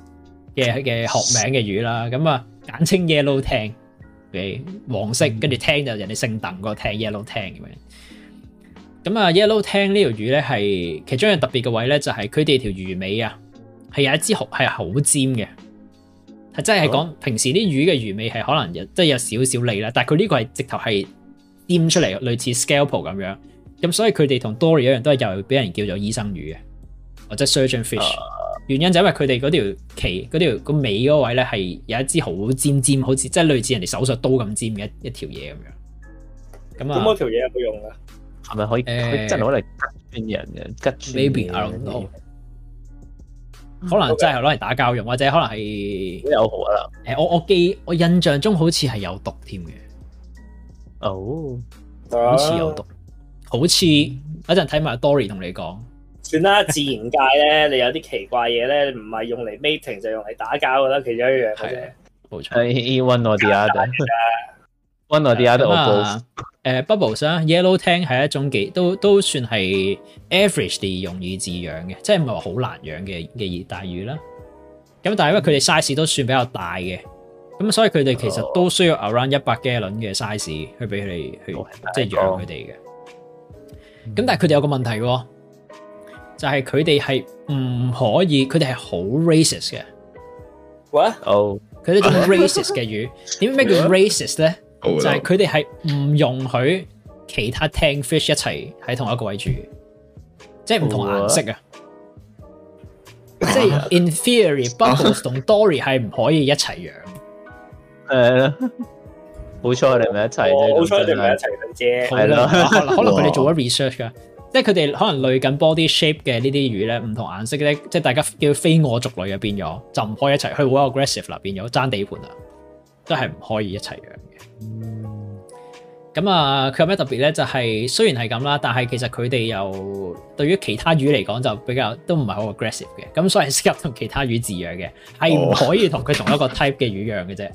Speaker 1: 嘅嘅學名嘅魚啦，咁啊，簡稱 yellow tang，嘅黃色，跟住 tang 就人哋姓鄧個 tang，yellow tang 咁樣。咁啊，yellow tang 呢條魚咧係其中一樣特別嘅位咧，就係佢哋條魚尾啊，係、就是、有一支好係好尖嘅，係真係講平時啲魚嘅魚尾係可能即係有少少脷啦，但係佢呢個係直頭係掂出嚟，類似 scalpel 咁樣。咁所以佢哋同 dory 一樣，一樣都係又俾人叫做醫生魚嘅，或者 surgeon fish。原因就係因為佢哋嗰條鰭、嗰條個尾嗰位咧，係有一支好尖尖，好似即係類似人哋手術刀咁尖嘅一一條嘢咁樣。咁啊？咁嗰
Speaker 4: 條嘢有冇用啊？
Speaker 1: 係咪可以？佢、欸、真係攞嚟拮親人嘅拮親。Maybe I don't know. 可能真係攞嚟打交用，或者可能係有毒啊？誒、okay.，我我記我印象中好似係有毒添嘅。哦、oh. oh.，好似有毒。好似一陣睇埋 Dory 同你講。
Speaker 4: 算啦，自然界咧，你有啲奇怪嘢咧，唔係用嚟 mating 就用嚟打交噶啦，其
Speaker 1: 中一樣嘅。冇錯。 One or the other，one or the other、嗯。咁啊，誒、uh, Bubbles 啦 Yellow Tang 係一種幾都都算係 average 地容易飼養嘅，即係唔係話好難養嘅嘅熱帶魚啦。咁但係因為佢哋 size 都算比較大嘅，咁所以佢哋其實都需要 around 一百 gallon 嘅 size 去俾佢哋去、oh, 即係養佢哋嘅。咁、oh. 但係佢哋有個問題喎。就係佢哋係唔可以，佢哋係好 racist 嘅。
Speaker 4: 喂，佢哋種 racist
Speaker 1: 嘅魚，點咩叫 racist 咧？就係佢哋係唔容許其他 tank fish 一齊喺同一個位住，即係唔同顏色的啊！即、就、係、是、in theory，Bubbles 同 Dory 係唔可以一齊養。誒，冇錯，你、哦、咪一齊嘅，冇錯，你哋唔一齊嘅啫。係啦，可能佢哋做咗 research 噶。即係佢哋可能累緊 body shape 嘅呢啲魚咧，唔同顏色咧，即係大家叫非我族類啊，變咗就唔可以一齊，去。好 aggressive 啦，變咗爭地盤啦，都係唔可以一齊養嘅。咁、嗯、啊，佢有咩特別咧？就係、是、雖然係咁啦，但係其實佢哋又對於其他魚嚟講就比較都唔係好 aggressive 嘅，咁所以適合同其他魚飼養嘅，係唔可以同佢同一個 type 嘅魚養嘅啫。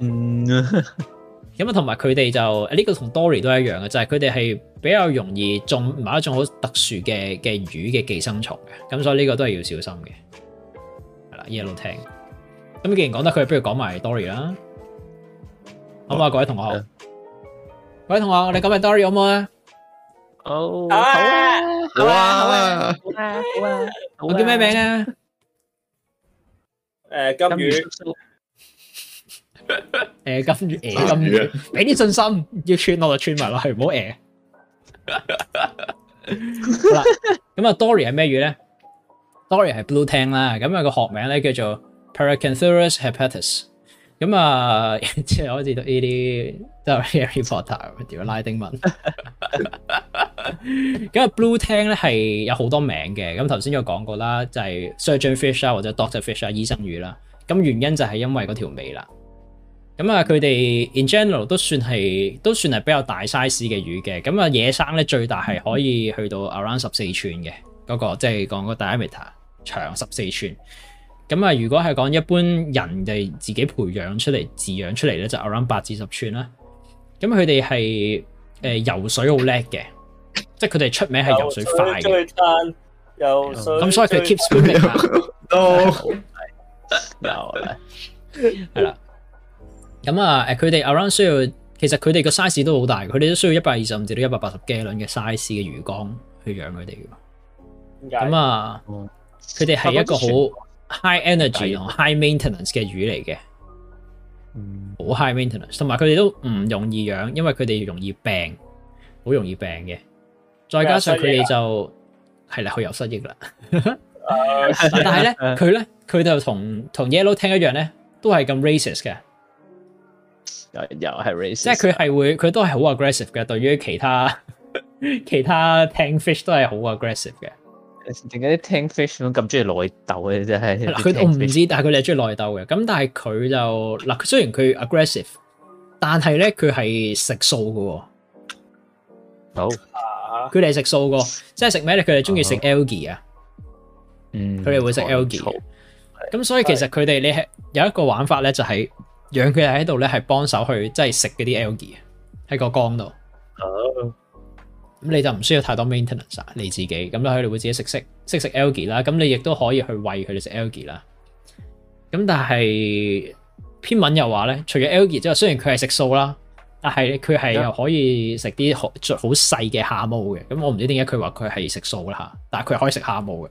Speaker 3: 嗯、哦。
Speaker 1: 咁啊，同埋佢哋就呢個同 Dory 都一樣嘅，就係佢哋係比較容易中某一種好特殊嘅嘅魚嘅寄生蟲嘅，咁所以呢個都係要小心嘅。係啦，一路聽。咁既然講得佢，不如講埋 Dory 啦。好嘛、哦，各位同學，哦、各位同學，我哋講埋 Dory 好唔好啊？
Speaker 4: 好啊，好啊，好啊，好啊。我叫咩名啊？誒、啊啊啊呃，金魚。金魚叔叔誒，
Speaker 1: 跟住誒，跟住，俾啲信心，要穿落就穿埋落去，係唔好誒。好啦，咁啊，Dory 係咩魚咧？Dory 係 blue tang 啦，咁啊個學名咧，叫做 Paracanthurus hepatus。咁啊，即係好似到呢啲 Harry Potter 屌拉丁文。咁啊，blue tang 咧係有好多名嘅，咁頭先有講過啦，就係 Surgeonfish 啊，或者 Doctorfish 啊，醫生魚啦。咁原因就係因為嗰條尾啦。咁啊，佢哋 in general 都算係都算係比較大 size 嘅魚嘅。咁啊，野生咧最大係可以去到 around 十四吋嘅，嗰、嗰個，即係講個 diameter 長十四吋。咁啊，如果係講一般人哋自己培養出嚟、飼養出嚟咧，就 around 八至十吋啦。咁佢哋係誒游水好叻嘅， 即係佢哋出名係游水快嘅。
Speaker 4: 咁所以佢 keep swimming 啊。 oh.
Speaker 1: no，係啦。咁啊，誒佢哋 around 需要，其實佢哋個 size 都好大，佢哋都需要一百二十五至到一百八十公升嘅 size 嘅魚缸去養佢哋嘅。點解？咁啊，佢哋係一個好 high energy 同 high maintenance 嘅魚嚟嘅，嗯，好 high maintenance，同埋佢哋都唔容易養，因為佢哋容易病，好容易病嘅。再加上佢哋就係啦，佢有失憶啦。
Speaker 3: uh, 但係咧，
Speaker 1: 佢咧佢就同同 yellow tank 一樣咧，都係咁 racist 嘅。又又係 race，即係佢係會佢都係好 aggressive 嘅，對於其他 其他 tank fish 都係好 aggressive 嘅。點解啲 tank fish 咁中意內鬥嘅真係？佢我唔知，但係佢哋中意內鬥嘅。咁但係佢就嗱，雖然佢 aggressive，但係咧佢係食素嘅。好，佢哋食素嘅，即係食咩咧？佢哋中意食 algae 啊，
Speaker 3: 嗯，
Speaker 1: 佢哋會食 algae。咁所以其實佢哋你係有一個玩法咧，就係、是。養佢喺度咧，係幫手去即係食嗰啲 algae 喺個缸度。咁、oh。你就唔需要太多 maintenance 你自己咁都佢哋會自己食食食食 algae 啦。咁你亦都可以去餵佢哋食 algae 啦。咁但係篇文又話咧，除咗 algae 之外，雖然佢係食素啦，但係佢係又可以食啲好好細嘅蝦毛嘅。咁我唔知點解佢話佢係食素啦吓，但係佢係可以食蝦毛嘅。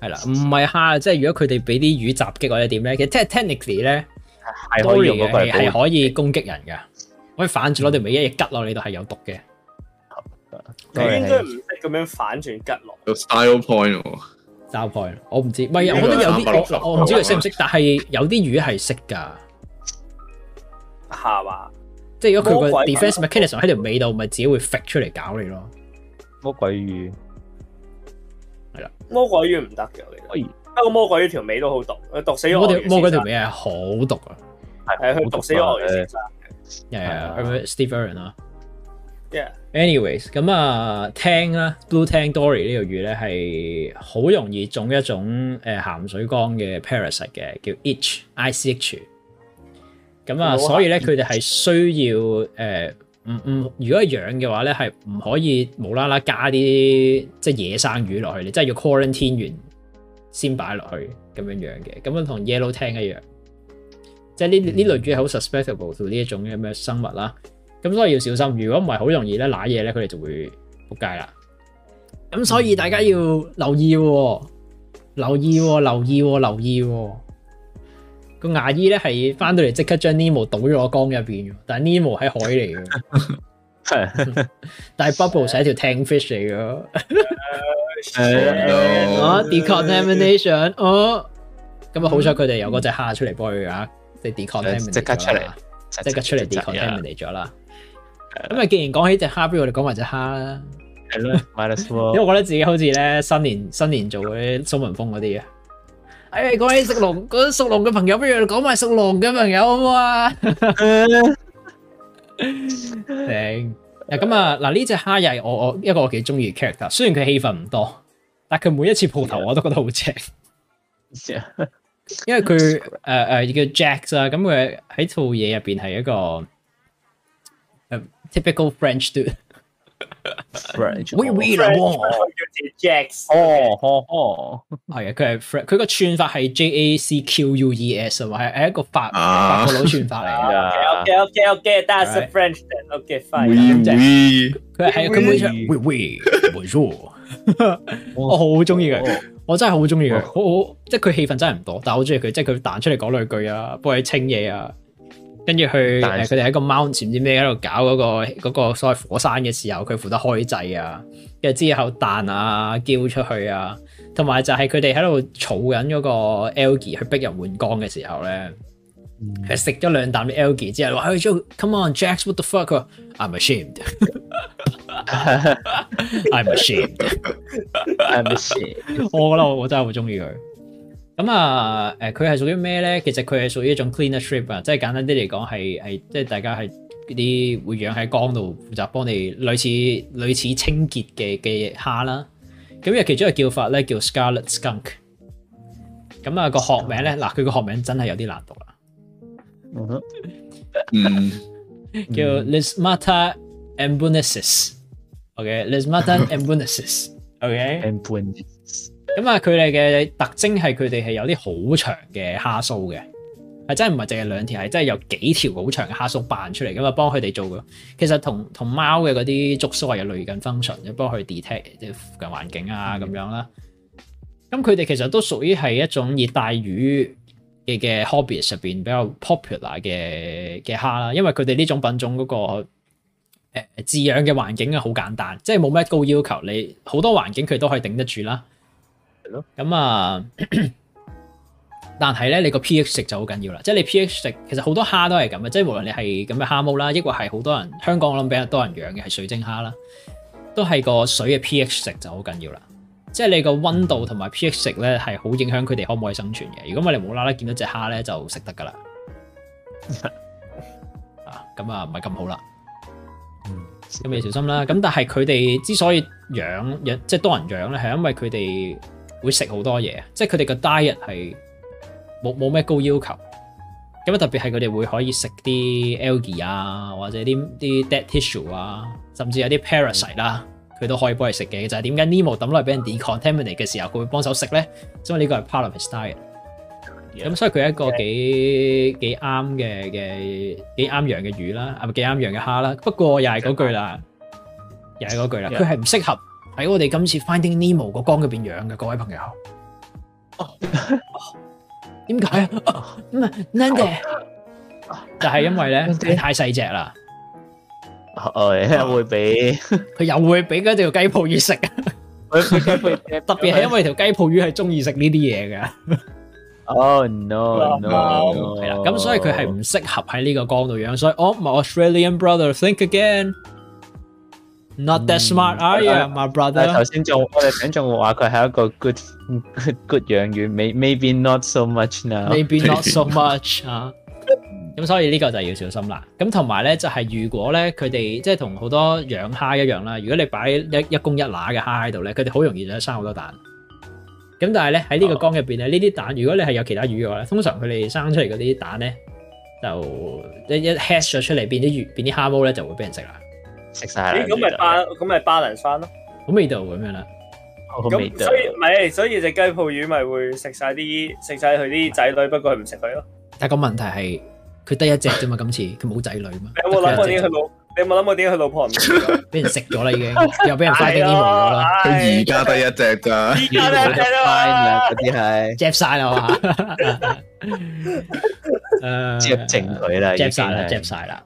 Speaker 1: 係啦，唔係下。即係如果佢哋俾啲魚襲擊或者點咧，其實
Speaker 4: technically
Speaker 1: 咧，係可以係可以攻擊人嘅，可以反轉攞條尾一嘢刉落你度係有毒嘅。
Speaker 4: 唔、嗯、咁樣反轉刉落。
Speaker 1: 有 Style point style point，我唔知。喂、啊，我覺得有啲我唔知佢識唔識， 但係有啲魚係識
Speaker 4: 㗎。下嘛？即係如果佢個 defense mechanism 喺條
Speaker 1: 尾度，咪自己會甩出嚟搞你咯？魔鬼魚。
Speaker 4: 魔鬼魚唔得嘅，我記得。不過魔鬼魚條尾都好毒，毒死我。魔鬼條
Speaker 1: 尾係好毒，是的毒，
Speaker 4: 的毒
Speaker 1: 魚啊，係佢毒死我嘅。係 Steve Irwin 咯。Yeah. Anyways，咁啊，Tang 啦，Blue Tang Dory 呢條魚咧，係好容易種一種，誒鹹水缸嘅 parasite 嘅，叫 Ich。咁啊，所以咧，佢哋係需要誒。呃唔、嗯、唔，如果係養嘅話咧，係唔可以無啦啦加啲即係野生魚落去，你真係要 quarantine 完先擺落去咁樣養嘅。咁樣同 yellow tank 一樣，即係呢呢類魚好 susceptible to 呢一種咁嘅生物啦。咁、嗯、所以要小心，如果唔係好容易咧瀨嘢咧，佢哋就會撲街啦。咁所以大家要留意、哦，留意、哦，留意、哦，留意、哦。個牙醫咧係翻到嚟即刻將 Nemo 倒咗缸入邊，但係 Nemo 喺海嚟嘅，係。 但大係 bubble 係 一條 tank fish 嚟嘅。
Speaker 3: 哦、
Speaker 1: uh, oh,decontamination 哦、uh, oh. 嗯。咁啊，好彩佢哋有嗰隻蝦出嚟幫佢啊，即、嗯、係、就是、decontamination 即刻出嚟，即刻出嚟 decontamination 咗啦。咁啊，uh, 既然講起隻蝦，不如我哋講埋隻蝦啦。係咯，馬來斯喎。因為我覺得自己好似咧新年新年做嗰啲蘇文峰嗰啲嘅。哎，各位食龍，嗰啲食龍嘅朋友，不如講埋食龍嘅朋友好唔好啊？正嗱，咁啊，嗱呢隻蝦又係我我一個我幾中意嘅 character，雖然佢戲份唔多，但佢每一次鋪頭我都覺得好正。因為佢誒誒叫 Jack 啊，咁佢喺套嘢入邊係一個誒 typical French dude。French，we
Speaker 4: we 啦，要接
Speaker 1: Jack，哦哦哦，係啊，佢係 French，佢個串法係 J A C Q U E S 啊，係係一個
Speaker 4: 法法國佬串法嚟噶。OK OK OK，that's a French，OK fine。We we，佢係佢每場 we we，我好中意
Speaker 1: 佢，我真係好中意佢，好好，即係佢氣氛真係唔多，但係我中意佢，即係佢彈出嚟講兩句啊，幫佢清嘢啊。跟住佢，佢哋喺個 mount 唔知咩喺度搞嗰，那個、那個所謂火山嘅時候，佢負責開制啊！跟住之後彈啊，叫出去啊，同埋就係佢哋喺度儲緊嗰個 algae 去逼人換缸嘅時候咧，佢食咗兩啖 algae 之後話、hey，Come on，Jacques，what the fuck？I'm ashamed！I'm
Speaker 4: ashamed！
Speaker 1: 我覺得我真係好中意佢。咁啊，誒佢係屬於咩咧？其實佢係屬於一種 cleaner shrimp 啊，即係簡單啲嚟講係係，即係大家係啲會養喺缸度負責幫你類似類似，類似清潔嘅嘅蝦啦。咁啊，其中一個叫法咧叫 scarlet skunk。咁啊，個學名咧嗱，佢、嗯、個學名真係有啲難讀啦。嗯嗯、 叫 Lysmata amboinensis。OK，Lysmata amboinensis。OK。咁啊，佢哋嘅特徵係佢哋係有啲好長嘅蝦鬚嘅，係真唔係淨係兩條，係真係有幾條好長嘅蝦鬚扮出嚟，咁啊，幫佢哋做嘅。其實同同貓嘅嗰啲觸鬚係類近 function，幫佢 detect 即附近環境啊咁樣啦。咁佢哋其實都屬於係一種熱帶魚嘅嘅 hobby 入面比較 popular 嘅嘅蝦啦，因為佢哋呢種品種嗰、那個誒、呃、飼養嘅環境啊好簡單，即係冇咩高要求，你好多環境佢都可以頂得住啦。咁啊，但係咧，你個 pH 值就好緊要啦。即係你 pH 值，其實好多蝦都係咁嘅。即係無論你係咁嘅蝦毛啦，抑或係好多人香港我諗比較多人養嘅係水晶蝦啦，都係個水嘅 pH 值就好緊要啦。即係你個溫度同埋 pH 值咧，係好影響佢哋可唔可以生存嘅。如果我哋無啦啦見到隻蝦咧，就食得噶啦。 啊，咁啊唔係咁好啦。咁 你小心啦。咁但係佢哋之所以養，即係多人養咧，係因為佢哋。會食好多嘢，即係佢哋個 diet 係冇冇咩高要求。咁啊，特別係佢哋會可以食啲 algae 啊，或者啲啲 dead tissue 啊，甚至有啲 parasite 啦、啊，佢都可以幫你食嘅。就係點解 Nemo 抌落嚟俾人 decontaminate 嘅時候，佢會幫手食咧？因為呢個係 part of his diet。咁、yeah. 所以佢一個幾啱嘅嘅幾啱養嘅魚啦，啊唔係幾啱養嘅蝦啦。不過又係嗰句啦，yeah. 又係嗰句啦，佢係唔適合。喺我哋今次 Finding Nemo 個缸入邊養嘅各位朋友，點 解、哦、啊？唔係 n a n d a 就係因為咧、okay. 佢太細隻啦，
Speaker 4: 誒會俾
Speaker 1: 佢又會俾嗰條雞泡魚食啊！ 特別係因為條雞泡魚係中意食呢啲嘢嘅。
Speaker 4: o、oh, no！係啦，咁所以佢係
Speaker 1: 唔適合喺呢個缸度養。所以，Oh my Australian brother，think again。Not that smart，嗯、are you, my brother？但頭先
Speaker 4: 仲我哋名仲話佢係一個 good good 養魚，maybe not so much now maybe not so
Speaker 1: much 啊、so uh, so uh. 嗯，咁、嗯嗯、所以呢個就係要小心啦。咁同埋咧就係、是、如果咧佢哋即係同好多養蝦一樣啦。如果你擺一一公一乸嘅蝦喺度咧，佢哋好容易就生好多蛋。咁但係咧喺呢個缸入邊咧，呢、哦、啲蛋如果你係有其他魚嘅話咧，通常佢哋生出嚟嗰啲蛋咧，就一一 hatch 咗出嚟，變啲魚變啲蝦毛咧就會俾人食啦。食晒啦，咁咪巴
Speaker 4: 咁咪 balance 翻咯，
Speaker 1: 好味道咁樣啦，咁所以
Speaker 4: 咪，所以隻雞泡魚咪會食晒啲食晒佢啲仔女，不過佢唔食佢
Speaker 1: 咯。但係個問題係佢得一隻啫嘛，今次佢冇仔女嘛。你有冇諗過點解佢
Speaker 4: 老？你有冇諗過點解佢老婆唔見？俾人食咗啦，已經又俾人翻啲啲毛咗啦。佢而家得一隻㗎？而家得一隻啦，嗰
Speaker 1: 啲係接晒啦，接剩佢啦，接晒啦，接晒啦。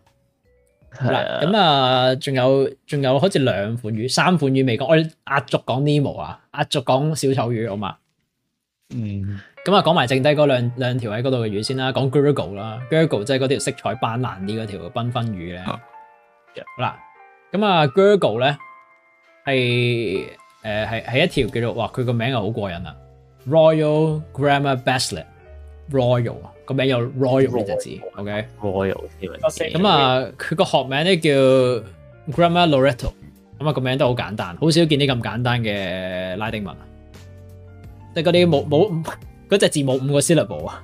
Speaker 1: 啦咁啊，仲有仲有好似兩款魚，三款魚未講，我哋壓軸講 Nemo 啊，壓軸講小丑魚好嘛。嗯，咁啊，講埋剩低嗰兩兩條喺嗰度嘅魚先啦，講 Gurgle 啦 Gurgle 即係嗰條色彩斑斕啲嗰條繽紛魚咧、嗯。好啦，咁啊 Gurgle 咧呢，係係、呃、一條叫做哇，佢個名又好過癮啊，Royal Grammar Basslet，Royal 啊。個名有 royal 隻字
Speaker 4: ，OK，royal
Speaker 1: 咁啊，佢、okay? 個，那個學名咧叫 Gramma Loreto，咁啊個名都好簡單，好少見啲咁簡單嘅拉丁文，即係嗰啲冇冇嗰隻字冇五個 syllable 啊。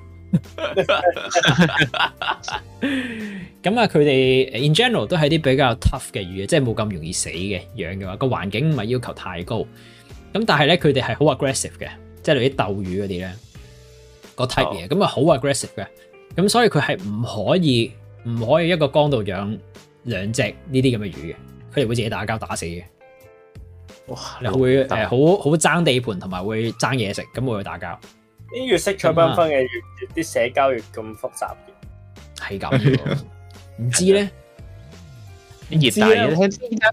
Speaker 1: 咁啊，佢哋 in general 都係啲比較 tough 嘅魚，即係冇咁容易死嘅養嘅話，個環境唔係要求太高。咁但係咧，佢哋係好 aggressive 嘅，即、就、係、是、類似鬥魚嗰啲咧。嗰 type 嘢咁啊，好、oh. aggressive 嘅，咁所以佢係唔可以唔可以一個缸度養兩隻呢啲咁嘅魚嘅，佢哋會自己打交打死嘅。哇！你會誒好好爭地盤，同埋會爭嘢食，咁會去打交。
Speaker 4: 越色彩繽紛嘅越越啲社交越咁複雜嘅，係咁。唔 知咧，熱帶嘅。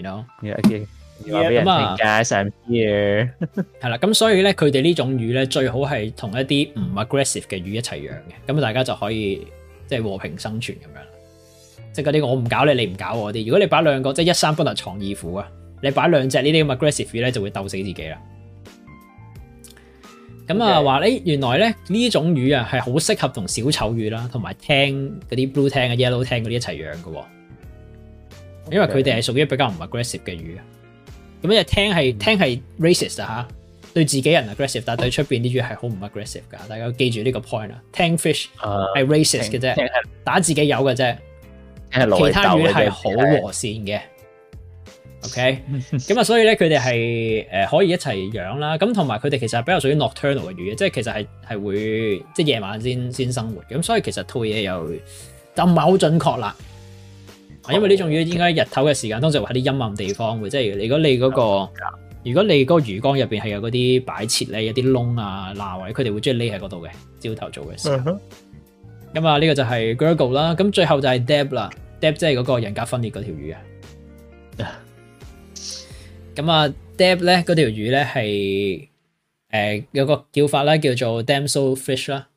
Speaker 1: 咁 you know？yeah, okay. yeah, 啊，係啦， 咁所以咧，佢哋呢種魚咧，最好係同一啲唔 aggressive 嘅魚一齊養嘅，咁大家就可以即係和平生存咁樣，即係嗰啲我唔搞你，你唔搞我啲。如果你擺兩個，即係一山不能藏二虎啊，你擺兩隻呢啲咁 aggressive 魚咧，就會鬥死自己啦。咁啊，話，okay. 咧，哎，原來咧呢種魚啊，係好適合同小丑魚啦，同埋聽嗰啲 blue tank 嘅 yellow tank 嗰啲一齊養喎。因為佢哋係屬於比較唔 aggressive 嘅魚，咁啊，Tang 係 Tang 係 racist 嚇，對自己人 aggressive，但對出邊啲魚係好唔 aggressive 噶。大家要記住呢個 point 啊 Tang fish 係、呃、racist 嘅啫、呃，打自己有嘅啫、呃，其他魚係好和善嘅、呃。OK，咁啊，所以咧佢哋係誒可以一齊養啦。咁同埋佢哋其實係比較屬於 nocturnal 嘅魚，即係其實係係會即係夜晚先先生活。咁所以其實推嘢又就唔係好準確啦。因為呢種魚應該日頭嘅時間通常會喺啲陰暗地方，會即係如果你嗰、嗰個，如果你個魚缸入邊係有嗰啲擺設咧，有啲窿啊、罅位，佢哋會中意匿喺嗰度嘅，朝頭早嘅時候。咁啊，呢個就係 Gurgle 啦。咁最後就係 Deb 啦。Deb 即係嗰個人格分裂嗰條魚啊。咁、uh、啊 -huh.，Deb 咧嗰條魚咧係誒有個叫法咧叫做 Damselfish 啦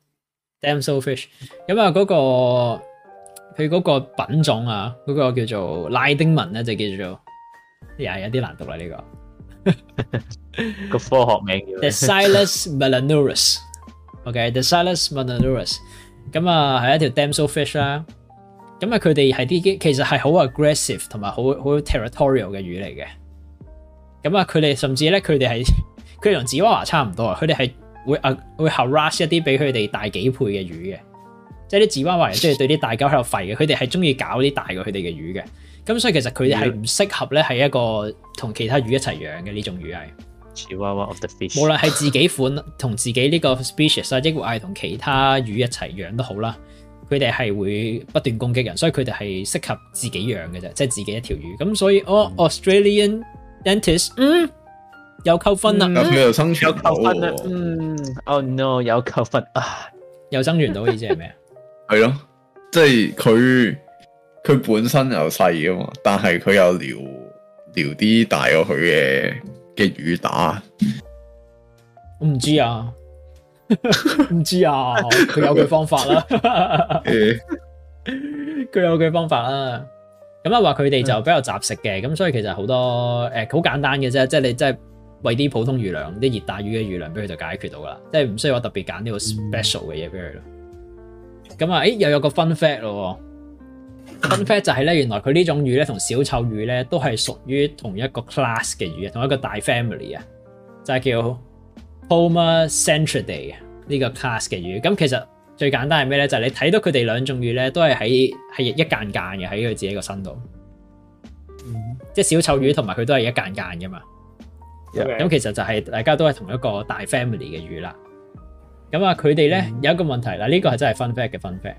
Speaker 1: ，Damselfish。咁 啊，嗰、嗰個。佢嗰個品種啊，嗰、那個叫做拉丁文咧就叫做，又、哎、係、這個、有啲難讀啦，呢個
Speaker 4: 個科學名叫 Dascyllus
Speaker 1: me lanurus OK，The、okay, Dascyllus melanurus 咁啊係一條 damsel fish 啦。咁啊佢哋係啲其實係好 aggressive 同埋好好 territorial 嘅魚嚟嘅。咁啊佢哋甚至咧，佢哋係佢哋同紫娃娃差唔多啊。佢哋係會啊會 harass 一啲比佢哋大幾倍嘅魚嘅。即係啲紫娃娃很，即係對啲大狗喺度吠嘅。佢哋係中意搞啲大過佢哋嘅魚嘅。咁所以其實佢哋係唔適合咧，係一個同其他魚一齊養嘅呢種魚係。
Speaker 3: 紫娃娃 of the fish，無論係自
Speaker 1: 己款同自己呢個 species 啊，抑或係同其他魚一齊養都好啦。佢哋係會不斷攻擊人，所以佢哋係適合自己養嘅啫，即係自己一條魚。咁所以、oh, Australian dentist 嗯，有扣分啊，又生出有扣分啊，嗯，嗯 o、oh, no 有扣分啊， 又增援到，意思係咩啊？
Speaker 2: 係咯、啊，即係佢佢本身又細啊嘛，但係佢又撩聊啲大過佢嘅嘅魚打，
Speaker 1: 我唔知道啊，唔 知道啊，佢 有佢方法啦、啊，佢 有佢方法啦、啊。咁啊話佢哋就比較雜食嘅，咁、嗯、所以其實好多誒好、欸、簡單嘅啫，即、就、係、是、你即係喂啲普通魚糧，啲熱帶魚嘅魚糧俾佢就解決到啦，即係唔需要我特別揀呢好 special 嘅嘢俾佢咯。嗯咁啊，又有個分 u f a 咯分 f 就係咧，原來佢呢種魚咧同小丑魚咧都係屬於同一個 class 嘅魚，同一個大 family 啊，就係叫 h o l e r c e n t r y d 嘅呢個 class 嘅魚。咁其實最簡單係咩咧？就係、是、你睇到佢哋兩種魚咧都係喺係一間間嘅喺佢自己個身度，即、mm、係 -hmm. 小丑魚同埋佢都係一間間嘅嘛。咁、okay. 其實就係、是、大家都係同一個大 family 嘅魚啦。咁啊，佢哋咧有一個問題嗱，這個、呢個係真係 fun fact 嘅 fun fact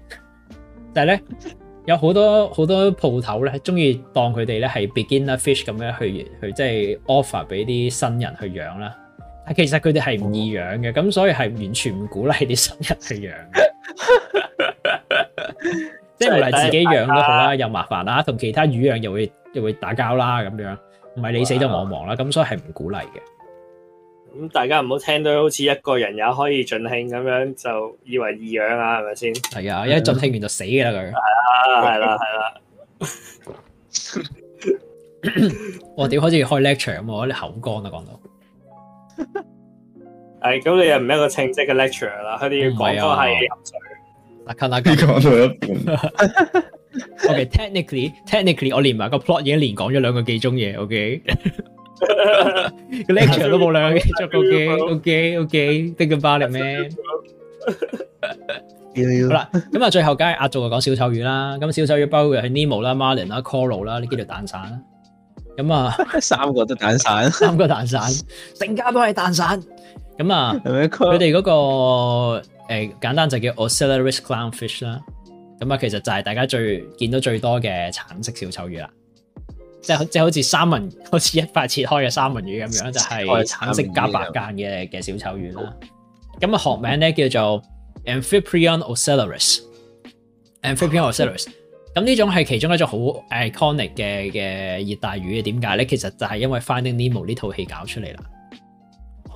Speaker 1: 但係咧有好多好多鋪頭咧，中意當佢哋咧係 beginner fish 咁樣去去，即係 offer 俾啲新人去養啦。但其實佢哋係唔易養嘅，咁、哦、所以係完全唔鼓勵啲新人去養嘅。 即係無論自己養都好啦， 又麻煩啦，同其他魚養又會又會打交啦，咁樣唔係你死就我亡啦，咁所以係唔鼓勵嘅。
Speaker 4: 咁大家唔好聽到好似一個人也可以盡興咁樣，就以為異樣啊，係咪先？係啊，
Speaker 1: 一盡興完就死嘅啦佢。係、okay。 哦、啊，係 啦，係啦。我點開始開 lecture 咁？我呢口乾啊，講 到
Speaker 4: 係咁，你又唔係一個稱職嘅 lecture 啦，佢哋講都係口水。
Speaker 1: 啊 cut 講到一半。okay, technically, technically, 我連埋個 plot 已經連講咗兩個幾鐘嘢。okay? 個 lecture 都冇兩嘅，捉個機，OK OK，拎個包入咩？好啦，咁啊，最後梗係壓軸就講小丑魚啦。咁小丑魚包括係 Nemo 啦、Marlin 啦、Coral 啦，呢幾條蛋散。啦。咁啊，三個都蛋散，三個蛋散，成 家都係蛋散。咁 啊，佢哋嗰個誒，簡單就叫 Ocellaris Clownfish 啦。咁啊，其實就係大家最見到最多嘅橙色小丑魚啦。即係好似三文，好似一塊切開嘅三文魚咁樣，就係、是、橙色加白間嘅嘅小丑魚啦。咁啊學名咧叫做 Amphiprion ocellaris。Amphiprion ocellaris。咁呢種係其中一種好 iconic 嘅嘅熱帶魚嘅，點解咧？其實就係因為 Finding Nemo 呢套戲搞出嚟啦。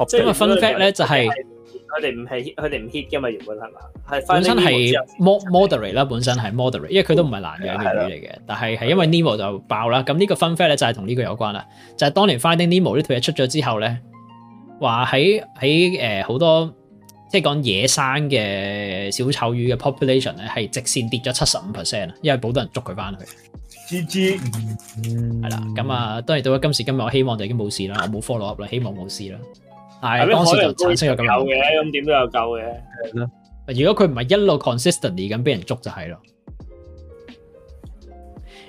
Speaker 1: 即係因為 Fun Fact 咧就係、是。
Speaker 4: 佢哋唔係佢哋
Speaker 1: 唔 hit 嘅嘛，是 Hit, 原本係嘛？係本身係 moderate 啦，本身係 moderate, moderate，因為佢都唔係難養嘅魚嚟嘅。但係係因為 Nemo 就爆啦，咁呢個 fun fact 咧就係同呢個有關啦。就係、是、當年 Finding Nemo 呢條嘢出咗之後咧，話喺喺誒好多即係講野生嘅小丑魚嘅 population 咧係直線跌咗七十五 percent 啊，因為好多人捉佢翻去。G G，係、嗯、啦，咁啊，當然到咗今時今日，我希望就已經冇事啦，我冇 follow up 啦，希望冇事啦。係啊，當時就產生咗咁有嘅，咁
Speaker 4: 點都有夠嘅。係
Speaker 1: 咯，如果佢唔係一路 consistently 咁俾人捉就係咯。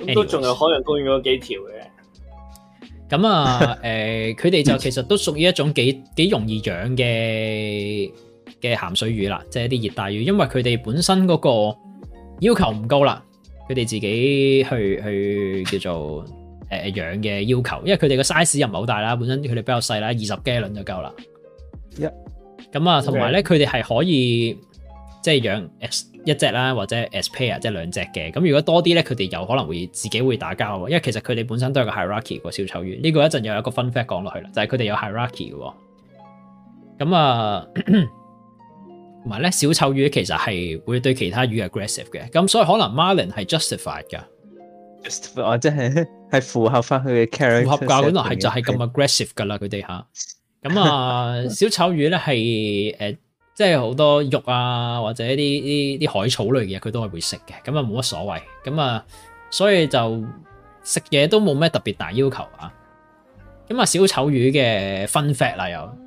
Speaker 1: 咁都仲有海洋
Speaker 4: 公園嗰幾條嘅。
Speaker 1: 咁啊，誒、呃，佢 哋就其實都屬於一種幾幾容易養嘅嘅鹹水魚啦，即、就、係、是、一啲熱帶魚，因為佢哋本身嗰個要求唔高啦，佢哋自己去去叫做。誒、呃、養嘅要求，因為佢哋個 size 又唔係好大啦，本身佢哋比較細啦，二十加侖就夠啦。
Speaker 3: 咁、
Speaker 1: yeah. 啊、嗯，同埋咧，佢哋係可以即係養 as 一隻啦，或者 as pair 即係兩隻嘅。咁如果多啲咧，佢哋有可能會自己會打交喎。因為其實佢哋本身都有個 hierarchy 個小丑魚。呢、呢個一陣又有個 fun fact 講落去啦，就係佢哋有 hierarchy 嘅。咁、嗯、啊，同埋咧，小丑魚其實係會對其他魚 aggressive 嘅。咁所以可能 Marlin 係 justified 㗎。Justified 即係係符合翻佢嘅 character，符合噶本來係就係咁 aggressive 噶啦，佢哋吓。咁 啊，小丑魚咧係誒，即係好多肉啊，或者啲啲啲海草類嘅嘢，佢都係會食嘅。咁啊，冇乜所謂。咁啊，所以就食嘢都冇咩特別大要求啊。咁啊，小丑魚嘅 fun fact 啦又。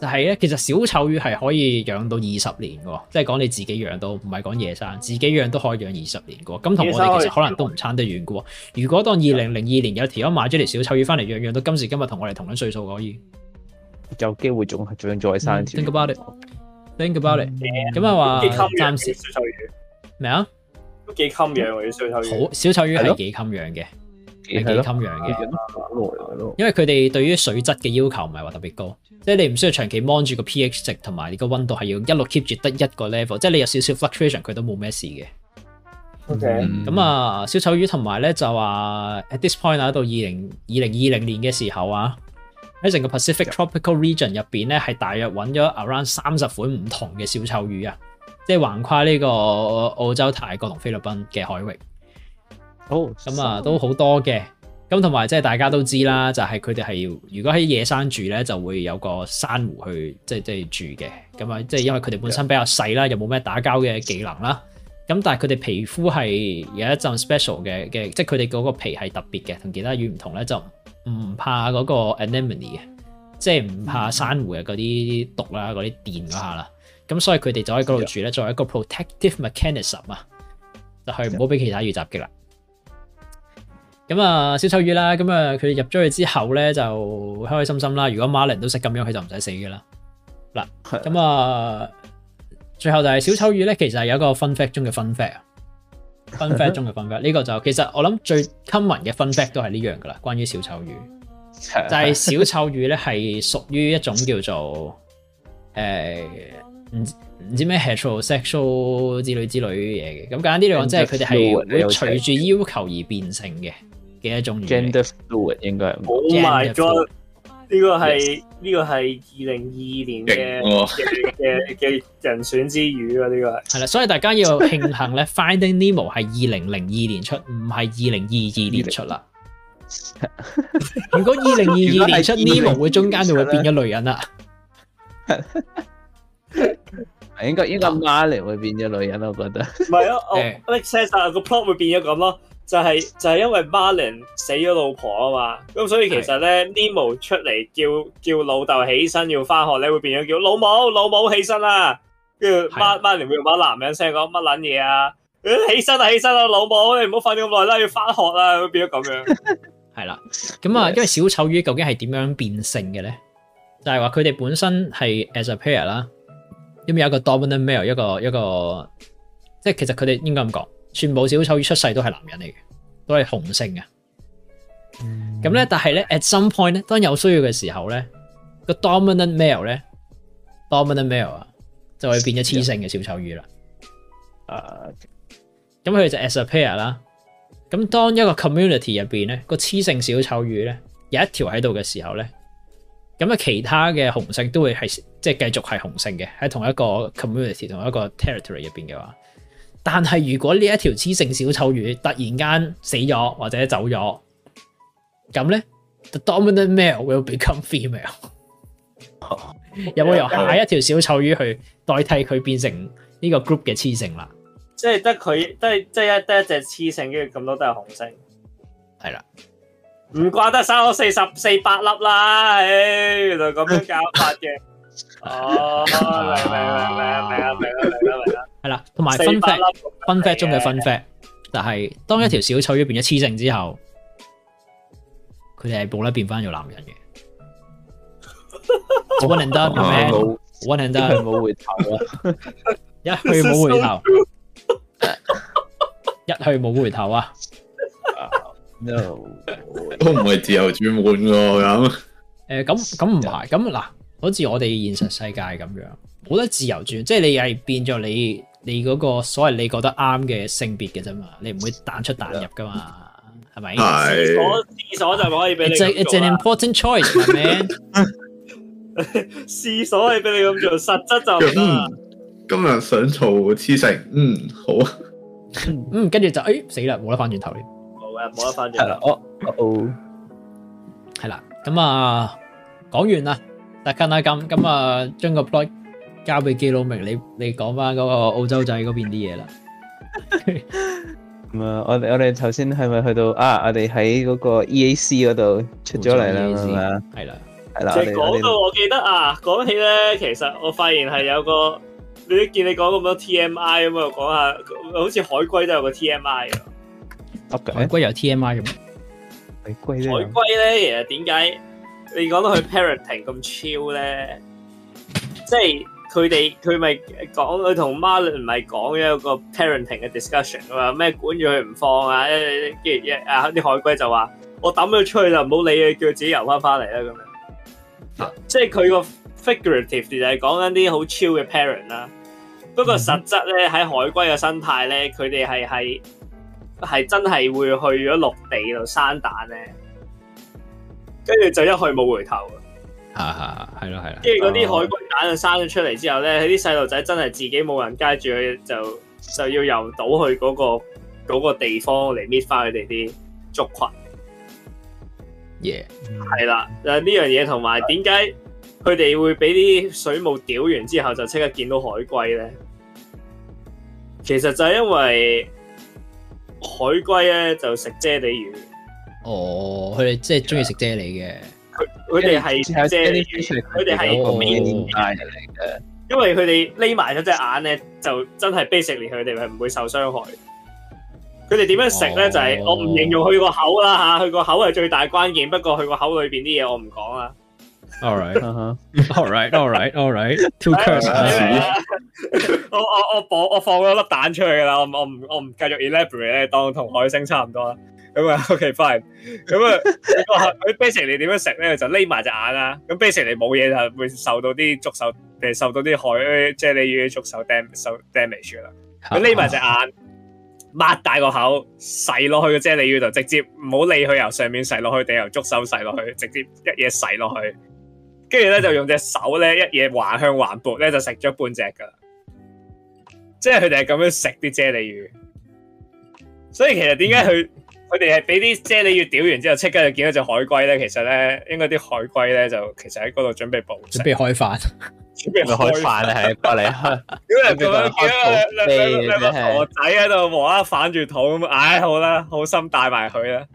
Speaker 1: 就係咧，其實小丑魚係可以養到二十年嘅喎，即係講你自己養到，唔係講野生，自己養都可以養二十年嘅喎。咁同我哋其實可能都唔差得遠嘅喎。如果當二零零二年有條友買咗條小丑魚翻嚟養，養到今時今日同我哋同樣歲數，可以有機會仲係再再生、嗯、Think about it. Think about it. 咁啊話暫時
Speaker 4: 小丑魚咩啊？都幾襟養啲小丑魚。好，小丑魚係幾襟養嘅。
Speaker 1: 係幾襟養嘅，因為佢哋對於水質嘅要求唔係話特別高，即係你唔需要長期 mon 住個 pH 值同埋你個溫度係要一路 keep 住得一個 level，即係你有少少 fluctuation 佢都冇咩事嘅。
Speaker 4: Okay.
Speaker 1: 咁啊，小丑魚同埋咧就話 at this point 啊，到二零二零二零年嘅時候啊，喺成個 Pacific Tropical Region 入邊咧係大約揾咗 around 三十款唔同嘅小丑魚啊，即係橫跨呢個澳洲、泰國同菲律賓嘅海域。好、oh, 啊，咁啊都好多嘅，咁同埋即係大家都知啦，就係佢哋係要如果喺野生住咧，就會有個珊瑚去即係即係住嘅，咁啊即係因為佢哋本身比較細啦，又冇咩打交嘅技能啦，咁但係佢哋皮膚係有一陣 special 嘅嘅，即係佢哋嗰個皮係特別嘅，同其他魚唔同咧，就唔怕嗰個 anemone 嘅，即係唔怕珊瑚嘅嗰啲毒啦、啊、嗰啲電嗰下啦，咁所以佢哋就喺嗰度住咧，作為一個 protective mechanism 啊，就係唔好俾其他魚襲擊啦。咁啊，小丑魚啦，咁啊，佢入咗去之後咧，就開開心心啦。如果馬 a 都識咁樣，佢就唔使死嘅啦。嗱，咁啊，最後就係小丑魚咧，其實有一個個分 n 中嘅分 u 分 f a f a 中嘅分 u f a 呢個就其實我諗最 common 嘅分 f a 都係呢樣嘅啦。關於小丑魚， 就係小丑魚咧，係屬於一種叫做誒。呃唔唔知咩 heterosexual 之類之類嘅嘢嘅，咁簡單啲嚟講，即係佢哋係會隨住要求而變成嘅嘅、okay. 一種人 gender fluid 應該。Oh my g 呢、
Speaker 4: yes. 個係呢、這個係二零二二年嘅嘅嘅嘅人選之餘啊！呢、這個係
Speaker 1: 係啦，所以大家要慶幸咧，Finding Nemo 係二零零二年出，唔係二零二二年出啦。 如果二
Speaker 4: 零二二年出， 年出 Nemo 會中間就會變咗女人啦。 應該應該 Marlin 會變咗女人，我覺得。唔 係是啊，我 Alex 啊，個 plot 會變咗咁咯，就係就係因為 Marlin 死咗老婆啊嘛，咁 所以其實咧 ，Nemo 出嚟叫叫老豆起身要翻學你 會變咗叫老母老母起身啦，跟住 Marlin 會用把男人聲講乜捻嘢啊，起身啊起身啊老母，你唔好瞓咁耐啦，要翻學啦，會變咗咁樣。
Speaker 1: 係啦，咁啊，因為小丑魚究竟係點樣變性嘅咧？就係話佢哋本身係 as a pair 啦。因為有一個 dominant male，一個一個，即其實佢哋應該咁講，全部小丑魚出世都係男人嚟嘅，都係雄性嘅。咁、嗯、咧，但係咧，at some point 咧，當有需要嘅時候咧，個 dominant male 咧，dominant male 啊，就會變咗雌性嘅小丑魚啦。咁佢哋就 as a pair 啦。咁當一個 community 入面咧，個雌性小丑魚咧，有一條喺度嘅時候咧。咁啊，其他嘅雄性都會係即係繼續係雄性嘅，喺同一個 community 同一個 territory 入邊嘅話，但係如果呢一條雌性小丑魚突然間死咗或者走咗，咁咧 the dominant male will become female，
Speaker 4: 有冇、 嗯、由下一
Speaker 1: 條小丑魚去代替佢變成呢個 group 嘅雌性啦？
Speaker 4: 即係得佢，得即係一得一隻雌性跟住咁多都係雄性，係啦。唔怪得收咗四十四百粒啦，原來、欸、咁樣搞法嘅。 哦，明
Speaker 1: 係啦，同埋 fun fact fun fact 中嘅 fun fact 但係當一條小丑魚變咗雌性之後，佢哋係冇得變翻做男人嘅。One and done，one and done 冇回頭，
Speaker 3: 一
Speaker 2: 去冇回頭，
Speaker 1: 一去冇回頭啊！ 一
Speaker 2: No, no. 都唔係自由轉換噶咁，
Speaker 1: 誒咁咁唔係咁嗱，好、呃、似我哋現實世界咁樣，冇得自由轉，即、就、係、是、你係變咗你你嗰個所謂你覺得啱嘅性別嘅啫嘛，你唔會彈出彈入噶嘛，
Speaker 4: 係咪？係。廁所就可以俾你做。It's an
Speaker 1: important choice，係 咪是嗎？
Speaker 4: 廁所係俾你咁做，
Speaker 1: 實質就唔得、嗯。
Speaker 2: 今日想做黐性。嗯好
Speaker 1: 啊，嗯跟住、嗯、就誒、哎、死啦，冇得翻轉頭。
Speaker 4: 係啦，哦，
Speaker 1: 係啦，咁啊，講、 嗯、完啦，大家啦咁，咁、嗯、啊，將個 plot 交俾基隆明，你你講翻嗰個澳洲仔嗰邊啲嘢啦。咁 啊，我我哋頭先係咪去到啊？我哋喺嗰個 EAC 嗰度
Speaker 4: 出咗嚟啦，係咪啊？係啦，係啦。講到我記得啊，講起咧，其實我發現係有個，你見你講咁多 TMI 咁啊，講下，好似海龜都有個 TMI
Speaker 1: Okay. 海龜又 TMI 咁，海龜咧，海
Speaker 4: 龜咧，其實點解你講到佢 parenting 咁 chill 咧？即係佢哋佢咪講佢同 Marlin 咪講咗一個 parenting 嘅 discussion 啊？咩管住佢唔放啊？跟住，啊啲海龜就話我抌咗出去就唔好理佢，叫佢自己游翻翻嚟啦咁樣。即係佢個 figurative 就係講緊啲好 chill 嘅 parent 啦。不過實質咧，喺海龜嘅生態咧，佢哋係係。係真係會去咗陸地度生蛋咧，跟住就一去冇回頭了。
Speaker 2: 吓吓係咯係啦。跟住嗰啲海龜
Speaker 4: 蛋就生咗出嚟之後咧，啲細路仔真係自己冇人街住佢，就就要游到去嗰、嗰個、嗰個地方嚟搣翻佢哋啲族群。Yeah 係啦，誒呢樣嘢同埋點解佢哋會俾啲水母屌完之後就即刻見到海龜咧？其實就係因為。海龜咧就食啫喱魚，
Speaker 1: 哦，佢哋即係中意食啫喱嘅，
Speaker 4: 佢佢哋係佢哋係個面界
Speaker 1: 嚟，
Speaker 4: 因為佢哋匿埋咗隻眼咧，就真係 basically 佢哋係唔會受傷害。佢哋點樣食咧、哦？就係、是、我唔形容佢個口啦吓，佢個口係最大關鍵。不過佢個口裏邊啲嘢我唔講啦。All right，all、uh -huh. right，all right，all right，too cursed、哎 我我我，我放我放嗰粒蛋出去噶啦，我我唔我唔繼續 elaborate 咧，當同海星差唔多啦。咁啊，OK fine，咁啊，basically 你點樣食咧？就匿埋隻眼啦。咁 basically 你冇嘢就會受到啲觸手，受到啲害，即係你要觸手 damage 啦。咁匿埋隻眼，擘大個口，洗落去嘅啫喱魚。你要就直接唔好理佢由上面洗落去，定由觸手洗落去，直接一嘢洗落去。跟住咧就用隻手咧一嘢橫向橫撥咧就食咗半隻噶啦。即係佢哋係咁樣食啲啫喱魚，所以其實點解佢佢哋係俾啲啫喱魚屌完之後，即刻就見到隻海龜咧？其實咧，應該啲海龜咧就其實喺嗰度準備捕食，
Speaker 1: 準備開飯，
Speaker 4: 準備開飯啊！係 過嚟，咁樣咁樣，駝 仔喺度，哇，反住肚咁，唉、哎，好啦，好心帶埋佢啦，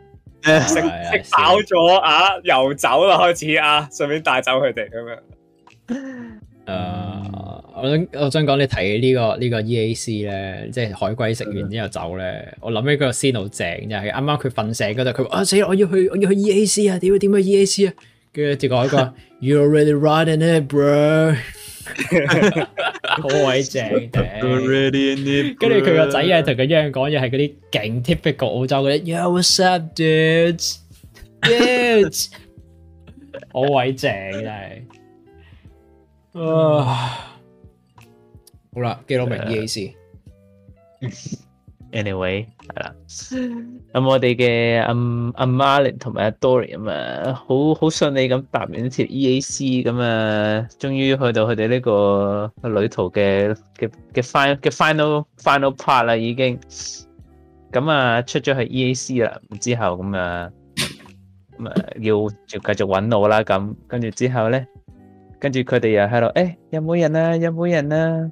Speaker 4: 食食飽咗啊，游走啦，開始啊，順便帶走佢哋咁樣，誒、
Speaker 1: uh。我想我想講你提呢個呢個 EAC 咧，即係海龜食完之後走咧。我諗起嗰個 scene 好正，就係啱啱佢瞓醒嗰陣，佢話啊死啦，我要去我要去 EAC 啊，點點去 EAC 啊，跟住接講一個 You're already riding it, bro，
Speaker 4: 好鬼正，
Speaker 1: 跟住佢個仔又係同佢一樣講嘢，係嗰啲勁 typical 澳洲啲。 You're what's up, dudes? dudes 好鬼正真係。 好啦，記錄名 E A C，anyway 係啦。咁、yeah. anyway, 嗯、我哋嘅阿阿 Marlin 同埋阿 Dory 啊嘛、啊啊啊，好好順利咁答完呢條 E A C 咁啊，終於去到佢哋呢個旅途嘅嘅嘅 final final part 啦，已經咁、嗯、啊，出咗去 E A C 啦。之後咁、嗯、啊，咁啊要
Speaker 4: 要繼續揾我啦。咁跟住之後咧，跟住佢哋又喺度誒，
Speaker 1: 有冇人啊？有冇人啊？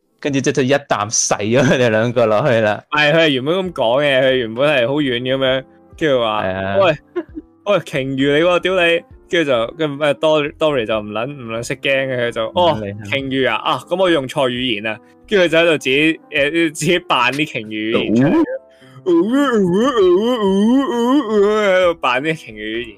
Speaker 4: 跟住即一啖洗咗佢哋兩個落去啦。係佢係原本咁講嘅，佢原本係好遠咁樣，跟住話，喂喂，鯨魚你喎，屌你！跟住就跟咩多 Dory 就唔捻唔捻識驚嘅，佢就、嗯、哦鯨魚啊，啊咁我用錯語言啦，跟住就喺度自己誒自己扮啲鯨魚喺度扮啲鯨魚語言。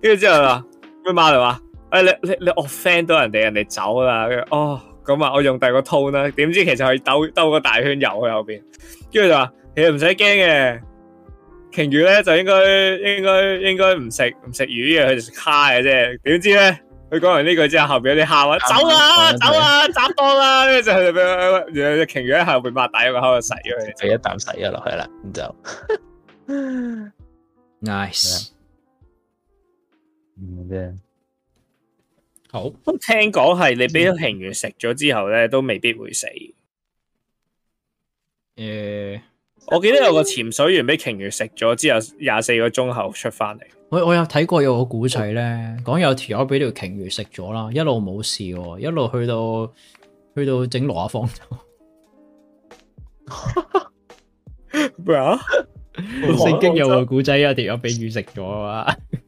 Speaker 4: 跟住之後話咩嘛嚟話，誒、哎、你你你我 offend 到人哋，人哋走啦，跟住哦。咁啊，我用第二個套啦，點知其實係兜兜個大圈游去後邊，跟住就話：你唔使驚嘅，鯨魚咧就應該應該應該唔食唔食魚嘅，佢食蝦嘅啫。點知咧，佢講完呢句之後，後邊有啲喊：走啦，走啦，斬檔啦！跟住就去到邊，然後隻鯨魚喺度擘大個口，喺度噬咗佢，就一啖噬咗落去啦，就
Speaker 3: nice，
Speaker 1: 嗯，真。
Speaker 4: 好，聽講係你俾咗鯨魚食咗之後咧，都未必會死。誒、嗯，我記得有個潛水員俾鯨魚食咗之後，廿四個鐘後出翻嚟。
Speaker 1: 我我有睇過有個古仔咧，講有條友俾條鯨魚食咗啦，一路冇事， 事，一路去到去到整羅亞方。咩啊？正經有個古仔啊，有條友俾魚食咗
Speaker 4: 啊！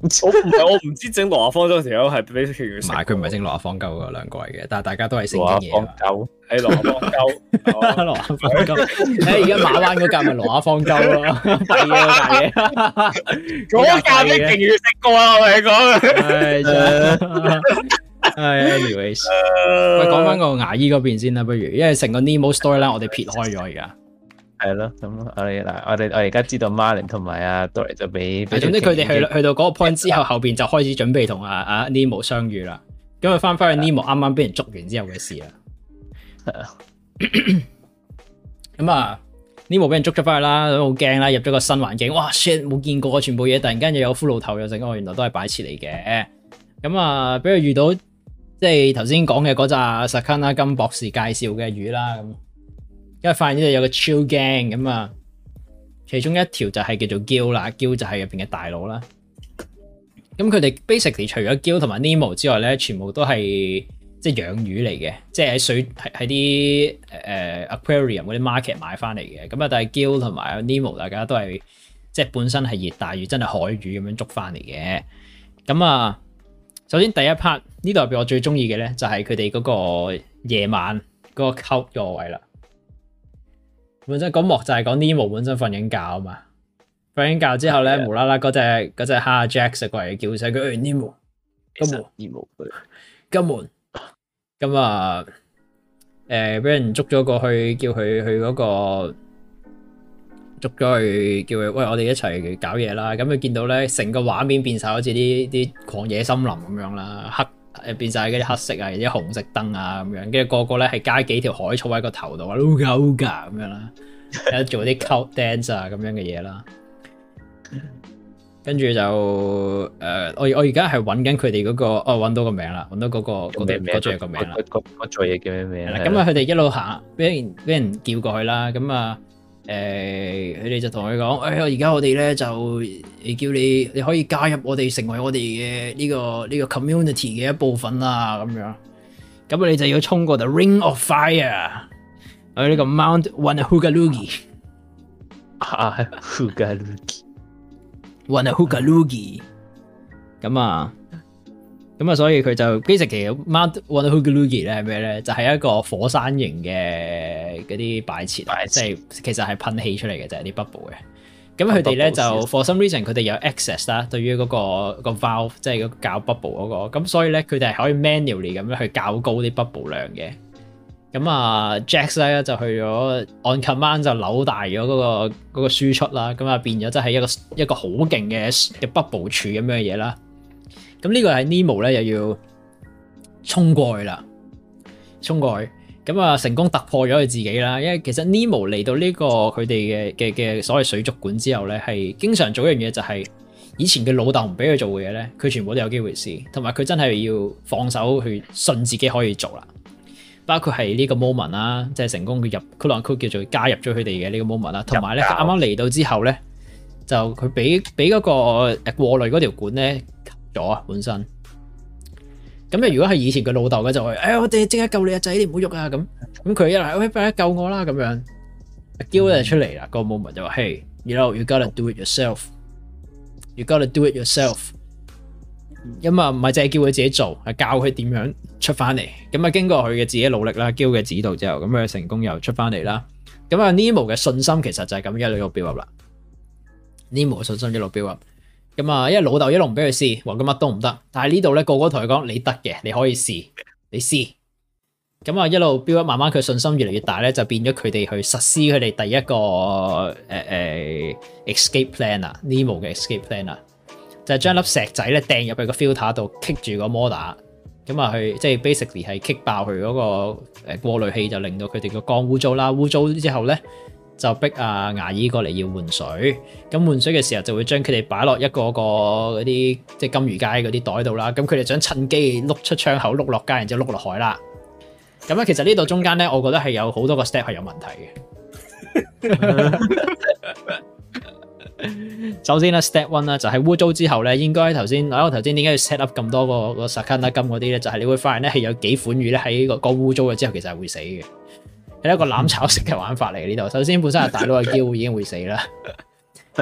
Speaker 4: 我唔係我唔知整羅阿方舟嘅時候係俾食魚食，唔係佢唔係整羅亞方舟嗰兩個嚟嘅。但係大家都係食嘢，羅阿方舟係羅亞方舟，
Speaker 1: 羅 阿方
Speaker 3: 舟誒，而家馬灣嗰間咪羅阿
Speaker 1: 方舟咯，大嘢，大嘢，嗰間啲魚食過啊。我同你講，係真係，係 anyways 喂，講翻個牙醫嗰邊先啦，不如，因為成個 Nemo story 咧，我哋撇開咗而家。係咯，咁我哋嗱，我哋我而家知道 Marlin 同埋啊 Dory 就俾，總之佢哋去去到嗰個 point 之後， 後邊就開始準備同啊啊 Nemo 相遇啦。咁佢翻翻去 Nemo 啱啱俾人捉完之後嘅事啦。咁 啊那 ，Nemo 俾人捉咗翻去啦，好驚啦，入咗個新環境，哇！shit，冇見過全部嘢，突然間又有骷髏頭，又整，哦，原來都係擺設嚟嘅。咁啊，俾佢遇到即係頭先講嘅嗰隻 Sakana 啦，金博士介紹嘅魚啦咁。因為發現呢度有個超 gang 咁啊，其中一條就係叫做 Gill 啦，Gill 就係入邊嘅大佬啦。咁佢哋 basically 除咗 Gill 同埋 Nemo 之外咧，全部都係即係養魚嚟嘅，即係喺、就是、水喺啲誒 aquarium 嗰啲 market 買翻嚟嘅。咁啊，但係 Gill 同埋 Nemo 大家都係即係本身係熱帶魚，真係海魚咁樣捉翻嚟嘅。咁啊，首先第一 part 呢度入邊我最中意嘅咧，就係佢哋嗰個夜晚嗰個溝座位啦。本身講幕就係講 Nemo 本身瞓緊覺啊嘛，瞓緊覺之後咧、嗯、無啦啦嗰隻嗰隻蝦 Jack 食過嚟叫醒佢，誒 Nemo，金今日，今、哎、日，今、嗯、日。」咁啊，誒俾人捉咗過去，叫佢去嗰、嗰個捉咗去叫，叫佢喂我哋一齊搞嘢啦，咁佢見到咧成個畫面變晒好似啲啲狂野森林咁樣啦，黑。誒，變晒嗰啲黑色啊，而且紅色燈啊咁樣，跟住個個咧係加幾條海草喺個頭度，好噶好噶咁樣啦，做啲 c dance 啊咁樣嘅嘢啦，跟住就誒、呃，我我而家係揾緊佢哋嗰個，哦揾到個名啦，揾到嗰、嗰個嗰啲名，即、那、係個名啦。個個、做嘢叫咩名啊？咁啊，佢哋、嗰個、一路行，俾人俾人叫過去啦，咁啊。誒佢哋就同佢講，誒而家我哋咧就誒叫你你可以加入我哋成為我哋嘅呢個呢個 community 嘅一部分啦，咁樣，咁啊你就要衝過度 Ring of Fire，喺呢個 Mount Wannahockaloogie，啊 Hockaloogie，Wannahockaloogie，咁啊。咁啊，所以佢就 basically 其實 Mount Wannahockaloogie 咧係咩咧？就係一個火山型嘅嗰啲擺設，即係其實係噴氣出嚟嘅，就係、是、啲 bubble 嘅。咁佢哋咧就 for some reason 佢哋有 access 啦，對於嗰、那個、那個 valve 即係個搞 bubble 嗰、那個。咁所以咧佢哋係可以 manually 咁樣去較高啲 bubble 量嘅。咁啊 j a c k 咧，Jacks、就去咗 on command 就扭大咗嗰、那個嗰、那個輸出啦。咁啊變咗即係一個一個好勁嘅嘅 bubble 柱咁樣嘅嘢啦。咁呢個係 Nemo 咧，又要衝過去啦，衝過去，咁啊成功突破咗佢自己啦。因為其實 Nemo 嚟到呢個佢哋嘅嘅嘅所謂水族館之後咧，係經常做一樣嘢就係以前嘅老豆唔俾佢做嘅嘢咧，佢全部都有機會試。同埋佢真係要放手去信自己可以做啦。包括係呢個 moment 啦，即係成功佢入 quote unquote 叫做加入咗佢哋嘅呢個 moment 啦。同埋咧，啱啱嚟到之後咧，就佢俾俾嗰個過濾嗰條管咧。咗、哎、啊！本身咁啊，如果係以前嘅老豆嘅就係誒、我哋即刻救你阿仔，你唔好喐啊！咁咁佢一嚟，喂，快啲救我啦！咁樣阿 Gill、嗯、就出嚟啦，嗰、那、moment、個、就話、嗯、：Hey，you know you gotta do it yourself，you gotta do it yourself。咁啊，唔係淨係叫佢自己做，係教佢點樣出翻嚟。咁啊，經過佢嘅自己努力啦，Gill 嘅指導之後，咁佢成功又出翻嚟啦。咁啊，Nemo 嘅信心其實就係咁一路飆 up 啦，Nemo 嘅信心一路飆 u 咁啊，因為老豆一路唔俾佢試，話佢乜都唔得。但係呢度咧，個個同佢講你得嘅，你可以試，你試。咁啊，一路標一慢慢佢信心越嚟越大咧，就變咗佢哋去實施佢哋第一個、呃、escape plan 啊 Nemo 嘅 escape plan 啊，就係將粒石仔咧掟入去個 filter 度，棘住個摩打。咁啊，去即係 basically 係棘爆佢嗰個過濾器，就令到佢哋個缸污糟啦，污糟之後咧。就逼阿牙醫過嚟要換水，咁換水嘅時候就會將佢哋擺落一個個啲即係金魚街嗰啲袋度啦。咁佢哋想趁機碌出窗口，碌落街，然之後碌落海啦。咁咧，其實呢度中間咧，我覺得係有好多個 step 係有問題嘅。首 先咧，step one 啦、哎，就係污糟之後咧，應該頭先，我頭先點解要 set up 咁多個個 Sakana Gum 嗰啲咧？就係你會發現咧，係有幾款魚咧喺個污糟嘅之後，其實係會死嘅。係一個攬炒式嘅玩法嚟嘅，呢度。首先本身係大佬嘅嬌已經會死啦，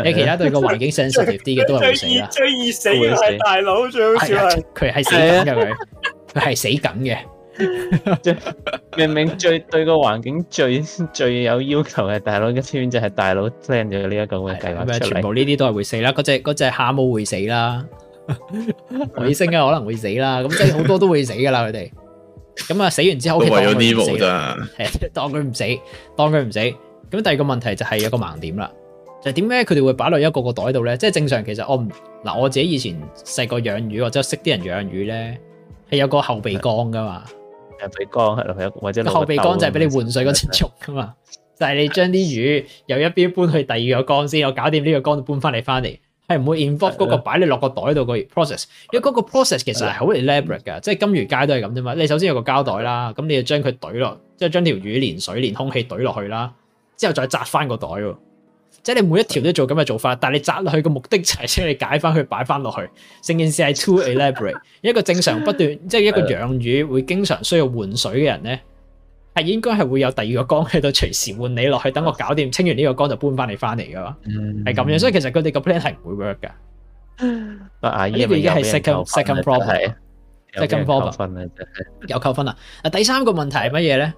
Speaker 1: 你其他對個環境 sensitive 啲嘅都係會死啦。最
Speaker 4: 易死嘅係大佬，最好笑係佢係死緊嘅
Speaker 1: 佢，佢係死緊嘅。明明最對個環境最最有要求嘅大佬嘅支援就係大佬掟咗呢一個嘅計劃出嚟。咁咪全部呢啲都係會死啦。嗰隻嗰隻蝦母會死啦，海星啊可能會死啦。咁即係好多都會死噶啦佢哋。咁啊，死完之後，OK，當佢唔死，死，當佢唔死。咁第二個問題就係有個盲點啦，就係點解佢哋會擺落一個個袋度咧，即係正常。其實我唔嗱，我自己以前細個養魚或者識啲人養魚咧，係有個後備缸噶嘛。
Speaker 4: 後備缸
Speaker 1: 係咯，或者個後備缸就係俾你換水嗰隻桶噶嘛，就係你將啲魚由一邊搬去第二個缸先，我搞掂呢個缸就搬翻嚟翻嚟。係唔會 involve 嗰個擺你落個袋度個 process，因為嗰個 process 其實係好 elaborate 嘅，即係金魚街都係咁啫嘛。你首先有個膠袋啦，咁你要將佢懟落，即係將條魚連水連空氣懟落去啦，之後再紮翻個袋喎。即係你每一條都做咁嘅做法，但係你紮落去嘅目的就係將你解翻去擺翻落去。成件事係 too elaborate。一個正常不斷 即係一個養魚會經常需要換水嘅人咧。係應該係會有第二個缸，喺度隨時換你落去，等我搞掂清完呢個缸，就搬翻你翻嚟噶嘛。係、嗯、咁樣，所以其實佢哋個 plan 係唔會 work 噶。啊，阿姨呢邊已經係 second second problem，second problem，, 有扣，
Speaker 4: second problem
Speaker 1: 有扣分啦、。 啊。第三個問題係乜嘢咧？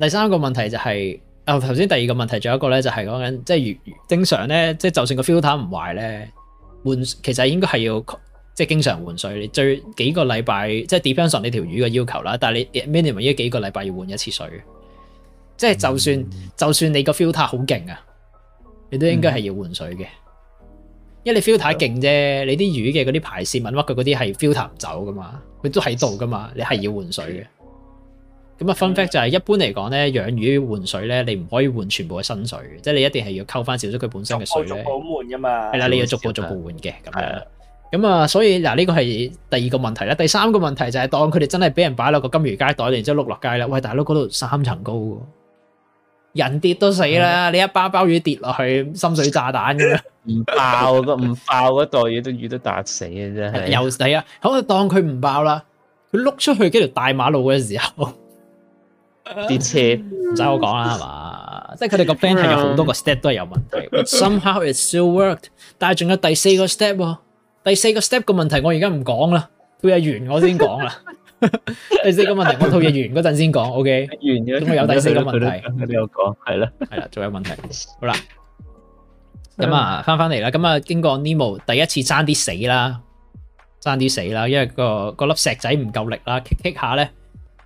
Speaker 1: 第三個問題就係、是、啊，頭、哦、先第二個問題仲有一個咧，就係、是、講緊即係，如正常咧，即係就算個 filter 唔壞咧，換其實應該係要。即係經常換水，你最幾個禮拜即係 depends on 你條魚嘅要求啦。但係你 minimum 要幾個禮拜要換一次水即係就算、mm -hmm. 就算你個 filter 好勁啊，你都應該係要換水嘅。因為你 filter 勁啫，你啲魚嘅嗰啲排泄物、乜佢嗰啲係 filter 唔走噶嘛，佢都喺度噶嘛，你係要換水嘅。咁啊，fun fact 就係一般嚟講咧，養魚換水咧，你唔可以換全部嘅新水，mm -hmm. 即係你一定係要溝翻少少佢本身嘅水咧。好
Speaker 4: 換噶嘛，係啦，你要逐步逐步
Speaker 1: 換嘅咁樣。咁、嗯、啊，所以嗱，呢、這個係第二個問題啦。第三個問題就係當佢哋真係俾人擺落個金魚街袋，然之後碌落街啦。喂，大佬嗰度三層高，人跌都死啦！ 你一包包魚跌落去，深水炸彈咁樣，唔 爆個了唔 爆個袋，嘢，都魚都打死啊！真係又死啊！好，當佢唔爆啦，佢碌出去幾條大馬路嘅時候，啲車唔使我講啦，係 嘛？ 即係佢哋個 plan 係有好多個 step 都係有問題、But，somehow it still worked，但係仲有第四個 step 喎第四個 step 個問題我而家唔講啦，吐嘢完我先講啦。第四個問題我吐嘢完嗰陣先講，OK。完咗咁我有第四個問題，我哋有講係啦，係啦，仲有問題，好啦。咁啊，翻翻嚟啦，咁啊，經過 Nemo 第一次爭啲死啦，爭啲死啦，因為個個粒石仔唔夠力啦，kick kick 下咧。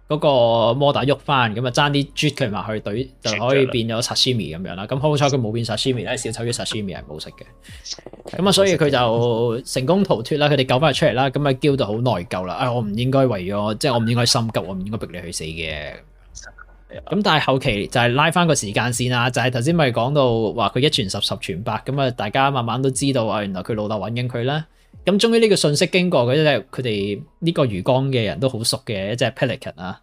Speaker 1: 嗰、那個摩打喐翻，咁啊爭啲鑄佢埋去隊，就可以變咗薩斯米咁樣啦。咁好彩佢冇變薩斯米咧，小丑魚薩斯米係冇食嘅。咁啊，所以佢就成功逃脫啦。佢哋救翻佢出嚟啦。咁啊，叫到好內疚啦。啊，我唔應該為咗，即係我唔應該心急，我唔應該逼你去死嘅。咁但係後期就係拉翻個時間線啊，就係頭先咪講到話佢一傳十，十傳百，咁啊，大家慢慢都知道啊，原來佢老豆揾緊佢啦。咁終於呢個信息經過佢佢哋呢個魚缸嘅人都好熟嘅一隻 pelican 啊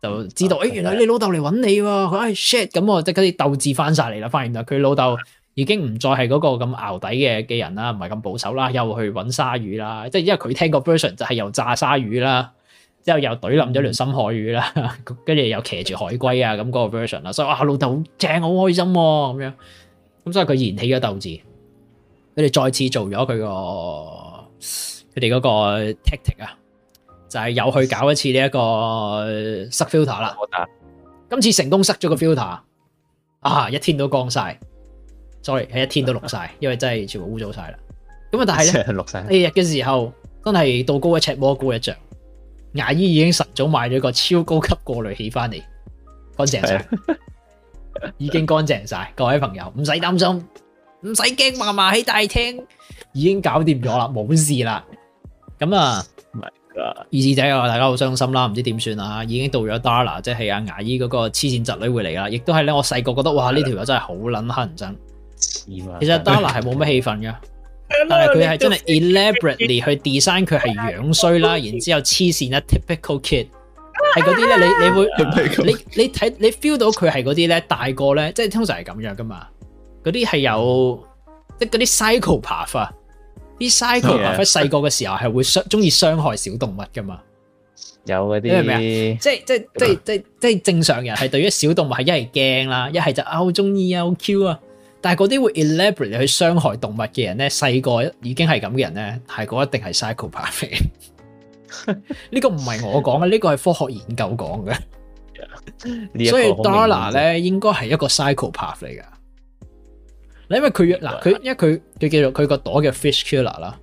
Speaker 1: ，Pellican，就知道誒、啊哎，原來你老豆嚟揾你喎、啊！佢、哎、唉 shit，咁我即刻啲鬥志翻晒嚟啦！發現啦，佢老豆已經唔再係嗰個咁淆底嘅嘅人啦，唔係咁保守啦，又去揾鯊魚啦，即係因為佢聽個 version 就係又炸鯊魚啦，之後又懟冧咗條深海魚啦，跟住又騎住海龜、那個、啊咁嗰個 version 啦，所以哇老豆好正，好開心喎咁樣，咁所以佢燃起咗鬥志。佢哋再次做咗佢個佢哋嗰個 tactic 啊，就係又去搞一次呢一個塞 filter 啦。今次成功塞咗個 filter 啊，一天都乾晒 sorry，係一天都綠晒，因為真係全部污糟晒啦。咁啊，但係咧，第 日嘅時候真係道高一尺，魔高一丈。牙醫已經晨早買咗個超高級過濾器翻嚟，乾淨晒，已經乾淨晒。 各位朋友唔使擔心。唔使驚，嫲嫲喺大廳已經搞掂咗啦，冇事啦。咁啊，oh、意思者、就、啊、係，大家好傷心啦，唔知點算啊。已經到咗 Darla，即係阿牙醫嗰個黐線侄女會嚟啦。亦都係咧，我細個覺得哇，呢條友真係好撚黑人憎。 其實 Darla 係冇乜氣氛噶， 但係佢係真係 elaborately 去 design 佢係樣衰啦。 然後之後黐線一 typical kid 係嗰啲咧，你你會、啊、你你睇你 feel 到佢係嗰啲咧，大個咧即係通常係咁樣噶嘛。嗰啲係有即係嗰啲 psychopath，啲 psychopath 細個嘅時候係會傷，中意傷害小動物噶嘛？有嗰啲，即係即係即係即係即係正常人係對於小動物係一係驚啦，一係就啊好中意啊好 cute 啊，但係嗰啲會 elaborate 去傷害動物嘅人咧，細個已經係咁嘅人咧，係嗰一定係 psychopath。呢個唔係我講嘅，呢個係科學研究講
Speaker 3: 嘅。所以 Dory 咧
Speaker 1: 應該係一個 psychopath 嚟噶。嗱，因為佢越嗱佢，因為佢佢叫做佢個朵叫 fish killer 啦。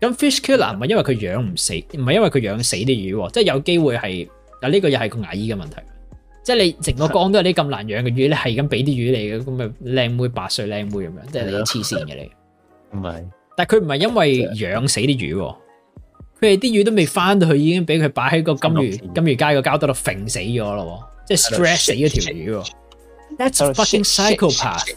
Speaker 1: 咁 fish killer 唔係因為佢養唔死，唔係因為佢養死啲魚，即係有機會係嗱呢個又係個牙醫嘅問題。即係你成個缸都有啲咁難養嘅魚，你係咁俾啲魚你嘅，咁咪靚妹八歲靚妹咁樣，即係你黐線嘅你。唔係，但係佢唔係因為養死啲魚，佢哋啲魚都未翻到去，已經俾佢擺喺個金魚金魚街個膠袋度肥死咗咯，即係 stress 死咗條魚。 That's fucking psychopath。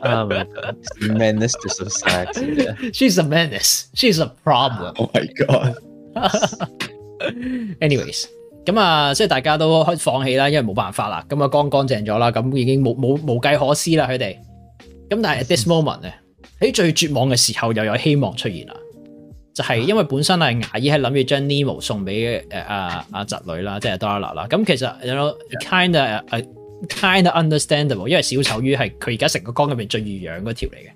Speaker 2: 哦，menace
Speaker 3: to society。
Speaker 1: She's a menace，She's a problem。
Speaker 3: Oh my god。
Speaker 1: Anyways，咁啊，即係大家都開始放棄啦，因為冇辦法啦，咁啊，乾乾淨咗啦，咁已經冇冇無計可施啦，佢哋。咁但係 at this moment 咧，喺最絕望嘅時候，又有希望出現啦。就係因為本身係牙醫，係諗住將 Nemo 送俾誒阿阿侄女啦，即係 Darla 啦。咁其實有 kind of。Kind of understandable，因為小丑魚係佢而家成個缸入面最易養嗰條嚟嘅。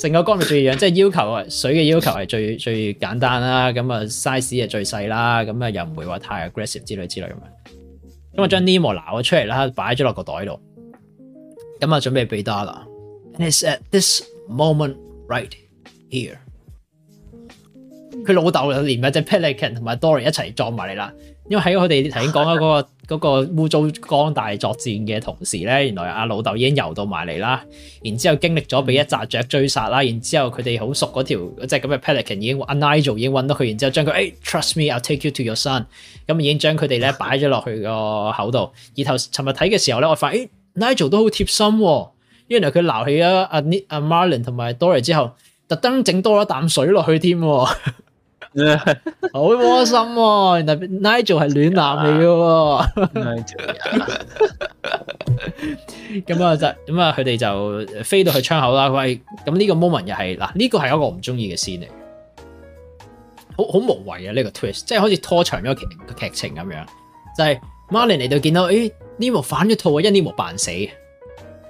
Speaker 1: 成、yes. 個缸入面最易養，即係要求水嘅要求係最最簡單啦。咁啊，size 最又最細啦。咁啊，又唔會話太 aggressive 之類之類咁樣。咁、mm、啊 -hmm.，將 Nemo 撈咗出嚟啦，擺咗落個袋度。咁啊，準備被打啦。And a it's at this moment right here。佢老豆又連埋隻 pelican 同埋 Dory 一齊撞埋嚟啦。因為喺佢哋頭先講嗰個嗰、嗰個污糟光大作戰嘅同時咧，原來阿老豆已經游到埋嚟啦。然之後經歷咗俾一隻雀追殺啦。然之後佢哋好熟嗰條，即係咁嘅 Pelican 已經 Nigel 已經揾到佢，然之後將佢誒 trust me，I'll take you to your son。咁已經將佢哋咧擺咗落去個口度。然後尋日睇嘅時候咧，我發咦、hey, Nigel 都好貼心、哦，因為佢撈起咗阿 Ni 阿 Marlin 同埋 Dory 之後，特登整多咗啖水落去添、哦。好 窩心、啊，原來 Nigel 係暖男嚟嘅，咁 啊 Nigel 就咁啊，佢哋就飛到去窗口啦。喂，咁呢個 moment 又係嗱，呢個係一個唔中意嘅 scene 嚟，好好無謂啊！呢、這個 twist，即係好似拖長咗其個劇情咁樣，就係 Marlin 嚟到見到，誒、哎、Nemo 反咗套啊，因 Nemo 扮死。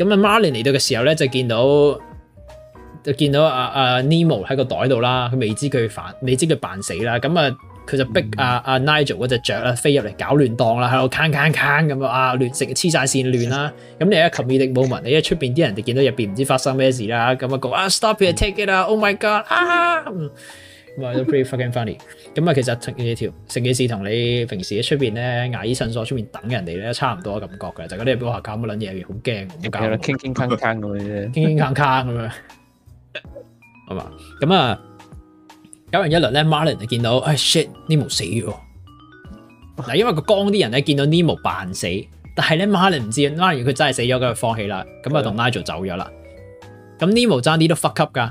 Speaker 1: 咁啊，Marlin 嚟到嘅時候咧，就見到就見到阿、啊、阿、啊、Nemo 喺個袋度啦，佢未知佢煩，未知佢扮死啦。咁啊，佢就逼阿阿 Nigel 嗰隻雀啊飛入嚟搞亂檔啦，喺度坑坑坑咁啊，亂食黐晒線亂啦。咁你、mm -hmm. 啊、一 culminating moment，你一出面啲人就見到入面唔知發生咩事啦。咁、mm -hmm. 啊講啊，stop it，take it out，oh it, my god 啊！啊咁啊 funny 咁啊，其實呢條成件事同你平時喺出邊咧牙醫診所出邊等人哋咧差唔多嘅感覺嘅，就係嗰啲人畀我下搞乜撚嘢，好 驚，好 搞。有啦，傾傾坑坑嗰啲咧，傾傾坑坑咁樣，係嘛？咁啊搞完一輪咧，Marlin 就見到，哎 shit，Nemo 死咗。嗱，因為個缸啲人咧見到 Nemo 扮死，但係咧 Marlin 唔知，Marlin 佢真係死咗，佢就放棄啦。咁啊同 Nigel 走咗啦。咁 Nemo 爭啲都 fuck up 㗎。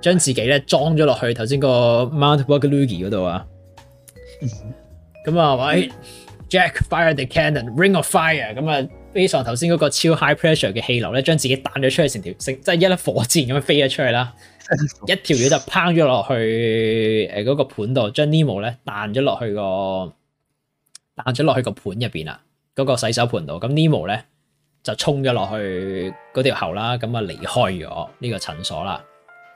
Speaker 1: 將自己咧裝咗落去頭先個 Mount Wannahockaloogie 嗰度啊，咁、mm、啊 -hmm.，喂、哎、Jack fire the cannon, ring of fire，f 咁啊，非常頭先嗰個超 high pressure 嘅氣流咧，將自己彈咗出去，成條成即係一粒火箭咁樣飛咗出去啦。 一條嘢就拋咗落去嗰個盤度，將 Nemo 咧彈咗落去、個彈咗落去個盤入邊啦，嗰、個洗手盤度。咁 Nemo 咧就衝咗落去嗰條喉啦，咁啊離開咗呢個診所啦。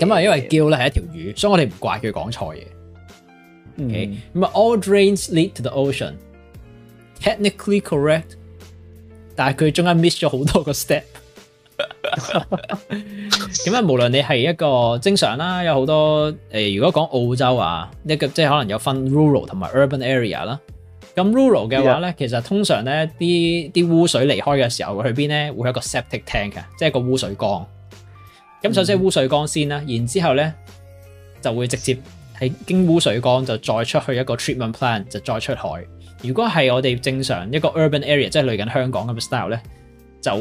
Speaker 1: 咁啊，因為 Gill 咧係一條魚，所以我哋唔怪佢講錯嘢。咁、okay? 啊、mm.，All drains lead to the ocean，technically correct，但係佢中間 miss 咗好多個 step。咁啊，無論你係一個正常啦，有好多誒如果講澳洲啊，一個即係可能有分 rural 同埋 urban area 啦。咁 rural 嘅話咧，其實通常咧啲啲污水離開嘅時候去邊咧，會，呢會有一個 septic tank 嘅，即係一個污水缸。咁、嗯、首先污水缸先啦，然之後咧就會直接喺經污水缸就再出去一個 treatment plant 就再出海。如果係我哋正常一個 urban area，即係類近香港咁嘅 style 咧，就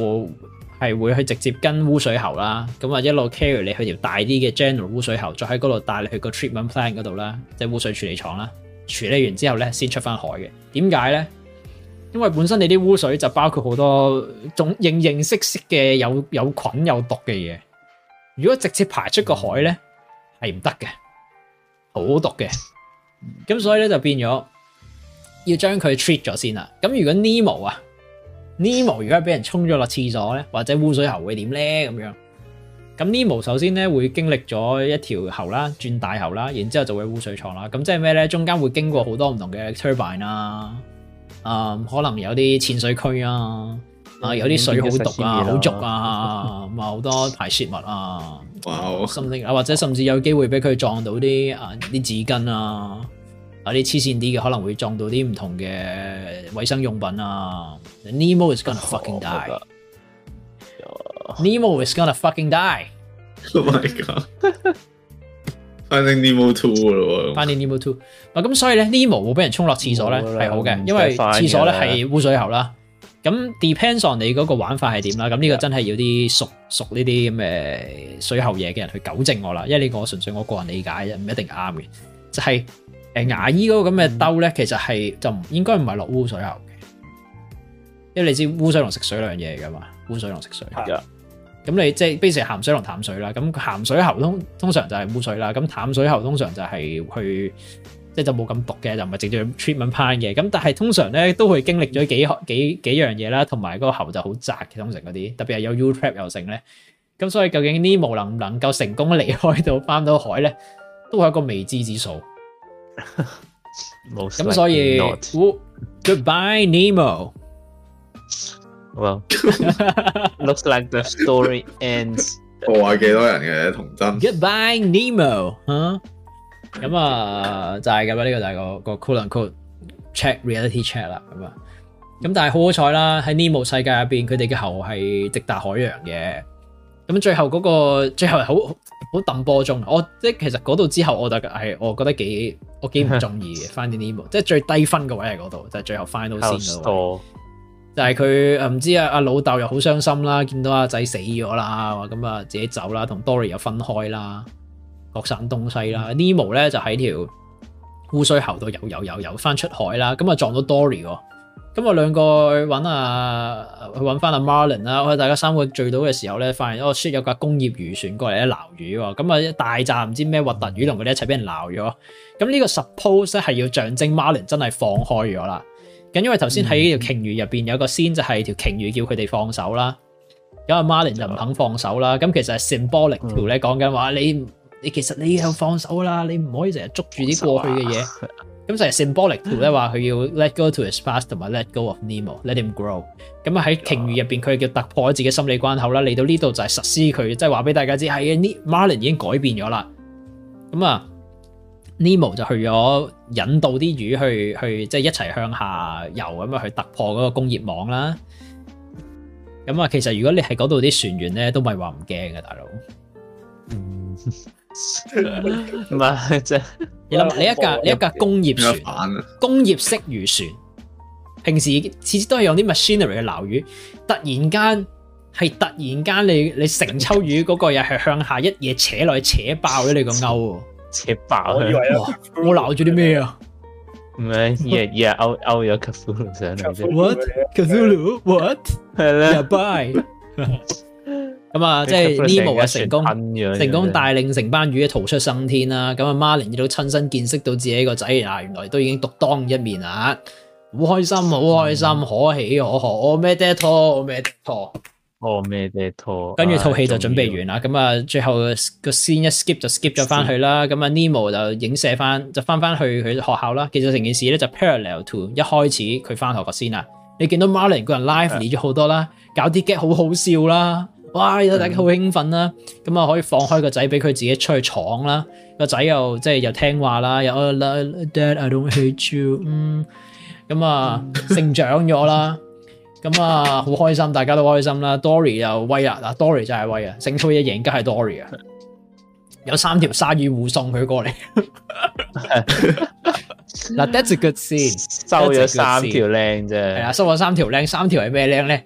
Speaker 1: 係會去直接跟污水喉啦，咁啊一路 carry 你去條大啲嘅 general 污水喉，再喺嗰度帶你去個 treatment plant 嗰度啦，即係污水處理廠啦。處理完之後咧，先出翻海嘅。點解咧？因為本身你啲污水就包括好多種形形色色嘅有有菌有毒嘅嘢。如果直接排出個海咧，係唔得嘅，好毒嘅。咁所以咧就變咗要將佢 treat 咗先啦。咁如果 Nemo 啊，Nemo 如果俾人沖咗落廁所咧，或者污水喉會點咧？咁樣咁 Nemo 首先咧會經歷咗一條喉啦，轉大喉啦，然之後就會污水廠啦。咁即係咩咧？中間會經過好多唔同嘅 turbine 啦，啊，可能有啲潛水區啊。啊！有啲水好毒啊，好濁啊，咪好多排泄物啊，甚至啊，或者甚至有機會俾佢撞到啲啊啲紙巾啊，啊啲黐線啲嘅，可能會撞到啲唔同嘅衛生用品啊。Nemo is gonna fucking die。Nemo is gonna fucking die。Oh my god！Finding Nemo two，Finding Nemo two。啊咁，所以咧，Nemo 會俾人沖落廁所咧，係好嘅，因為廁所咧係污水喉啦。咁 depends on 你嗰個玩法係點啦，咁呢個真係要啲熟熟呢啲咁嘅水喉嘢嘅人去糾正我啦，因為呢個純粹我個人理解唔一定啱嘅。就係、是、誒牙醫嗰個咁嘅兜咧，其實係就唔應該唔係落污水喉嘅，因為你知污水同食水兩樣嘢噶嘛，污水同食水喉。係啦，咁你即係譬如鹹水同淡水啦，咁鹹水喉通通常就係污水啦，咁淡水喉通常就係去。即係就冇咁毒嘅，就唔係直接用 treatment plan 嘅。咁但係通常咧都會經歷咗幾幾幾樣嘢啦，同埋嗰個喉就好窄嘅。通常嗰啲特別係有 ultra 又剩咧。咁所以究竟 Nemo 能唔能夠成功離開到翻到海咧？都係一個未知之數。咁所以 Goodbye Nemo。Well，looks like the story ends。破壞幾多人嘅童真。Goodbye Nemo，嚇。咁啊，就係咁啦，呢、這個就係個個 cool and cool check reality check 啦，咁啊，咁但係好好彩啦，喺 Nemo 世界入邊，佢哋嘅喉係直達海洋嘅，咁最後嗰、那個最後係好好揼波鐘。我即係其實嗰度之後我就係、是、我覺得幾我幾唔中意嘅 Finding Nemo， 即係最低分嘅位係嗰度，就係、是、最後 Final 先嘅
Speaker 4: 位，
Speaker 1: 就係佢唔知啊阿老豆又好傷心啦，見到阿仔死咗啦，咁啊自己走啦，同 Dory 又分開啦。落省東西啦，嗯、Nemo 咧就喺條污水喉度游游游游翻出海啦，咁啊撞到 Dory 喎，咁我兩個去揾、啊啊、去揾翻阿 Marlin 啦，我哋大家三個聚到嘅時候咧，發現哦 shit 有架工業漁船過嚟咧撈魚喎，咁啊一大紮唔知咩核突魚同佢哋一齊俾人撈咗，咁呢個 suppose 咧係要象徵 Marlin 真係放開咗啦，咁因為頭先喺條鯨魚入邊有個仙就係條鯨魚叫佢哋放手啦，咁阿 Marlin 就唔肯放手啦，咁其實係 symbolic 條咧講緊話你。你其實你要放手啦，你唔可以成日捉住啲過去嘅嘢。咁就係 symbolically 話佢要 let go to his past 同埋 let go of Nemo，let him grow。咁啊喺鯨魚入邊佢叫突破自己心理關口啦。嚟到呢度就係實施佢，即係話俾大家知係 Marlin 已經改變咗啦。咁啊，Nemo 就去咗引導啲魚去去即係一齊向下游咁啊去突破嗰個工業網啦。咁啊，其實如果你係嗰度啲船員咧，都唔係話唔驚嘅，大佬。 唔係啫，你諗，你一架你一架工業船，工業式漁船，平時始終都係用啲 machinery 去撈魚，突然間係突然間你你成抽魚嗰個嘢係向下一嘢扯落去扯爆咗你個鈎，扯
Speaker 4: 爆啊！
Speaker 1: 我撈咗啲咩啊？
Speaker 4: 唔係，Yeah yeah 勾勾咗 Cthulhu 上嚟，What Cthulhu？What？吓，Bye。
Speaker 1: 咁啊，即係 Nemo 啊，成功成功帶領成班魚啊逃出生天啦。咁啊，Marlin 亦都親身見識到自己個仔啊，原來都已經獨當一面啊，好開心，好開心，嗯、可喜可賀。我咩爹拖我咩拖我咩爹拖，跟住套戲就準備完啦。咁啊，後最後個先一 skip 就 skip 咗翻去啦。咁啊，Nemo 就影射翻就翻翻去佢學校啦。其實成件事咧就 parallel to 一開始佢翻學個先啦。你見到 Marlin 個人 life 變咗好多啦，搞啲 get 好好笑啦。哇！大家好興奮啦，咁、嗯、啊可以放開個仔俾佢自己出去闖啦。個仔又即係又聽話啦，又 I、oh, Dad I don't hate you，嗯，咁啊、嗯、成長咗啦，咁啊好開心，大家都開心啦。 Dory 又威啊！嗱，Dory 就係威啊，勝出一贏家係 Dory 啊，有三條鯊魚護送佢過嚟。嗱 ，That's a good scene，收咗三條靚啫。係啊，收咗三條靚，三條係咩靚咧？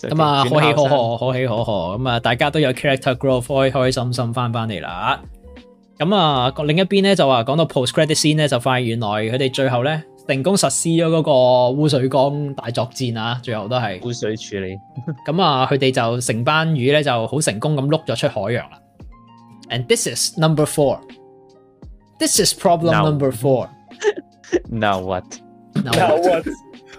Speaker 1: 咁啊，可喜可賀，可喜可賀，咁啊，大家都有 character growth，開開心心翻翻嚟啦。咁啊，另一邊咧就話講到 post creditscene 咧，就發現原來佢哋最後咧成功實施咗嗰個污水缸大作戰啊，最後都係污水處理。咁啊，佢哋就成班魚咧就好成功咁碌咗出海洋啦。And this is number four. This is problem number four. Now what? Now what?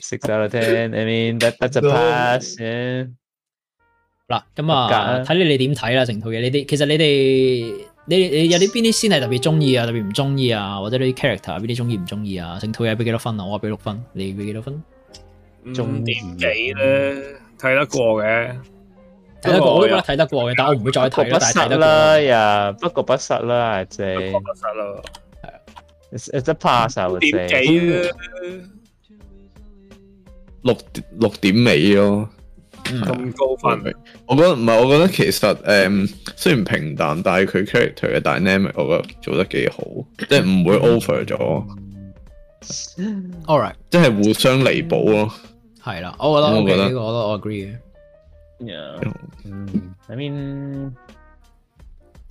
Speaker 1: six out of ten, I mean that that's a pass。嗱咁啊，睇你哋點睇啦，成套嘢呢啲。其實你哋你你有啲邊啲先係特別中意啊，特別唔中意啊，或者你啲 character 邊啲中意唔中意啊？成套嘢俾幾多分啊？我話俾六分，你俾幾多分？五點
Speaker 4: 幾咧，睇得過嘅，
Speaker 1: 睇得過，我都覺得睇得過嘅，但
Speaker 4: 係我唔會再睇。不失啦，呀，不過不失啦，正。不失咯，係啊，it's it's a pass, I would say。
Speaker 2: 六六點尾咯，
Speaker 3: 咁高翻
Speaker 2: 嚟。我覺得唔係，我覺得其實誒，雖然平淡，但係佢 character 嘅 dynamic，我覺得做得幾好，即係唔會 over 咗。
Speaker 1: All
Speaker 2: right，即係互相彌補咯。
Speaker 4: 係啦，我覺得，我覺得，我覺得 agree。Yeah，嗯，I mean.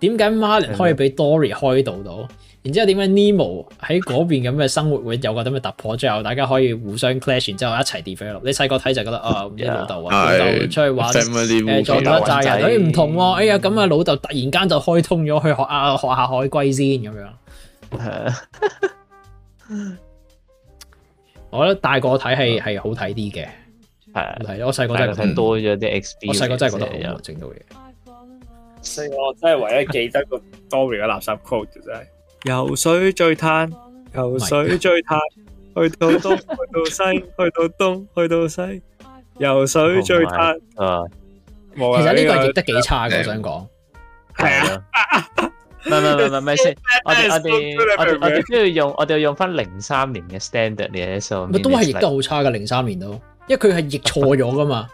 Speaker 1: 點解 Marlin 可以俾 Dory 開導到，然之後點解 Nemo 喺嗰邊咁嘅生活會有個咁嘅突破，之後大家可以互相 clash，然之後一齊 develop。你細個睇就覺得啊，唔、哦、知老豆啊，老豆出去玩，誒，撞到一紮人仔唔同喎。哎呀，咁啊，老豆突然間就開通咗去學啊，學下海龜先咁樣。我覺得大個睇係係好睇啲嘅，係係我細個真係多咗啲 experience 我細個真係覺得好啊，整到嘢。
Speaker 4: 所以我真係唯一記得個 Dory 嘅垃圾 quote，真係游水最嘆，游水最嘆，去到東去到西，去到東去到西，游水最嘆。啊，其實呢個譯得幾差㗎，我想講係啊，唔唔唔唔唔先，我我我我哋需要用我哋用翻零三
Speaker 1: 年嘅 standard 嚟數，都係譯得好差㗎零三年都，因為佢係譯錯咗噶嘛。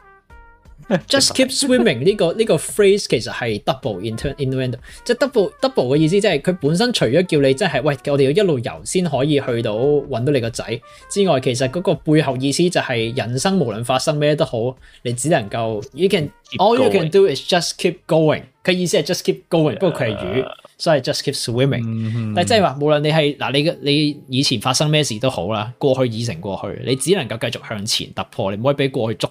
Speaker 1: Just keep swimming 呢個呢個 phrase 其實係 double entendre，即係 double double 嘅意思，即係佢本身除咗叫你即係喂我哋要一路游先可以去到搵到你個仔之外，其實嗰個背後意思就係人生無論發生咩都好，你只能夠，you can all you can do is just keep going，佢意思係 just keep going，不過佢係魚，所以 just keep swimming。但係即係話，無論你係嗱你嘅你以前發生咩事都好啦，過去已成過去，你只能夠繼續向前突破，你唔可以俾過去捉。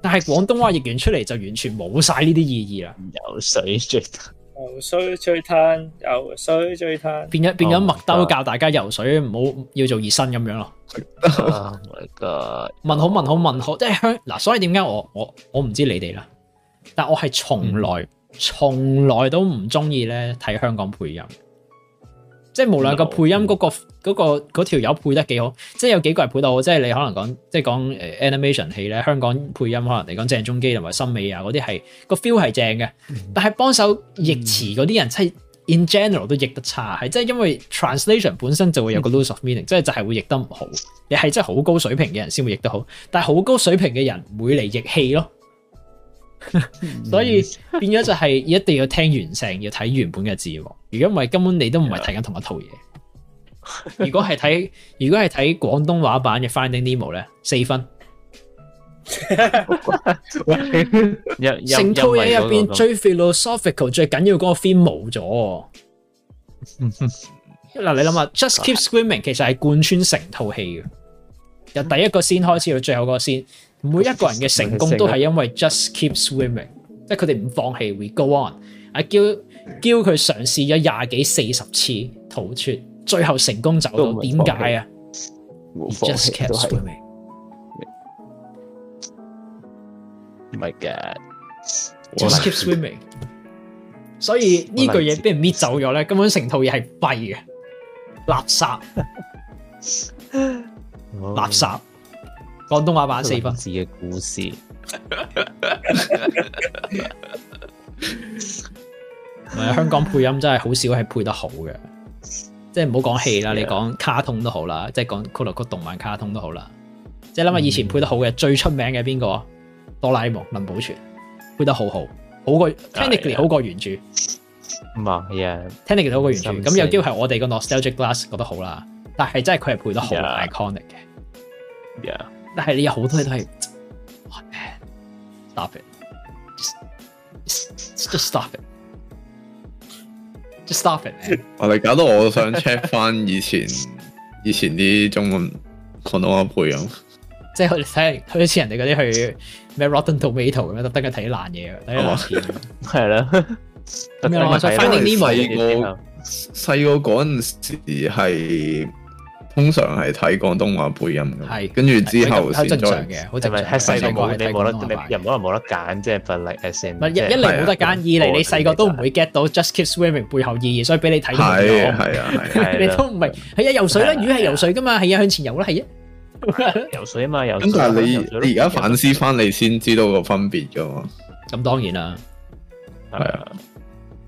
Speaker 1: 但係廣東話譯完出嚟就完全冇晒呢啲意義啦。游水最嘆，
Speaker 4: 游水最嘆，游水最嘆。變咗變咗麥兜教
Speaker 1: 大家游水，唔好要做熱身咁樣咯。得、 oh，問好問好問好，即係香嗱。所以點解我我我唔知你哋啦，但我係從來從、嗯、來都唔中意咧睇香港配音，即、就、係、是、無論個配音嗰、那個。嗰、嗰個條友、嗰個、配得幾好，即係有幾個人配到，即係你可能講，即係講誒 animation 戲咧，香港配音可能嚟講鄭中基同埋森美啊嗰啲係個 feel 係正嘅、嗯，但係幫手譯詞嗰啲人，即、嗯、係 in general 都譯得差，係即係因為 translation 本身就會有個 lose of meaning，即、嗯、係就係、係、會譯得唔好。你係真係好高水平嘅人先會譯得好，但係好高水平嘅人會嚟譯戲咯。 所以變咗就係一定要聽完成，要睇原本嘅字，如果唔係根本你都唔係睇緊同一套嘢。 如果係睇，如果係睇廣東話版嘅 Finding Nemo 咧，四分 成套嘢入邊最 philosophical 最緊要嗰個 feel 冇咗。嗱、 啊，你諗下，Just Keep Swimming 其實係貫穿成套戲嘅，由第一個先開始到最後一個先，每一個人嘅成功都係因為 Just Keep Swimming，即係佢哋唔放棄，We Go On。阿嬌嬌佢嘗試咗廿幾四十次逃脫。最後成功走咗，點解啊？Just keep swimming. My God. Just keep swimming. 所以呢句嘢俾人搣走咗咧，根本成套嘢係弊嘅，垃圾，垃圾。廣東話版四分字嘅故事。唔係香港配音真係好少係配得好嘅。即係唔好講戲啦，你講卡通都好啦，yeah. 即係講 quote unquote 動漫卡通都好啦。即係諗下以前配得好嘅、mm. 最出名嘅邊個？哆啦 A 夢林保全配得好好，好過 technically 好過原著。唔係啊，technically 好過原著。咁、yeah. 有機會係我哋個《nostalgic glass》覺得好啦，但係真係佢係配得好、yeah. iconic 嘅。Yeah，但係你有好多嘢都係。Stop it! Just stop it! Just、stop it！
Speaker 2: 我哋搞到我想 check 翻以前 以前啲中文廣東話配音，
Speaker 1: 即係去睇去似人哋嗰啲去咩 Rotten Tomato 咁樣，特登去睇爛嘢，睇啲垃圾。
Speaker 3: 係啦，咁
Speaker 2: 樣我再翻定呢？我細個嗰陣時係。通常係睇廣東話配音嘅，跟住之後先再嚟嘅。好似咪喺細個冇得，你又冇
Speaker 1: 可能冇得揀，即係不離 S M。唔係一嚟冇得揀，二嚟你細個都唔會 get 到 Just Keep Swimming 背後意義，所以俾你睇。驗係啊係啊係啊！你都唔明係啊游水啦，魚係游水㗎嘛，係啊向前游啦，係啊游水啊嘛。咁但係你你而家反思
Speaker 2: 翻，你先知道個分別㗎嘛？咁、嗯、當然啦，係啊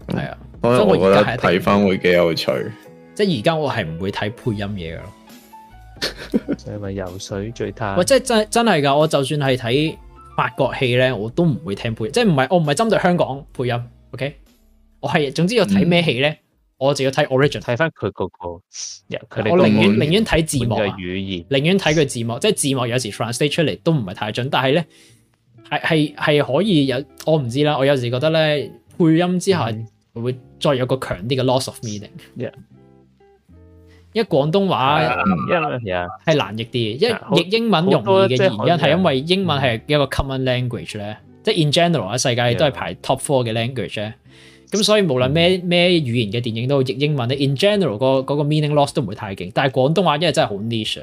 Speaker 2: 係啊，當然我覺得睇翻會幾有趣。
Speaker 1: 即係而家我係唔會睇配音嘢嘅咯。所以咪游水最嘆， 即係真真係噶，我就算係睇法國戲咧，我都唔會聽配音，即係唔係我唔係針對香港配音，OK？我係總之要睇咩戲咧，我就要睇 origin 睇翻佢嗰，嗰個，佢哋，嗰個，我寧願寧願睇字幕嘅語言，寧願睇佢字幕，即係字幕有時 translate 出嚟都唔係太準，但係咧係係係可以有，我唔知啦，我有時覺得咧配音之下會會再有個強啲嘅 loss of meaning。嗯 yeah. 因為廣東話係難譯啲，因為譯英文容易嘅原因係因為英文係一個 common language 咧，即係 in general 或者世界都係排 top four 嘅 language 咧。咁所以無論咩咩語言嘅電影都好譯英文咧，in general 個嗰個 meaning loss 都唔會太勁。但係廣東話因為真係好 niche，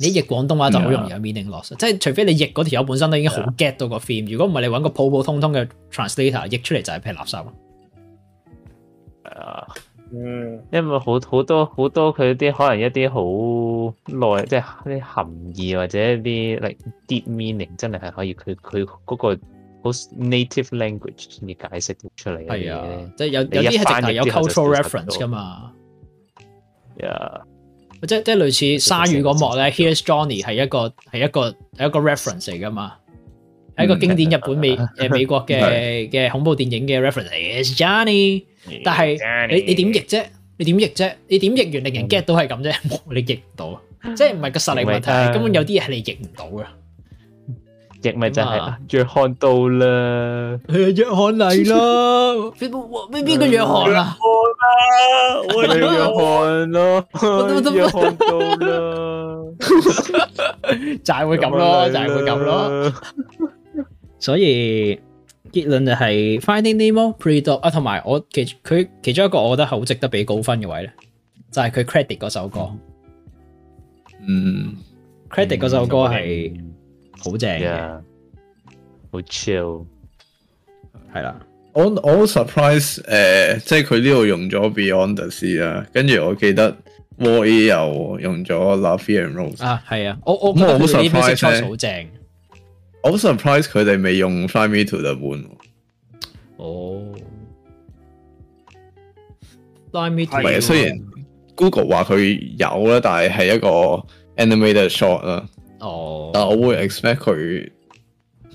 Speaker 1: 你譯廣東話就好容易有 meaning loss，即係除非你譯嗰條友本身都已經好 get 到個 theme，如果唔係你揾個普普通通嘅 translator 譯出嚟就係劈垃圾。
Speaker 4: 嗯、mm.，因為好好多好多佢啲可能一啲好耐，即係啲含義或
Speaker 1: 者一啲，like deep meaning 真係係可以佢佢嗰個好 native language 先至解釋到出嚟嘅嘢。即係有有啲係直頭有 cultural reference 㗎嘛。Yeah. 即係即係類似鯊魚嗰幕咧，Here's Johnny 係一個係一個係一個 reference 嚟㗎嘛，係一個經典日本美誒 美國嘅的嘅 恐怖電影嘅 reference 嚟嘅。Here's Johnny。但係你你點譯啫？你點譯啫？你點譯完令人 get 到係咁啫？你譯唔到，即係唔係個實力問題，根本有啲嘢係你譯唔到嘅。
Speaker 4: 譯咪就係約翰到啦，約翰嚟咯，
Speaker 1: 邊邊個約翰啊？約翰啦，我約翰
Speaker 2: 咯，約翰
Speaker 1: 到啦，就係會咁咯，就係會咁咯，所以。結論就係 Finding Nemo pre d 到啊，同埋我其佢其中一個我覺得好值得俾高分嘅位咧，就係、是、佢 Credit 嗰首歌，嗯，Credit 嗰首歌係好正嘅，好 chill，
Speaker 2: 係啦，我我 surprise，、呃、即係佢呢度用咗 Beyond 的詩啦，跟住我記得 War 又用咗 Love and r o m
Speaker 1: a e 啊，係啊，我我覺得我呢邊嘅 r i s e 好正。
Speaker 2: 好 surprise 佢哋未用 Fly Me To The Moon。哦，Fly
Speaker 1: Me To The Moon。唔係，雖然
Speaker 2: Google 話佢有啦，但係係一個 animated shot 啦。哦，但係我會 expect 佢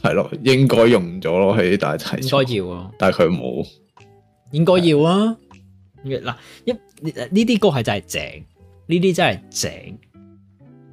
Speaker 2: 係咯，應該用咗咯喺大題。應該要啊，但係佢冇。
Speaker 1: 應該要啊。嗱，一呢啲歌係真係正，呢啲真係正。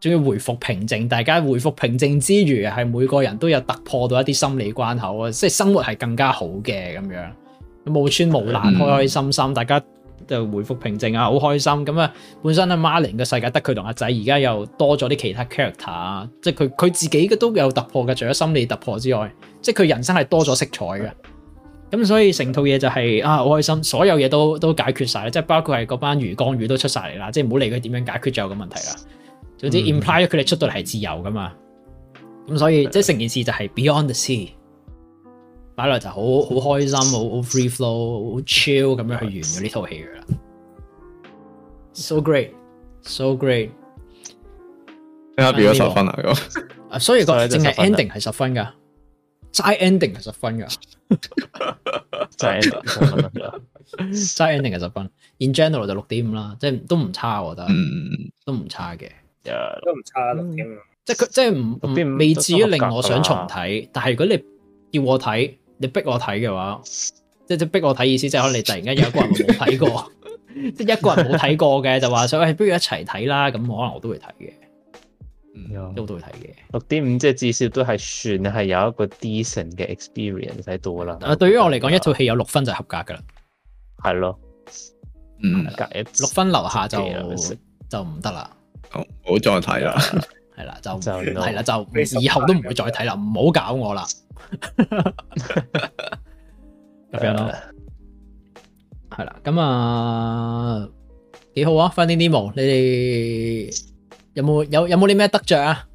Speaker 1: 仲要回復平靜，大家回復平靜之餘，係每個人都有突破到一啲心理關口啊！即係生活係更加好嘅咁樣，無穿無爛，開開心心，大家就回復平靜啊，好開心咁啊！本身阿 Marlin 嘅世界得佢同阿仔，而家又多咗啲其他 character 啊，即係佢佢自己都有突破嘅，除咗心理突破之外，即係佢人生係多咗色彩嘅。咁所以成套嘢就係、是、啊，好開心，所有嘢都都解決晒。即係包括係嗰班魚缸魚都出晒嚟啦，即係唔好理佢點樣解決最後嘅問題啦。總之 imply 咗佢哋出到嚟係自由噶嘛，咁所以即係成件事就係 Beyond the Sea，擺落就好好開心，好好 free flow，好 chill 咁樣去完咗呢套戲噶啦。So great，so great，佢又俾咗十分啊。咁啊，所以個淨係 ending 係十分噶，齋 ending 係十分噶，齋 ending 係十分。In general 就六點五啦，即係都唔差，我覺得，都唔差嘅。都唔差即係佢，即係唔未至於令我想重睇。但係如果你叫我睇，你逼我睇嘅話，即係即逼我睇意思，即係可能你突然間有個人冇睇過，即係一個人冇睇過嘅， 就話想，不如一齊睇啦。咁可能我都會睇嘅，都、嗯 yeah. 都會睇嘅。六點五即係至少都係算係有一個 decent 嘅 experience 喺度啦。啊， 對於我嚟講，一套戲有六分就合格噶啦，係咯，嗯，六分樓下就就唔得啦。唔好再睇啦，係 啦就係啦就，就以後都唔會再睇啦，唔好搞我啦。入邊咯，係啦，咁啊幾好啊 ，Finding Nemo，你哋有冇有有冇啲咩得着啊？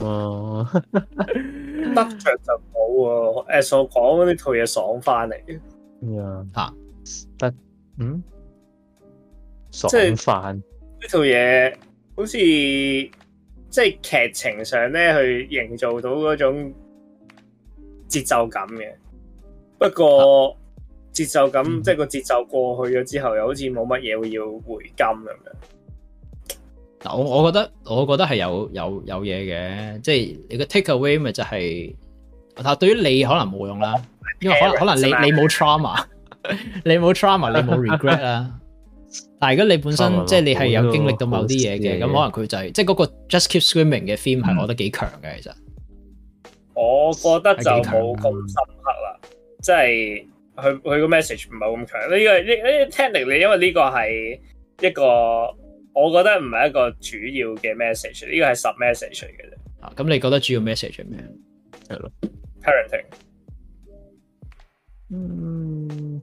Speaker 1: 哦、 啊
Speaker 4: yeah. 啊，得着就冇啊，As 我講嗰啲套嘢爽翻嚟啊，吓得嗯爽翻。呢套嘢好似即係劇情上咧，去營造到嗰種節奏感嘅。不過節奏感、啊、即係個節奏過去咗之後，又好似冇乜嘢會要回甘咁樣。
Speaker 1: 嗱，我我覺得，我覺得係有有有嘢嘅，即係你個 takeaway 咪就係、嗱，但係對於你可能冇用啦，因為可能可能你你冇 trauma， trauma，你冇 trauma，你冇 regret 啦。 但如果你本身、嗯、即係你係有經歷到某啲嘢嘅，咁、嗯嗯、可能佢就即係嗰個 just keep screaming 嘅 theme 係、嗯、我覺得幾強嘅其實。
Speaker 4: 我覺得就冇咁深刻啦，即係佢佢個 message 唔係咁強。呢個呢呢聽嚟你因為呢個係一個我覺得唔係一個主要嘅 message，呢個係 sub message 嚟嘅啫。
Speaker 1: 啊，咁你覺得主要嘅 message 係咩啊？係咯，parenting。嗯。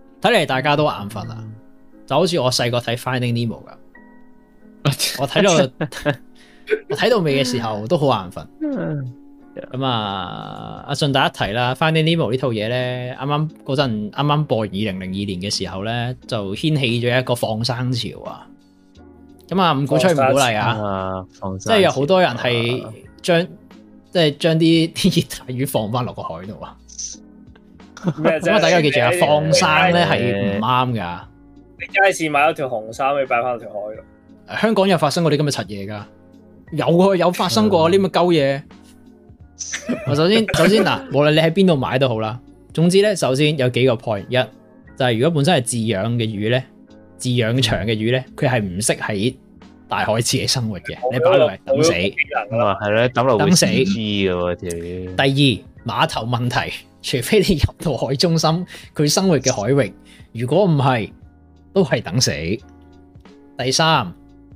Speaker 1: 睇嚟大家都眼瞓啊！
Speaker 4: 就好似
Speaker 1: 我細個睇 Finding Nemo 咁，我睇到 我睇到尾嘅時候都好眼瞓。咁 啊，順帶一提啦 ，Finding Nemo 套呢套嘢咧，啱啱嗰陣啱啱播完二零零二年嘅時候咧，就掀起咗一個放生潮啊！咁啊，唔鼓吹唔鼓勵啊，
Speaker 3: 即係有好多人係
Speaker 1: 將即係將啲熱帶魚放翻落個海度啊！大家記住啊，放生咧係唔
Speaker 4: 啱噶。你街市買咗條紅衫，你擺翻落條
Speaker 1: 海度。香港有發生過啲咁嘅柒嘢噶？有啊，有發生過啲咁嘅鳩嘢。嗯、 首先，首先嗱，無論你喺邊度買都好啦。總之咧，首先有幾個 point：一就係、是、如果本身係自養嘅魚咧，自養場嘅魚咧，佢係唔識喺大海自己生活嘅。你擺落嚟等死，係咯，等死、啊、死，死。第二。碼頭問題，除非你入到海中心佢生活嘅海域，如果唔係，都係等死。第三，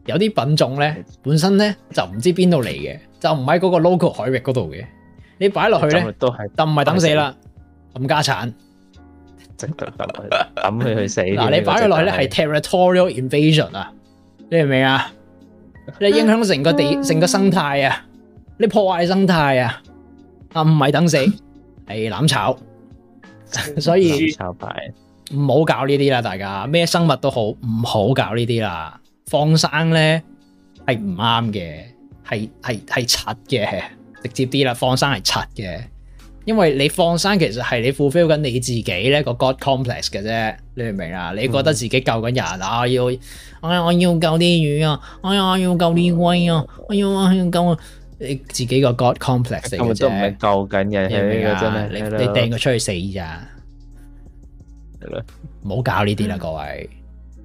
Speaker 1: 有啲品種咧，本身咧就唔知邊度嚟嘅，就唔喺嗰個 local 海域嗰度嘅，你擺落去咧，都
Speaker 4: 係，唔係等死啦，
Speaker 1: 冚家鏟，抌佢
Speaker 4: 抌佢去死。嗱， 你擺佢落咧係
Speaker 1: territorial invasion 啊，你明唔明啊？你影響成個地，成個生態啊，你破壞生態啊！啊唔係等死，係 攬炒，所以唔好搞呢啲啦，大家咩生物都好，唔好搞呢啲啦。放生咧係唔啱嘅，係係係柒嘅，直接啲啦，放生係柒嘅。因為你放生其實係你 fulfill 緊你自己咧個 god complex 嘅啫，你明唔明啊？你覺得自己救緊人、嗯、啊，要哎呀我要救啲魚啊，哎、啊、呀我要救啲龜啊，哎呀我要救。你自己個 God complex 嚟都唔係救緊嘅，係咪啊？真係，你掟佢出去死咋，係咯？冇搞呢啲啦，各位，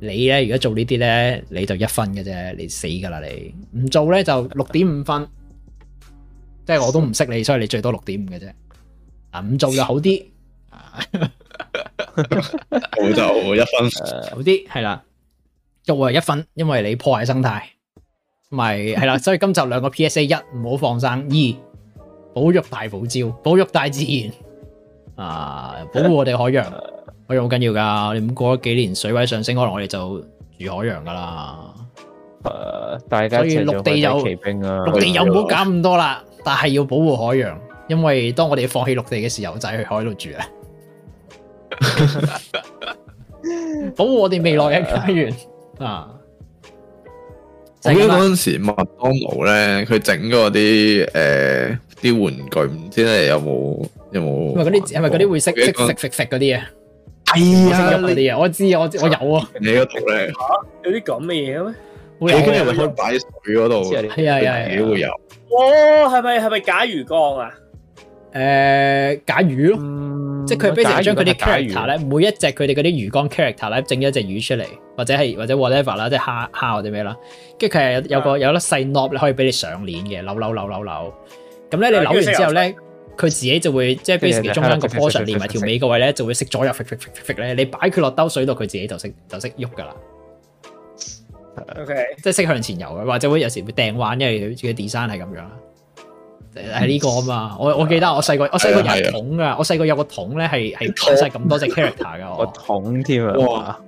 Speaker 1: 你咧如果做呢啲咧，你就一分嘅啫，你死噶啦，你唔做咧就六點五分，即係我都唔識你，所以你最多六點五嘅啫。啊，唔做就好啲， 我就一分，好啲係啦，對做就我一分，因為你破壞生態。咪係啦，所以今集兩個 P.S.A. 一唔好放生，二保育大堡礁，保育大自然啊，保護我哋海洋，海洋好緊要噶。你唔過咗幾年水位上升，可能我哋就住海洋噶啦。誒， 大家有 所以陸地又陸地又唔好減咁多啦， 但係要保護海洋，因為當我哋放棄陸地嘅時候，就係、是、去海度住 保護我哋未來嘅家園啊！我記得嗰陣
Speaker 2: 時麥當勞咧，佢整嗰啲誒啲玩具，唔知你有冇有冇？係咪嗰啲係咪嗰啲會識食食食
Speaker 1: 食嗰啲嘢。係啊，嗰啲嘢我知我我有啊。你嗰度咧有啲咁嘅嘢咩？係咪
Speaker 4: 可以擺水嗰度？係啊係啊，幾會有？哦，係咪係咪假魚缸啊？
Speaker 1: 誒，假魚咯。即係佢俾曬將佢啲 character 咧，每一隻佢哋嗰啲魚缸 character 咧，整咗一隻魚出嚟，或者係或者 whatever 啦，即係蝦蝦或者咩啦，跟住佢係有個有粒細 knob 可以俾你上鏈嘅，扭扭扭扭扭，咁咧你扭完之後咧，佢自己就會即係俾佢中間個 portion 連埋條尾個位咧，就會識左右咧，你擺佢落兜水度，佢自己就識就識喐噶啦。OK，即係識向前遊嘅，或者會有時會掟彎，因為佢嘅 design 係咁樣啦。係呢個啊嘛，我我記得我細個我細個有桶噶，我細個有個桶咧係係放晒咁多隻 character 噶， 我
Speaker 4: 桶添啊！哇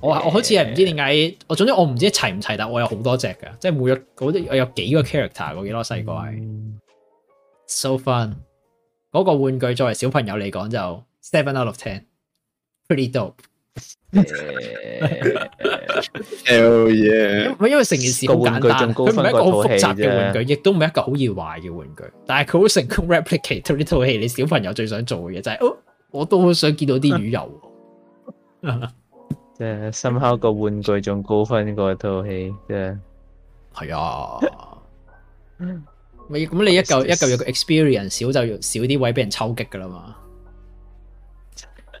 Speaker 1: ！Okay. 我好似係唔知點解，我總之我唔知齊唔齊，但我有好多隻噶，即係每日嗰有幾個 character 我記得我細個係、mm. so fun 嗰個玩具作為小朋友嚟講就 seven out of ten pretty dope。
Speaker 2: 誒、yeah, 因為成件事好簡單，佢唔係一個好複雜嘅玩具，
Speaker 1: 亦都唔係一個好易壞嘅玩具。但係佢會成功 replicate 呢套戲，你小朋友最想做嘅嘢就係、是、哦，我都好想見到啲魚油即係，深好
Speaker 4: 個玩具仲高分過套戲
Speaker 1: 嘅。係 是啊，咪 咁 你一嚿 一嚿有個 experience 少，就少啲位俾人抽擊噶啦嘛。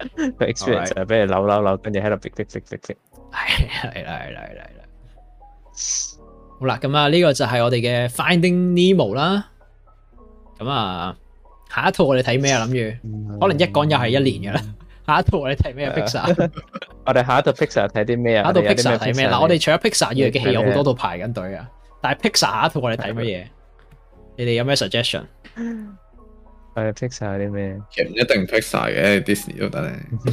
Speaker 4: 個俾、right. 你扭扭扭，跟住喺度 big big big big big 係啦係啦係啦係啦，
Speaker 1: 好啦，咁啊呢個就係我哋嘅 Finding Nemo 啦。咁啊，下一套我哋睇咩啊？諗住可能一講又係一年噶啦。下一套我哋睇咩啊？Pixar，我哋下一套 Pixar 睇啲咩啊？下一套 Pixar 睇咩？嗱，我哋、啊、除咗 Pixar，以外嘅戲有好多套排緊隊啊。但係 Pixar 下一套我哋睇乜嘢？ 你哋有咩 suggestion？Pixar 啲咩？其實唔一定 Pixar 嘅，Disney 都得。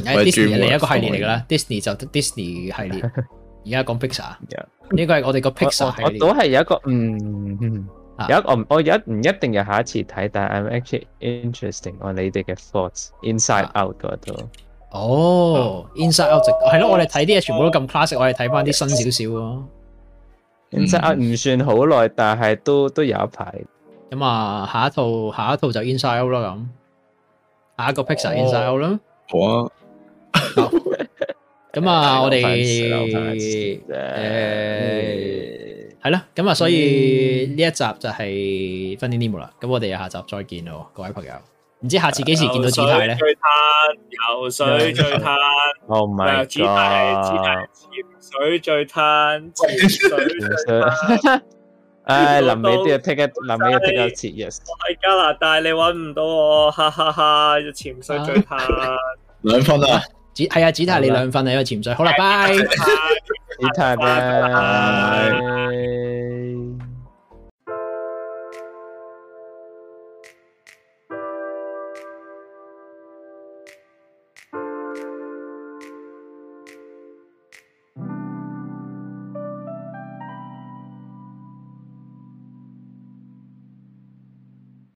Speaker 1: 係 Disney 另一個系列嚟噶啦，Disney 就 Disney 系列。而家講 Pixar，呢個係我哋個 Pixar 系列。我係有一個，嗯，有我我有唔一定又下一次睇，但係 I'm actually interesting 我你哋嘅 thoughts
Speaker 4: Inside Out 嗰度。
Speaker 1: 哦，Inside Out 直係咯，我哋睇啲嘢全部都咁 classic，我哋睇翻啲新少少
Speaker 4: 咯。Inside Out 唔算好耐，但係都都有一排。
Speaker 1: 咁啊，下一套下一套就 Inside Out 啦咁，下一個 Pixar Inside Out 啦。好啊。咁啊，我哋誒係啦。咁啊，所以呢一集就係 Finding Nemo 啦。咁我哋下集再見咯，各位朋友。唔知下次幾時見到紫泰咧？聚
Speaker 4: 攤游水聚攤。Oh my
Speaker 1: god！紫泰紫泰
Speaker 4: 水聚攤。唉，臨尾都要剔一，臨尾要剔一次。Yes。我喺加拿大你揾唔到我，哈哈哈！潛水最怕
Speaker 1: 兩分啊，只係啊，只係你兩分啊。因為潛水，好啦，拜，拜。